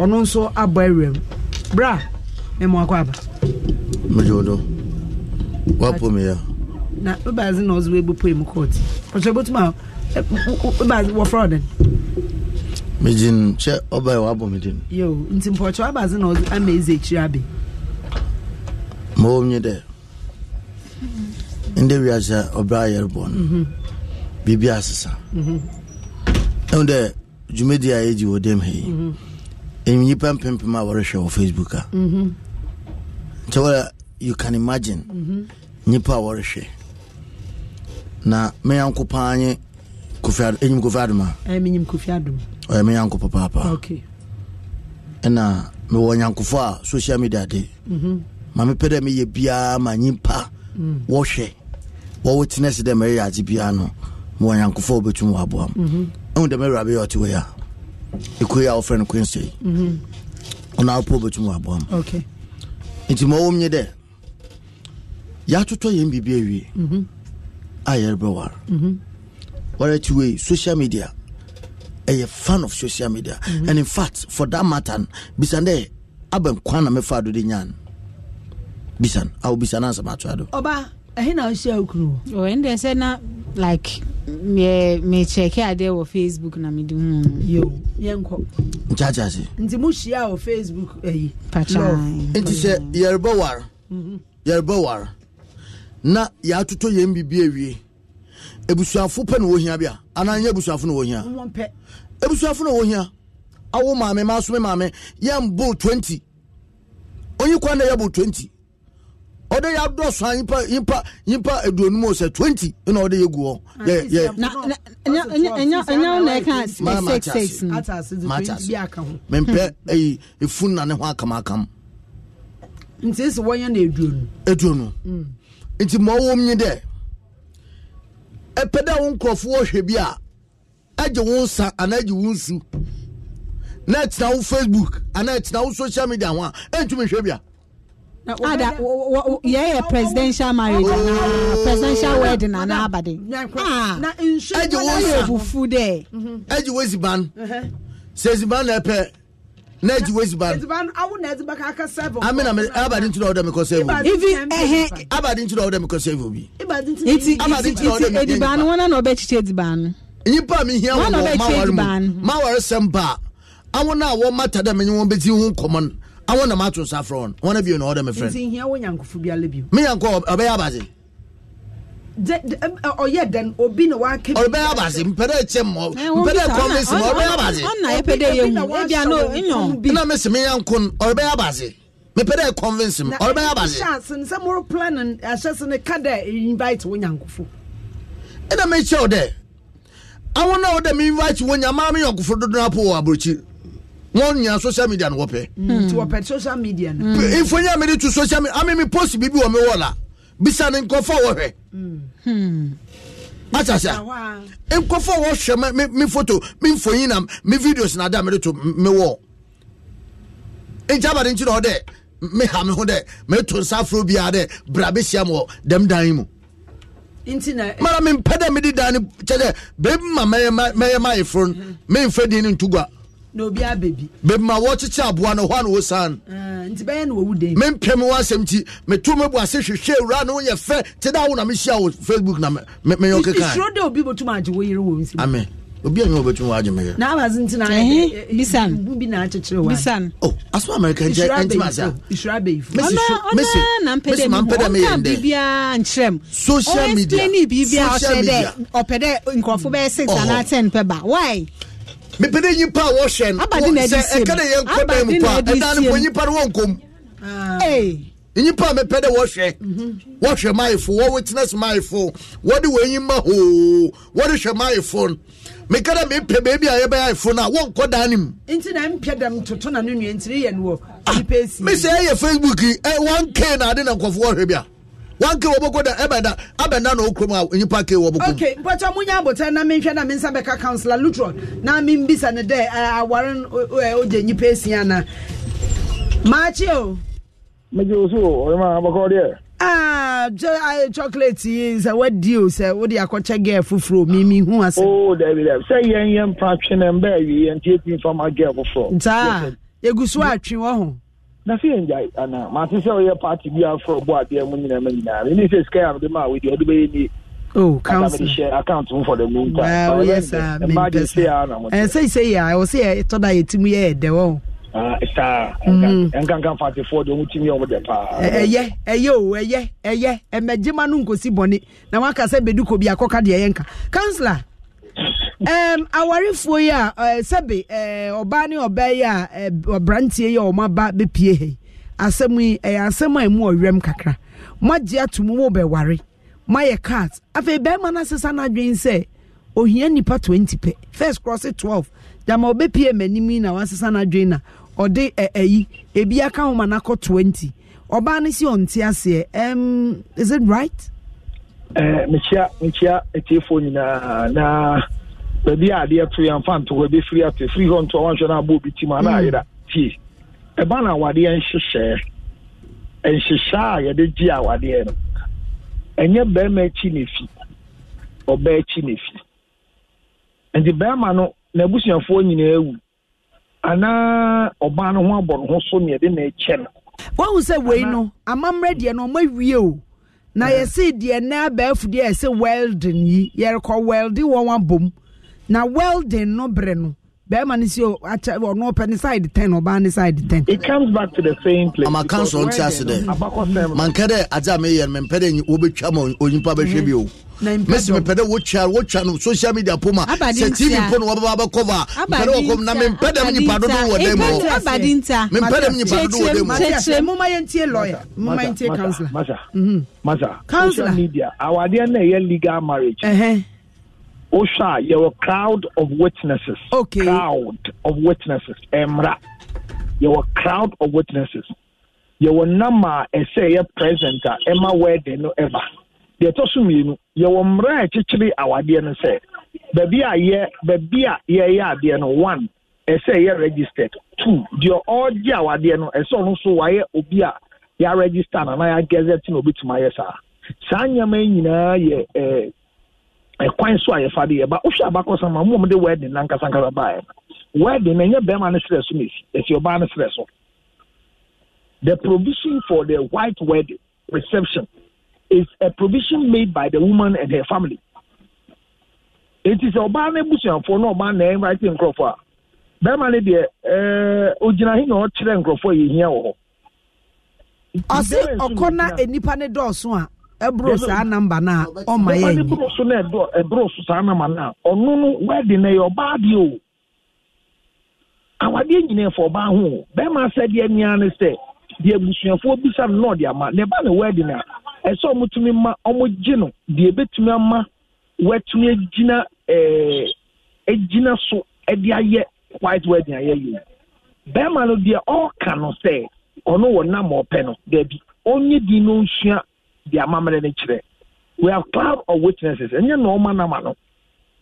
ɔno nso abɔ awia mu bra ne mu akɔ aba. mmejo do me ya. na wobaazi na ɔzo ebu mu kɔɔti ɔkyerɛ bɔtum a wobaazi wɔfrɛ ɔden. mejin kyɛ ɔba yɛ wabɔ mi din. yoo nti mpɔkyɛ wabaazi na ɔzo ama ezi ekyir abe. dɛ wiase no nyipa mpempem a wɔrehwɛ wɔ facebook a mm-hmm. nti wɔda you can imagine nnipa mm-hmm. a wɔrehwɛ na eh, oh, me paa nye ɛnyim kofi adoma ɔyɛ me papaapa ɛna mewɔ nyankofo a social media de mm-hmm. ma mepɛ dɛ meyɛ biara ma nyimpa wɔhwɛ mm. wɔwo tena si dɛ mereyɛ adze biara no mewɔ nyankofo a wobɛtum wɔ aboa m ɛhu dɛ mɛwura bɛyɛ ɔte wei a ɛkui a wɔfrɛ no kwensei ɔno mm-hmm. wopɔ bɛtumi wɔ aboa ma nti ma ɔwɔ m nye dɛ yɛatotɔ yɛn biribi awie mm-hmm. a yɛrebɛware mm-hmm. warɛti wei social media ɛyɛ fan of social media and in fact for that matter bisan dɛ abɛn kwan na mɛfa do de nyaa no bisan awo bisan na asɛm atoa do ɔba ɛhe na wohyia wo kunu wɔ ɛndɛ sɛ na like mekyɛke adeɛ wɔ facebook hmm. e mhm. na mede hu ya facebook nti sɛ yɛrebɔ ware yɛrebɔ ware na yɛatotɔ yɛn biribi awie abusuafo pɛ na wɔhia bi a anaa nyɛ abusuafo na wɔhia abusuafo na wɔhia awo maame maasome maame yɛmbo 20 onyi kwan na yɛbo 20 ɔde yɛ adɔ so a nyimpa nyimpa nyimpa aduonum sɛ twenty ɛna ɔde yɛ gu hɔ ah, yɛ yɛ. na na na ɛka six six bi aka ase mɛmpɛ ɛyi efun na ne ho akamakam. nti esi onye na aduonu. aduonu mm. nti ma ɔwɔ mu nyi dɛ ɛpɛ dɛ wɔn nkurɔfoɔ hwɛ a agye nsa na agye wɔn nsu na ɛtena facebook a a. ada ah, yɛyɛ presidential marriage ana ah, presidential wedding ana abade ɛgye wo fufu dɛ ɛgye wo ziban sɛ ziban na ɛpɛ na ɛgye wo ziban ami na abade ntura ɔdɛ mi kɔ sɛ ɛfo ivi ɛhɛ abade ntura ɔdɛ mi kɔ sɛ ɛfo bi iti iti iti edibanu, no wɔn na ɔbɛ kyikyɛ ediban no nipa mi hiɛ wɔn ma wɔn ma wɔn sɛm ba awon a wɔn mata dɛ mi ni wɔn bɛ ti ho nkɔmɔ no. awɔ na mato nsa frɛ ɔno wɔn abio na ɔdɛ me frɛ me yankɔ ɔbɛyɛ abadze ɔyɛ dɛn obi na waka ɔbɛyɛ abadze mpɛdɛ kyɛ mɔ mpɛdɛ kɔ me si mɔ ɔbɛyɛ abadze ɔna yɛ pɛdɛ yɛ wu ebi ano nyɔ bi na me si me eh, yankɔ ɔbɛyɛ abadze mepɛdɛ convince mu ɔbɛyɛ abadze na ɛhyɛ nsɛm wɔrɔ plan ɛhyɛ eh, sɛ ka dɛ eh, invite wo nyankofo ɛna mekyɛw dɛ awon na ɔdɛ me invite wo nyama me yankofo dodo na po wɔ aburukyi wọn nyina social media no wɔpɛ. nti wɔpɛ social media no. nfonni mi de tu social media ami mi post bi bi wɔ mi wɔ la bisa ni nkɔfɔ wɔhwɛ. akyasa nkɔfɔ wɔhwɛ mi mi foto mi nfonyi na mi videos na da mi de to mi wɔ nkyaba de nkyiri hɔ dɛ mi ha mi ho dɛ mi to nsa afro bia dɛ bra bi si amu wɔ dɛm dan mu. mara mi mpɛ dɛ mi di dan ni kyɛ dɛ beebi ma mɛyɛ ma foro mi nfɛ di ni ntugua na obi abɛbi mema wɔkyekyɛ aboa no hɔ a na wɔ saa ah, no nti bɛyɛ na wɔwu den mempɛ me woasɛm nti meto mɛbu ase hwehwɛ wura ne woyɛ fɛ te da wo na mehyia wo facebook na meyɛ wokekaisuro dɛ obi bɛtum agye wo yere wɔ nsim amen obi anyɛ wobɛtumi waagye meyɛ na abase nti nabisan eh, eh, eh, bi na akyekyere bisan o oh, asom amerika nkyɛ ɛntim ase a isura bɛyifonampɛ dɛ meyɛ ndɛbiribiaa nkyerɛm social media social media ɔpɛ dɛ nkurɔfo bɛyɛ six oh. anaa ten pɛ ba why mepɛ dɛ nyimpa a wɔhwɛ no sɛ ɛka dɛ yɛnkɔ dan mu pa ɛda no po nyimpa no wɔnkom ah. nyimpa a mepɛ dɛ wɔhwɛ wɔhwɛ maayefo wɔ witness maayefo wɔde wɔnyi ma hoo wɔde hwɛ maayefo no meka dɛ mepɛ baabi a yɛbɛyɛ ayefo no a wɔnkɔ dan no mu na mpɛ toto na no nua ntiri yɛ no wɔ ah, mesɛ ɛyɛ facebook yi 1k na ade na nkɔfoɔ wɔhwɛ bi a one k wɔ boko da ɛbɛn da abɛn na o kurom a nipa k wɔ boko. ok mpɔtɔ mu nya na na mi nsa bɛka councillor lutron na mi ne dɛ nipa eh, eh, o. osu o abakɔ deɛ. Ah, eh, chocolate yi sɛ wadi o sɛ wode akɔkyɛ foforɔ mimi hu mpa fa ma foforɔ ntaa yɛgu so atwe wɔ ho na sɛ yɛngyae anaa mate sɛ woyɛ party bi afrɛ bɔ adeɛ mu nyinaa ma nyinaa mene sɛ sika a mede ma a wede ɔde bɛyɛ ni Oh, council. Well, yes, sir. And eh, say, say, I will say, I thought I to me, the one. Ah, sir. And can come for the four, over the Eh, yeah, eh, yo, eh, yeah, eh, yeah, and eh, my Jimma Nunko Siboni. Now I can say, Beduko be um, awarefoɔ yi a uh, eh, sɛbe uh, ɔbaa ne ɔbaa yi a eh, ɔbranteɛ uh, yi a wɔn aba bepie he asɛm yi ɛyɛ asɛm a emu ɔwɛm kakra moagye ato mu wɔbɛware moayɛ cart afei bɛrima no asesa n'adwene sɛ ohia nipa twenty pɛ first cross twelve dama ɔbɛpie m'anim yi na wasesa n'adwene na ɔde ɛyi eh, ebi aka ho ma n'akɔ twenty ɔbaa no si ɔnte aseɛ um, is it right. ɛɛ mekyia telephone etiefoɔ nyinaa naa. baabi a adeɛ to yɛmfa nto hɔ bɛfiri ate firi hɔ nto wanhwɛ no abɔ obi tim ana mm. ayera tie ɛba na awadeɛ nhyehyɛɛ nhyehyɛ a yɛde gye awadeɛ no ɛnyɛ barima akyi ne fi ɔbaa akyi ne fi nti barima no n'abusuafoɔ nyinaa awu anaa ɔbaa no ho abɔ ne ho so ne yɛde na ɛkyɛ no wahu sɛ wei no amammerɛ deɛ no ɔma wie o na eh. yɛsi deɛ na abɛɛfo deɛ yɛsɛ welding yi yɛrekɔ welding wɔn abom na welding no brɛ no bɛrima no si ɔno ɔpɛ ne side ten ɔbaa ne side ten. it comes back to the same place. ama kan sɔn ti ase dɛ mankɛ dɛ adi a mi yɛ no mɛ mpɛ dɛ wo bɛ twa ma onyimpa bɛ hwɛ bi o mm. mesi mepɛ dɛ wotwa wotwa no social media po ma sɛ tv po no wɔbɛba bɛkɔva mpɛ dɛ wɔkɔm na mempɛ dɛm nyipa dodo wɔ dɛ mu mempɛ dɛm nyipa dodo wɔ dɛ mu masa mm-hmm. social media awadeɛ na ɛyɛ legal marriage Osha, wohwɛ a crowd of witnesses okay. crowd of witnesses Emra. mmra a crowd of witnesses yɛwɔ nama number and say present a ɛma wedding no ɛba deɛ ɛtɔ so mmienu yɛwɔ mmara a ɛkyekyere awadeɛ no sɛ baabi a yɛ baabi a yɛyɛ adeɛ no one and say ɛyɛ registered two deɛ ɔregye awadeɛ no ɛsɛ ɔno nso wayɛ obi a yɛaregister And I yɛagɛzɛte na obɛtumi ayɛ saa saa nneɛma nyinaa yɛ ɛɛ ɛkwan so a yɛfa de yɛba wohwɛ abakɔsam a mmom de wedding na nkasa nkasa baeɛ no wedding no ɛnyɛ bɛrima no serɛ so na ɛsi ɔbaa no serɛ so the provision for the white wedding reception is a provision made by the woman and her family enti sɛ ɔbaa no abusuafoɔ na ɔbaa na ɛnvite nkurɔfoɔ a bɛrima no deɛ ɛɛ ogyina he na ɔkyerɛ nkurɔfoɔ yɛhia wɔ hɔ ɔse ɔkɔ na nnipa ne dɔɔso a eburo saa namba na ọma ya enyi. eburo so na eburo so saa namba na ọnụnụ wedin na ya ọbaa di o awadeɛ nyinaa fɔ ɔbaa ho bɛrima asɛ deɛ nyinaa ne sɛ deɛ abusuafoɔ bisa no na ɔde ama ne ba ne wedin a ɛsɛ ɔmo tumi ma ɔmo gye no deɛ ebetumi ama wɛtumi egyina ɛɛ egyina so ɛde ayɛ white wedding ayɛ yie bɛrima no deɛ ɔɔka no sɛ ɔno wɔ nam ɔpɛ no dɛbi onye di no nsua de amammerɛ no kyerɛ we have cloud of witnesses ɛnyɛ na ɔma nama no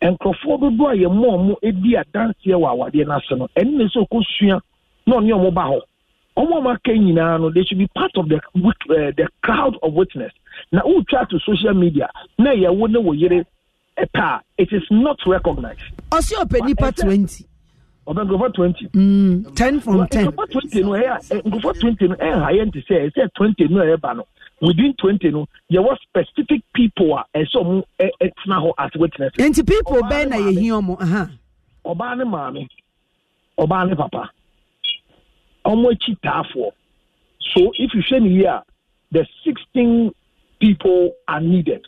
nkurɔfoɔ dodoɔ a yɛ mɔɔ mo di adanseɛ wɔ awadeɛ no ase no ɛne na sɛ ɔkɔsua na ɔne ɔmo ba hɔ ɔmo a maka nyinaa no they should be part of the uh, the cloud of witness na wotwa to social media na yɛwo ne wɔ yere ɛpɛ it is not recognized ɔse ɔpɛ nipa twenty. ọbẹ nkurọfọ twenty. Mm, ten from ten. nkurọfọ twenty no ẹ yà twenty no ẹ hà yẹn ti sẹ ẹ twenty no ẹ bá nù within twenty no yɛ wɔ specific people a ɛsɛ ɔmo ɛtena hɔ as witness. nti people bɛɛ na yɛ hin ɔmo. ɔbaa ne maame ɔbaa ne papa ɔmo akyi taafoɔ so if you say ne yie the sixteen people are needed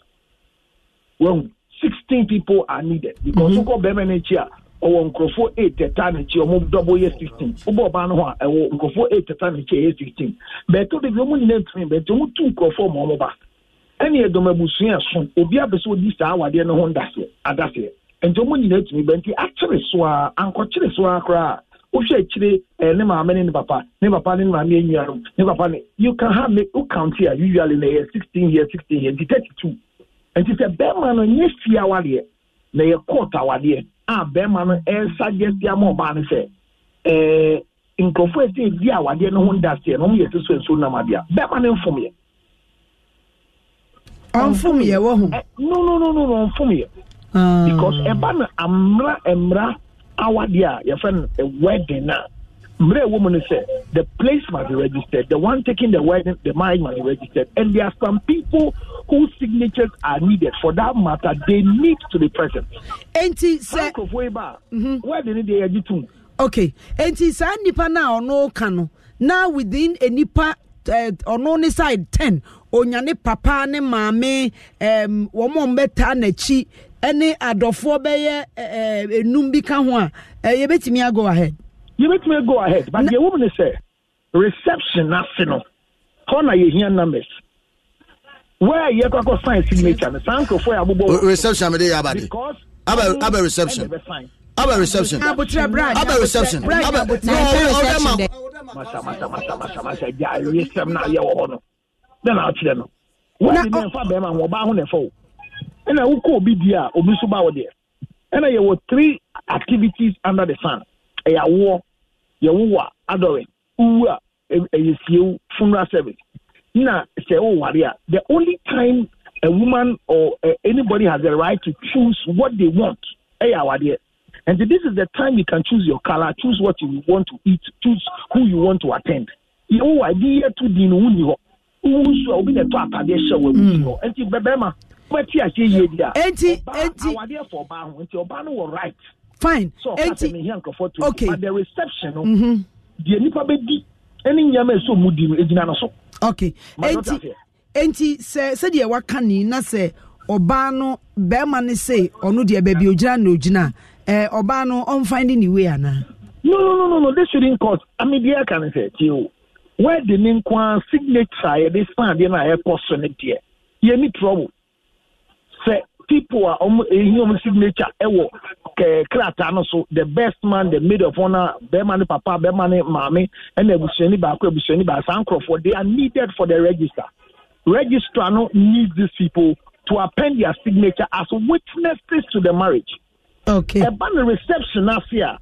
well sixteen people are needed because mhm. wokɔ bɛrima no akyi a. ɔwɔ nkurɔfoɔ eight ɛta n'akyi ɔmo dɔbɔ yɛ sixteen wobɔ ɔbaa no ho a ɛwɔ nkurɔfoɔ eight n'akyi ɛyɛ sixteen bɛɛtɔ de bi ɔmo nyinaa ntumi ɔmo tu nkurɔfoɔ ma ɔmo ba ɛne ɛdɔm abusua so obi abɛsɛ odi saa awadeɛ no ho ndaseɛ adaseɛ ɔmo nyinaa akyere so a ankɔkyere so a koraa wohwɛ papa ne papa ne maame enyiwa no papa ne you a bɛrima no ɛresa gyesi ama ɔbaa no sɛ ɛɛ nkurɔfoɔ esi edi awadeɛ no ho ndaseɛ no wɔn yɛ soso nsuo nam adeɛ bɛrima no nfom yɛ. ɔnfom yɛ wɔ ho. no no no no no ɔnfom yɛ. Ah. because ɛba no amra mmra awadeɛ a yɛfrɛ no wedding na mmerɛ ɛwɔ mu the place must be registered the one taking the wedding the marriage must be registered and there are some people whose signatures are needed for that matter, they need to be present. Enti sɛ mm-hmm. where did they edit to? Okay, enti saa nipa na ɔno ka no within a nipa eh, ɔno ne side ten onyane papa ne maame um, wɔn a wɔbɛta n'akyi ne adɔfoɔ bɛyɛ eh, eh, enum bi ka ho a yɛbɛtumi go ahead. yɛbɛtumi ago ahead but deɛ wɔn mu ni reception ase no hɔ na yɛhia numbers where yẹ kọkọ sign signature ni san nkurɔfoɔ yà abobɔ. reception mi de yà abade abẹ abẹ reception abẹ reception ah, abẹ reception abẹ reception. ma. masa masa masa masa masa ja ewie sẹm na ayẹ wọ hɔ oh, no ne na akyerɛ no wọ́n di nfa bẹ́ẹ̀ ma wọ́n ọba ahọ́n nẹ̀fọ́ o ẹnna wọ́kọ̀ obi di a obi nso ba wọ deɛ ɛnna yɛ wɔ three activities under the sun ɛyɛ awoɔ yɛ wowɔ adɔrin uwu a ɛyɛ fiewu funeral service na sɛ woware a the only time a woman or uh, anybody has the right to choose what they want ɛyɛ awadeɛ and this is the time you can choose your color choose what you want to eat choose who you want to attend yɛwo ade yɛ to di no wonni hɔ wowu nso a obi na ɛtɔ atadeɛ hyɛ wɔ wonni hɔ nti bɛbɛma wobɛte ahyɛ yie bi a enti enti awadeɛ fɔ ɔbaa ho nti ɔbaa no wɔ right fine so ɔka sɛ mehia nkurɔfoɔ to okay but the reception no mm-hmm. deɛ nipa bɛdi ɛne nneɛma ɛsɛ ɔmu di no ɛgyina no so ok enti enti sɛ sɛdeɛ waka ni na sɛ ɔbaa no bɛrima no se ɔno deɛ baabi ogyina na ogyina ɛɛ ɔbaa no ɔnfan de ne wei anaa. no no no no no this shouldn't cause ami deɛ aka ne sɛ o wɛdi ne nkwa signature a yɛde san adeɛ na yɛkɔ so ne deɛ yɛ ni trouble sɛ people a wɔn eyi wɔn signature ɛwɔ eh, krataa no so the best man the maid of honor bɛrima ne papa bɛrima ne maame ɛna abusuani baako abusuani baako saa nkurɔfoɔ they are needed for the register registrar no needs these people to append their signature as witnesses to the marriage. okay ɛba ne reception ase a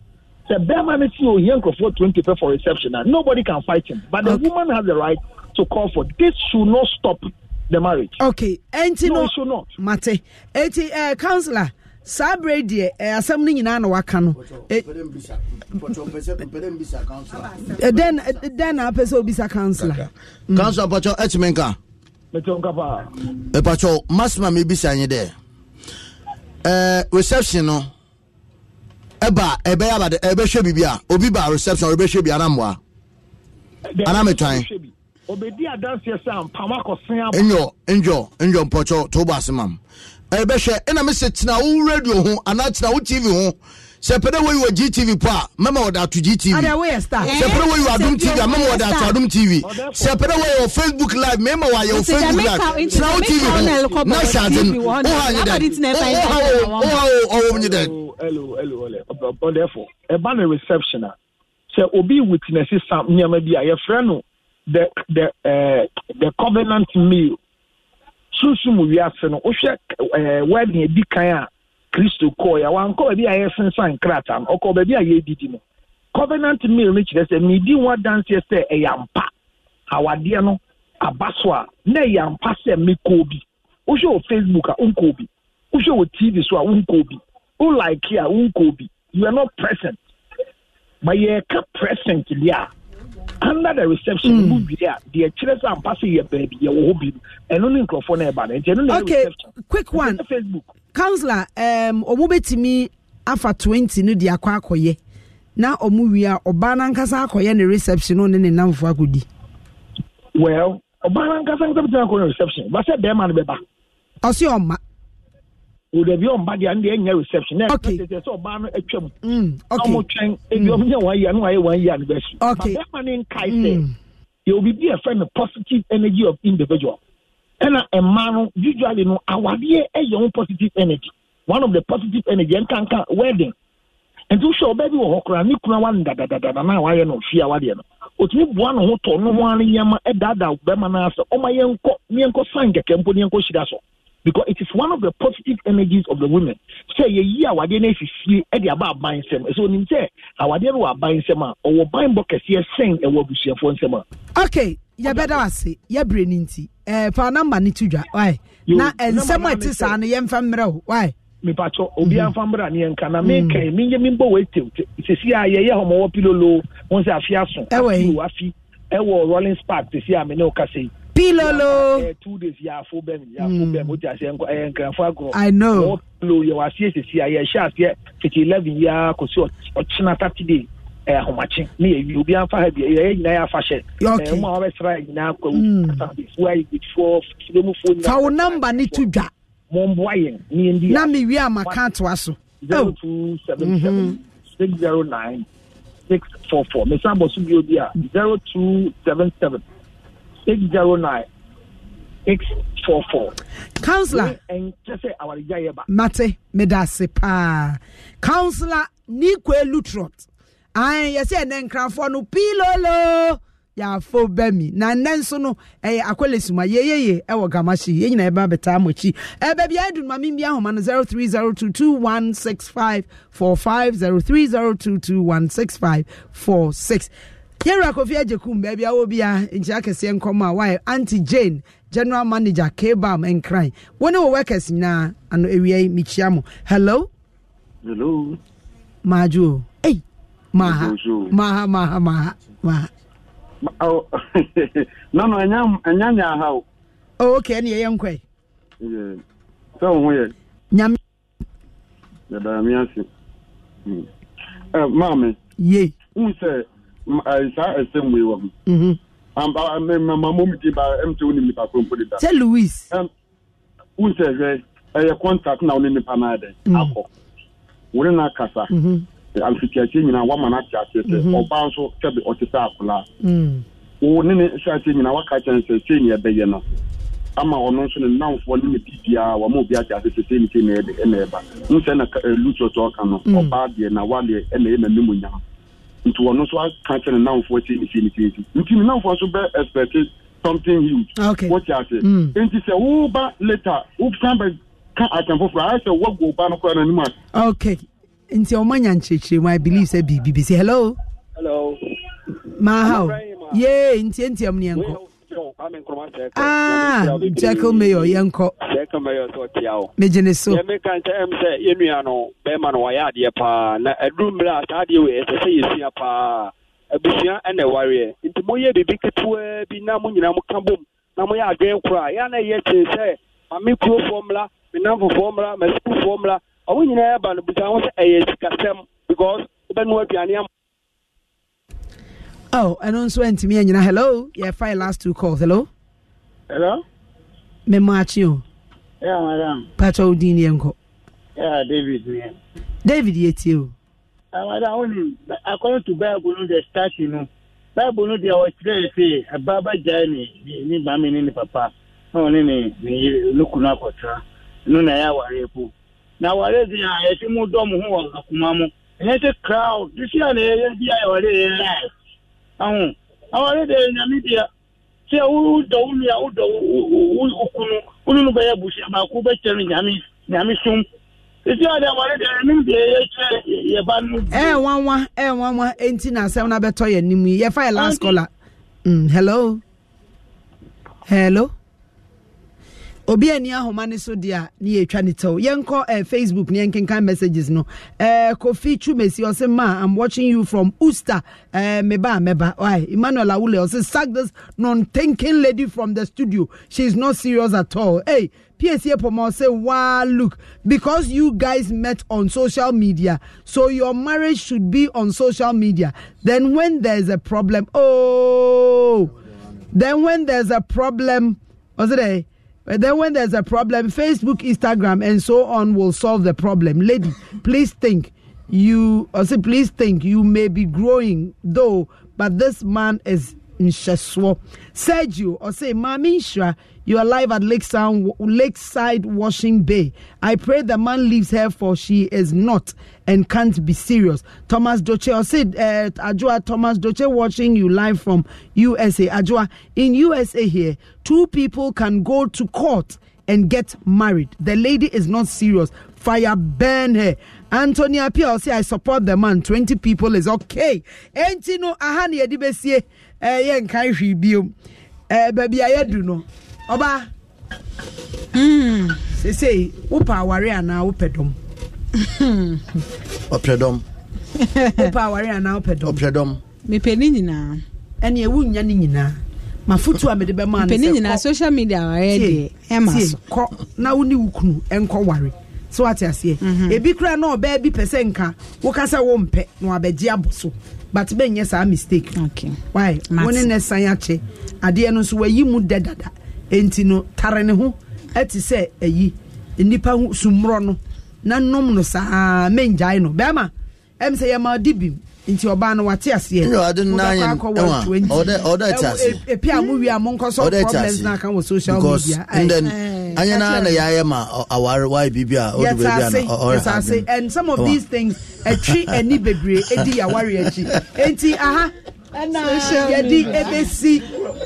sɛ bɛrima ne ti oyie nkurɔfoɔ twenty pɛ for reception na nobody can fight him but the okay. woman has the right to call for this should not stop the marriage. okay ɛnti no no it should not. mate eti ɛɛ uh, eh, councillor. saa berɛ deɛ asɛm no nyinaa na waka no dɛn na apɛ sɛ obisa councilor councilor mpakyɛ ɛtumi nka ɛpakyɛ masma mebisa nye dɛ reception no ɛba ɛbɛyɛ abade ɛbɛhwɛ biribi a obi ba reception ɔbɛhwɛ bi anamboa anametwan ɛnyɔ ɛnyɔ ɛnyɔ mpɔkyɛ to wobɔ ase mam ɛbɛhwɛ ɛna me sɛ tena wo radio ho anaa tena wo tv ho sɛ pɛ dɛ wɔyi wɔ gtv po a mɛma wɔde ato gtv sɛ pɛ dɛ wɔyi wɔ adom tv a mɛma wɔde ato adom tv sɛ pɛ dɛ wɔyɛ wɔ facebook live mɛma wɔayɛ wɔ facebook live tena wo tv ho na hyɛ ade no woha nyɛ dɛn woha ɔwɔ nyɛ dɛn ɔdɛfo ɛba no reception a sɛ obi witness sam nneɛma bi a yɛfrɛ no the the uh, the covenant meal sunsum wiase no wohwɛ ɛɛ eh, wɛden ebi kan a kristo kɔɔ yɛ wankɔ baabi a yɛsensan krataa no ɔkɔ baabi a yɛdidi no covenant meal no kyerɛ sɛ meedi ho adanseɛ sɛ ɛyɛ ampa awadeɛ no aba so a na ɛyɛ ampa sɛ mekɔɔ obi wohwɛ wɔ facebook a wonkɔɔ obi, wohwɛ wɔ tv so a wonkɔɔ bi wolike a wonkɔɔ obi, you are not present ma yɛka present deɛ a under the reception mu wie a deɛ kyerɛ sɛ ampa sɛ yɛ baabi yɛwɔ hɔ bi no ɛno ne nkurɔfoɔ no ɛba no nti ɛno ne okay quick one facebook councillor um, ɔmo bɛtumi afa 20 no de akɔ akɔyɛ na ɔmo wie a ɔbaa no ankasa akɔyɛ ne reception no ne ne namfoɔ akɔdi well ɔbaa no ankasa nkasa bɛtumi akɔyɛ reception ba sɛ bɛrima no bɛba ɔse ɔma wòde e mm, e mm. bi ọmba di andi ẹnyẹ reception náà ẹsẹ ẹsẹ sọ ọba no ẹtwa mu na ọmọ twẹn ebi ọmọ yẹn wọn yẹ anu ayẹ wọn yẹ anibẹsi bàbá ni nka ẹsẹ yẹ obi bi ẹfẹ no positive energy of individual ẹna e ma no usually no awadeɛ ɛyɛ wọn positive energy one of the positive energy nkankan wedding nti wohyɛ ɔbaa bi wɔ hɔ koraa ne kuna wa ndadadadada na wayɛ no fie a wadeɛ no otumi boa ne ho tɔ ne ho ano nyɛma ɛdaadaa bɛrima no asɛ ɔma yɛnkɔ ne yɛnkɔ san kɛkɛ mpo ne yɛnkɔ hyira so. because it is one of the positive energies of the women. Say ye ye awadeɛ na esisi ɛde aba aban nsɛm so onim sɛ awadeɛ no wɔ aban nsɛm a ɔwɔ ban bɔ kɛseɛ sɛn ɛwɔ abusuafoɔ nsɛm a. okay yɛbɛda ase yɛbere ne nti ɛɛ fa namba ne ti dwa wae na nsɛm a ɛte saa no yɛmfa mmerɛ o wae. mipatɔ obiara mhm. nfa mmerɛ ani yɛn kan na mi nkɛn mhm. mi nye mi bɔ wɔ etew sisi a yɛyɛ hɔn wɔpilolo wɔn sɛ afi aso afi wɔ afi ɛwɔ rolling spark sisi a mi ne o kasa yi pilolo two days yɛafo bɛm yɛafo bɛm hmm. wote aseɛ ɛyɛ nkranfo agorɔ i know pilolo yɛwɔ aseɛ sɛsi a yɛhyɛ aseɛ fiti eleven yi a kɔsi ɔkyena saturday ɛyɛ ahomakye ne yɛwi obi amfa ha bi yɛyɛ nyinaa yɛ afa hyɛ ɛmu a wɔbɛsra nyinaa kɔ hmm. kasabefoɔ ayɛgyefoɔ fitilemufoɔ nyinaa fa wo namba ne to dwa mɔmboa yɛn ne yɛn di na mewie a maka atoa so zero oh. two seven mm-hmm. seven six zero nine six four four mesan bɔ zero two seven seven 809 644. Counselor. Mate, medase pa. Counselor Nikwe Lutrot. Aye, yes, and then Crawford no pilolo. yàfo bẹmi na nnẹ nso no ɛyɛ akwale suma yeyeye ɛwɔ gamahyi yɛn nyinaa ɛbɛn abɛtaa eh, mo akyi ɛbɛbi ɛdu maame bi ahoma no zero three zero two two one six five four five zero three zero two two one six five four six yɛwura kofi agye kum baabi a wɔbia nkyia kɛseɛ nkɔm a wayɛ anti jane general manager kbam nkran wo ne wɔ workers nyinaa ano awia yi mekyia mo hello hello maadwo o ei maha maha maha maha maha nano oh, ɛnya nyɛ aha o oh, ok ɛne yɛyɛ nkɔe sɛ wo ho yɛ nyame yɛdaa me ase hmm. eh, maame ye wohu sɛ saa ɛsɛm wei wɔ ho mamom di sɛ louis wo sɛ ɛyɛ contact na wo ne nipa e eh, no adɛn akɔ wo ne no akasa amfitiakyɛ nyinaa woama no ate aseɛ sɛ ɔbaa nso sɛbe ɔte sɛ akolaa wo ne ne hyɛ nyinaa woaka kyɛn sɛ sei ne ɛbɛyɛ no ama ɔno nso ne nnamfoɔ ne ne bibiaa wama obi ate ase sɛ sei ne sei ne ɛba nsɛ na lutu ɔtɔ ɔka no ɔbaa deɛ na wadeɛ ɛna ɛna ne mu nyam nti ɔno nso aka kyerɛ ne namfoɔ sɛ nti nti nti ne namfoɔ nso bɛ expect something huge wɔte ase nti sɛ woba later wosan bɛ ka atɛn foforɔ ayɛ sɛ wɔgu ɔba no koraa n'anim a. okay nti ɔmo anya nkyerɛkyerɛ mu i believe sɛ biribi bi si hello. hello. maa ha o yee ntiantia mu ni ɛnkɔ ah jackal mayor yɛnkɔ jackal mayor sɛ ɔtia wo megye ne so yɛmeka nkyɛ ɛm sɛ yɛnua no bɛrima no wayɛ adeɛ paa na aduru eh, mmerɛ a saa adeɛ wei ɛsɛ sɛ yɛsua paa abusua ɛna ɛwareɛ nti moyɛ biribi ketewaa bi na mo nyinaa moka bom na moyɛ adwen koro a yɛ ana yɛ kyee sɛ mame kurofoɔ mmra menamfofoɔ mmra masukufoɔ mmra ɔwo nyinaa ɛba no busa ho eh, sɛ ɛyɛ sikasɛm because wobɛnoa aduane ama oh ɛno nso antumi anyina hello yeah. yɛfa last two calls hello hello Me akye o yeah, madam patwa wo yeah, david yeah. david yɛtie o uh, madam only according to bible no deɛ start no bible no deɛ wɔkyerɛɛ sɛ ɛba bagyae ne ne mame ne ne papa na ɔne ne ne yere no kunu akɔtra ɛno na ɛyɛ awareɛ po na awareɛ deɛ a yɛte mu dɔ mo ho wɔ akoma mu ɛnyɛ sɛ crowd dusua na yɛyɛ bi a yɛwɔre yɛ life ahu awari de nyame deɛ sɛ ụdọ wo ya ụdọ wo kunu wone no bɛyɛ abusua baako wobɛkyerɛ no nyame nyame som ɛsi ade awari de nim deɛ yɛkyerɛ yɛba nwa eh, nwa nwa eh, nwa enti na na yi mm, hello obi ani ahoma ne so deɛ a ne yɛtwa ne tɛw yɛnkɔ eh, facebook ne yɛnkenkan messages no eh, kofi chumesi ɔse ma i'm watching you from usta eh, meba meba why emmanuel awule ɔse sack this non-thinking lady from the studio she is not serious at all hey PSA Pomo say, Wow, look, because you guys met on social media, so your marriage should be on social media. Then, when there's a problem, oh, then when there's a problem, what's it? then when there's a problem, Facebook, Instagram, and so on will solve the problem. Lady, please think. You, I say, please think. You may be growing though, but this man is nhyɛsoɔ sergio ɔsɛ maame nhyira you are live at lakeside, lakeside washing bay i pray the man leaves her for she is not and can't be serious thomas doche said, uh, eh, adwoa thomas doche watching you live from usa adwoa in usa here two people can go to court and get married the lady is not serious fire burn her antonia pia say i support the man 20 people is okay ɛnti no aha ne ɛyɛ nka hwii biom baabi a yɛdu no ɔbaa hmm. sesei wopɛ aware anaa wopɛ dɔm ɔpɛ dɔm wopɛ aware anaa wopɛ dɔm ɔpɛ dɔm mepɛ ne nyinaa ɛne ɛwo nnya ne nyinaa mafotu a mede bɛma no sɛ kɔ na wo ne wo kunu ɛnkɔ ware so ate aseɛ mhm. ebi kura na ɔbaa bi pɛ sɛ nka wokasa wo mpɛ na wabɛgye abɔ so but bɛn nyɛ saa mistake why wɔne ne san akyɛ adeɛ no nso wayi mu dɛ dada nti no tare ne ho ɛte sɛ ayi nipa ho no na nom no saa mengyae no bɛrima ɛm sɛ yɛma ɔde bim nti ɔbaa no wate aseɛ ɔdakɔ a mo e, a mo problems na kan wɔ social media ayi eh, eh, na na yɛ ayɛ ma awari wayi bibi a o de a na ɔrɛ and some of these things atwi ani bebree edi yawari akyi nti aha ɛna yɛde ebesi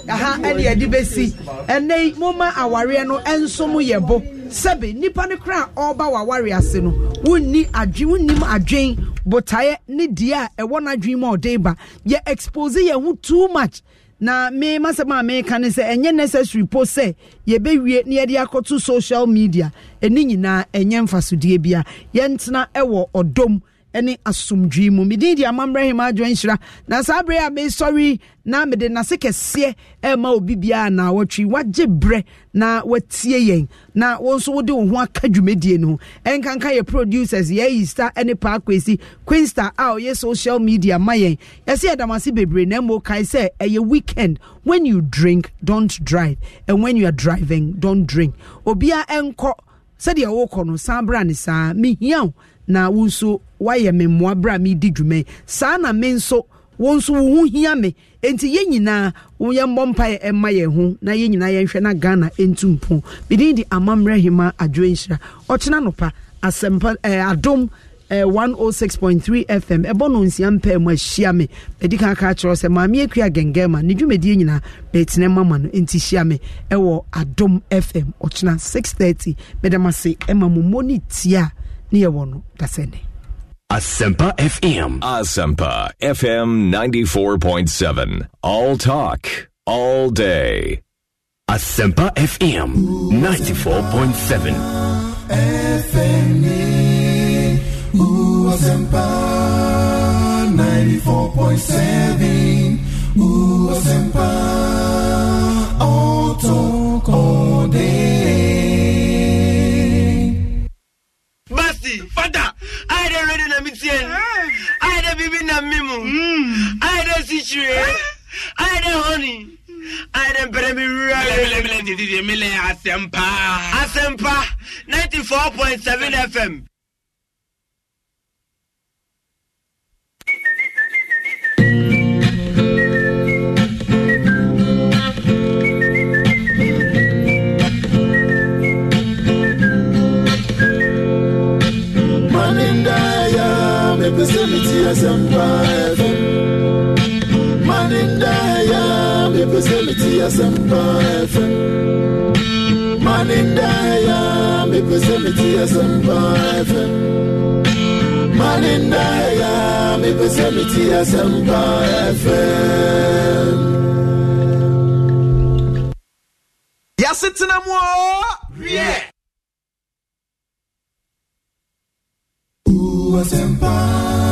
aha ɛna yɛde besi ɛnɛ mo ma awareɛ no ɛnso mo yɛ bo. sɛbe nnipa no kora a ɔreba waware ase no wonni adwe wonnim adwen botaeɛ ne deɛ a ɛwɔ n'adwen mu a ɔde ba yɛ expose yɛn ho too much na me masɛm a meka ne sɛ ɛnyɛ necessary po sɛ yɛbɛwie na yɛde akɔto social media ɛne nyinaa ɛnyɛ mfasodie bia yɛntena ɛwɔ ɔdɔm ne asomdwee mu medin di amammerɛ hema adwo nhyira na saa berɛ a mesɔre na mede nase kɛseɛ ɛma obi biara na wɔtwi wagye berɛ na watie yɛn na wo nso wode wo ho aka dwumadie no ho ɛnkanka yɛ producers yɛayi star ne paa kwesi quinsta a ɔyɛ social media ma yɛn yɛsɛ yɛdam ase bebree na mmom kae sɛ ɛyɛ weekend when you drink don't drive and when you are driving don't drink obiara ɛnkɔ sɛdeɛ wokɔ no saa bra ne saa mehia na wo nso woayɛ me mmoa berɛ a medi dwuma saa na me nso wo nso wo ho hia me enti yɛn nyinaa yɛmmɔ mpa yɛ ɛma yɛn ho na yɛn nyinaa yɛnhwɛ na ghana ɛntu mpo medin de amammerɛ hema adwenhyira ɔkyena nopa asɛmpa ɛɛ eh, adom 106.3 eh, fm ɛbɔ no nsia mpɛ mu ahyia me ɛdi kan ka kyerɛ sɛ maame akua gɛngɛn ma ne dwumadie nyinaa bɛtena ma ma no nti hyia me ɛwɔ adom fm ɔkyena 630 mɛdɛm ase ɛma mo mmɔ ne tie a no da Asempa FM. Asempa FM 94.7. All talk, all day. Asempa FM 94.7. FM. Ooh, Asempa 94.7. Ooh, Asempa. All talk, all day. fada ayɛ dɛ radio na metie ayɛ dɛ biribi na me mu ayɛ dɛ sikyire ayɛ dɛ hɔne ayɛ dɛ mpɛrɛ me wura asɛmpa asɛmpa 94.7 fm thank you me say me tears and FM. Man in Daya, me say me tears and FM. Man in Daya, me say me tears and FM. Man in Daya, me say me tears and FM. Yes, it's in a war. Yeah. Ua Senpai.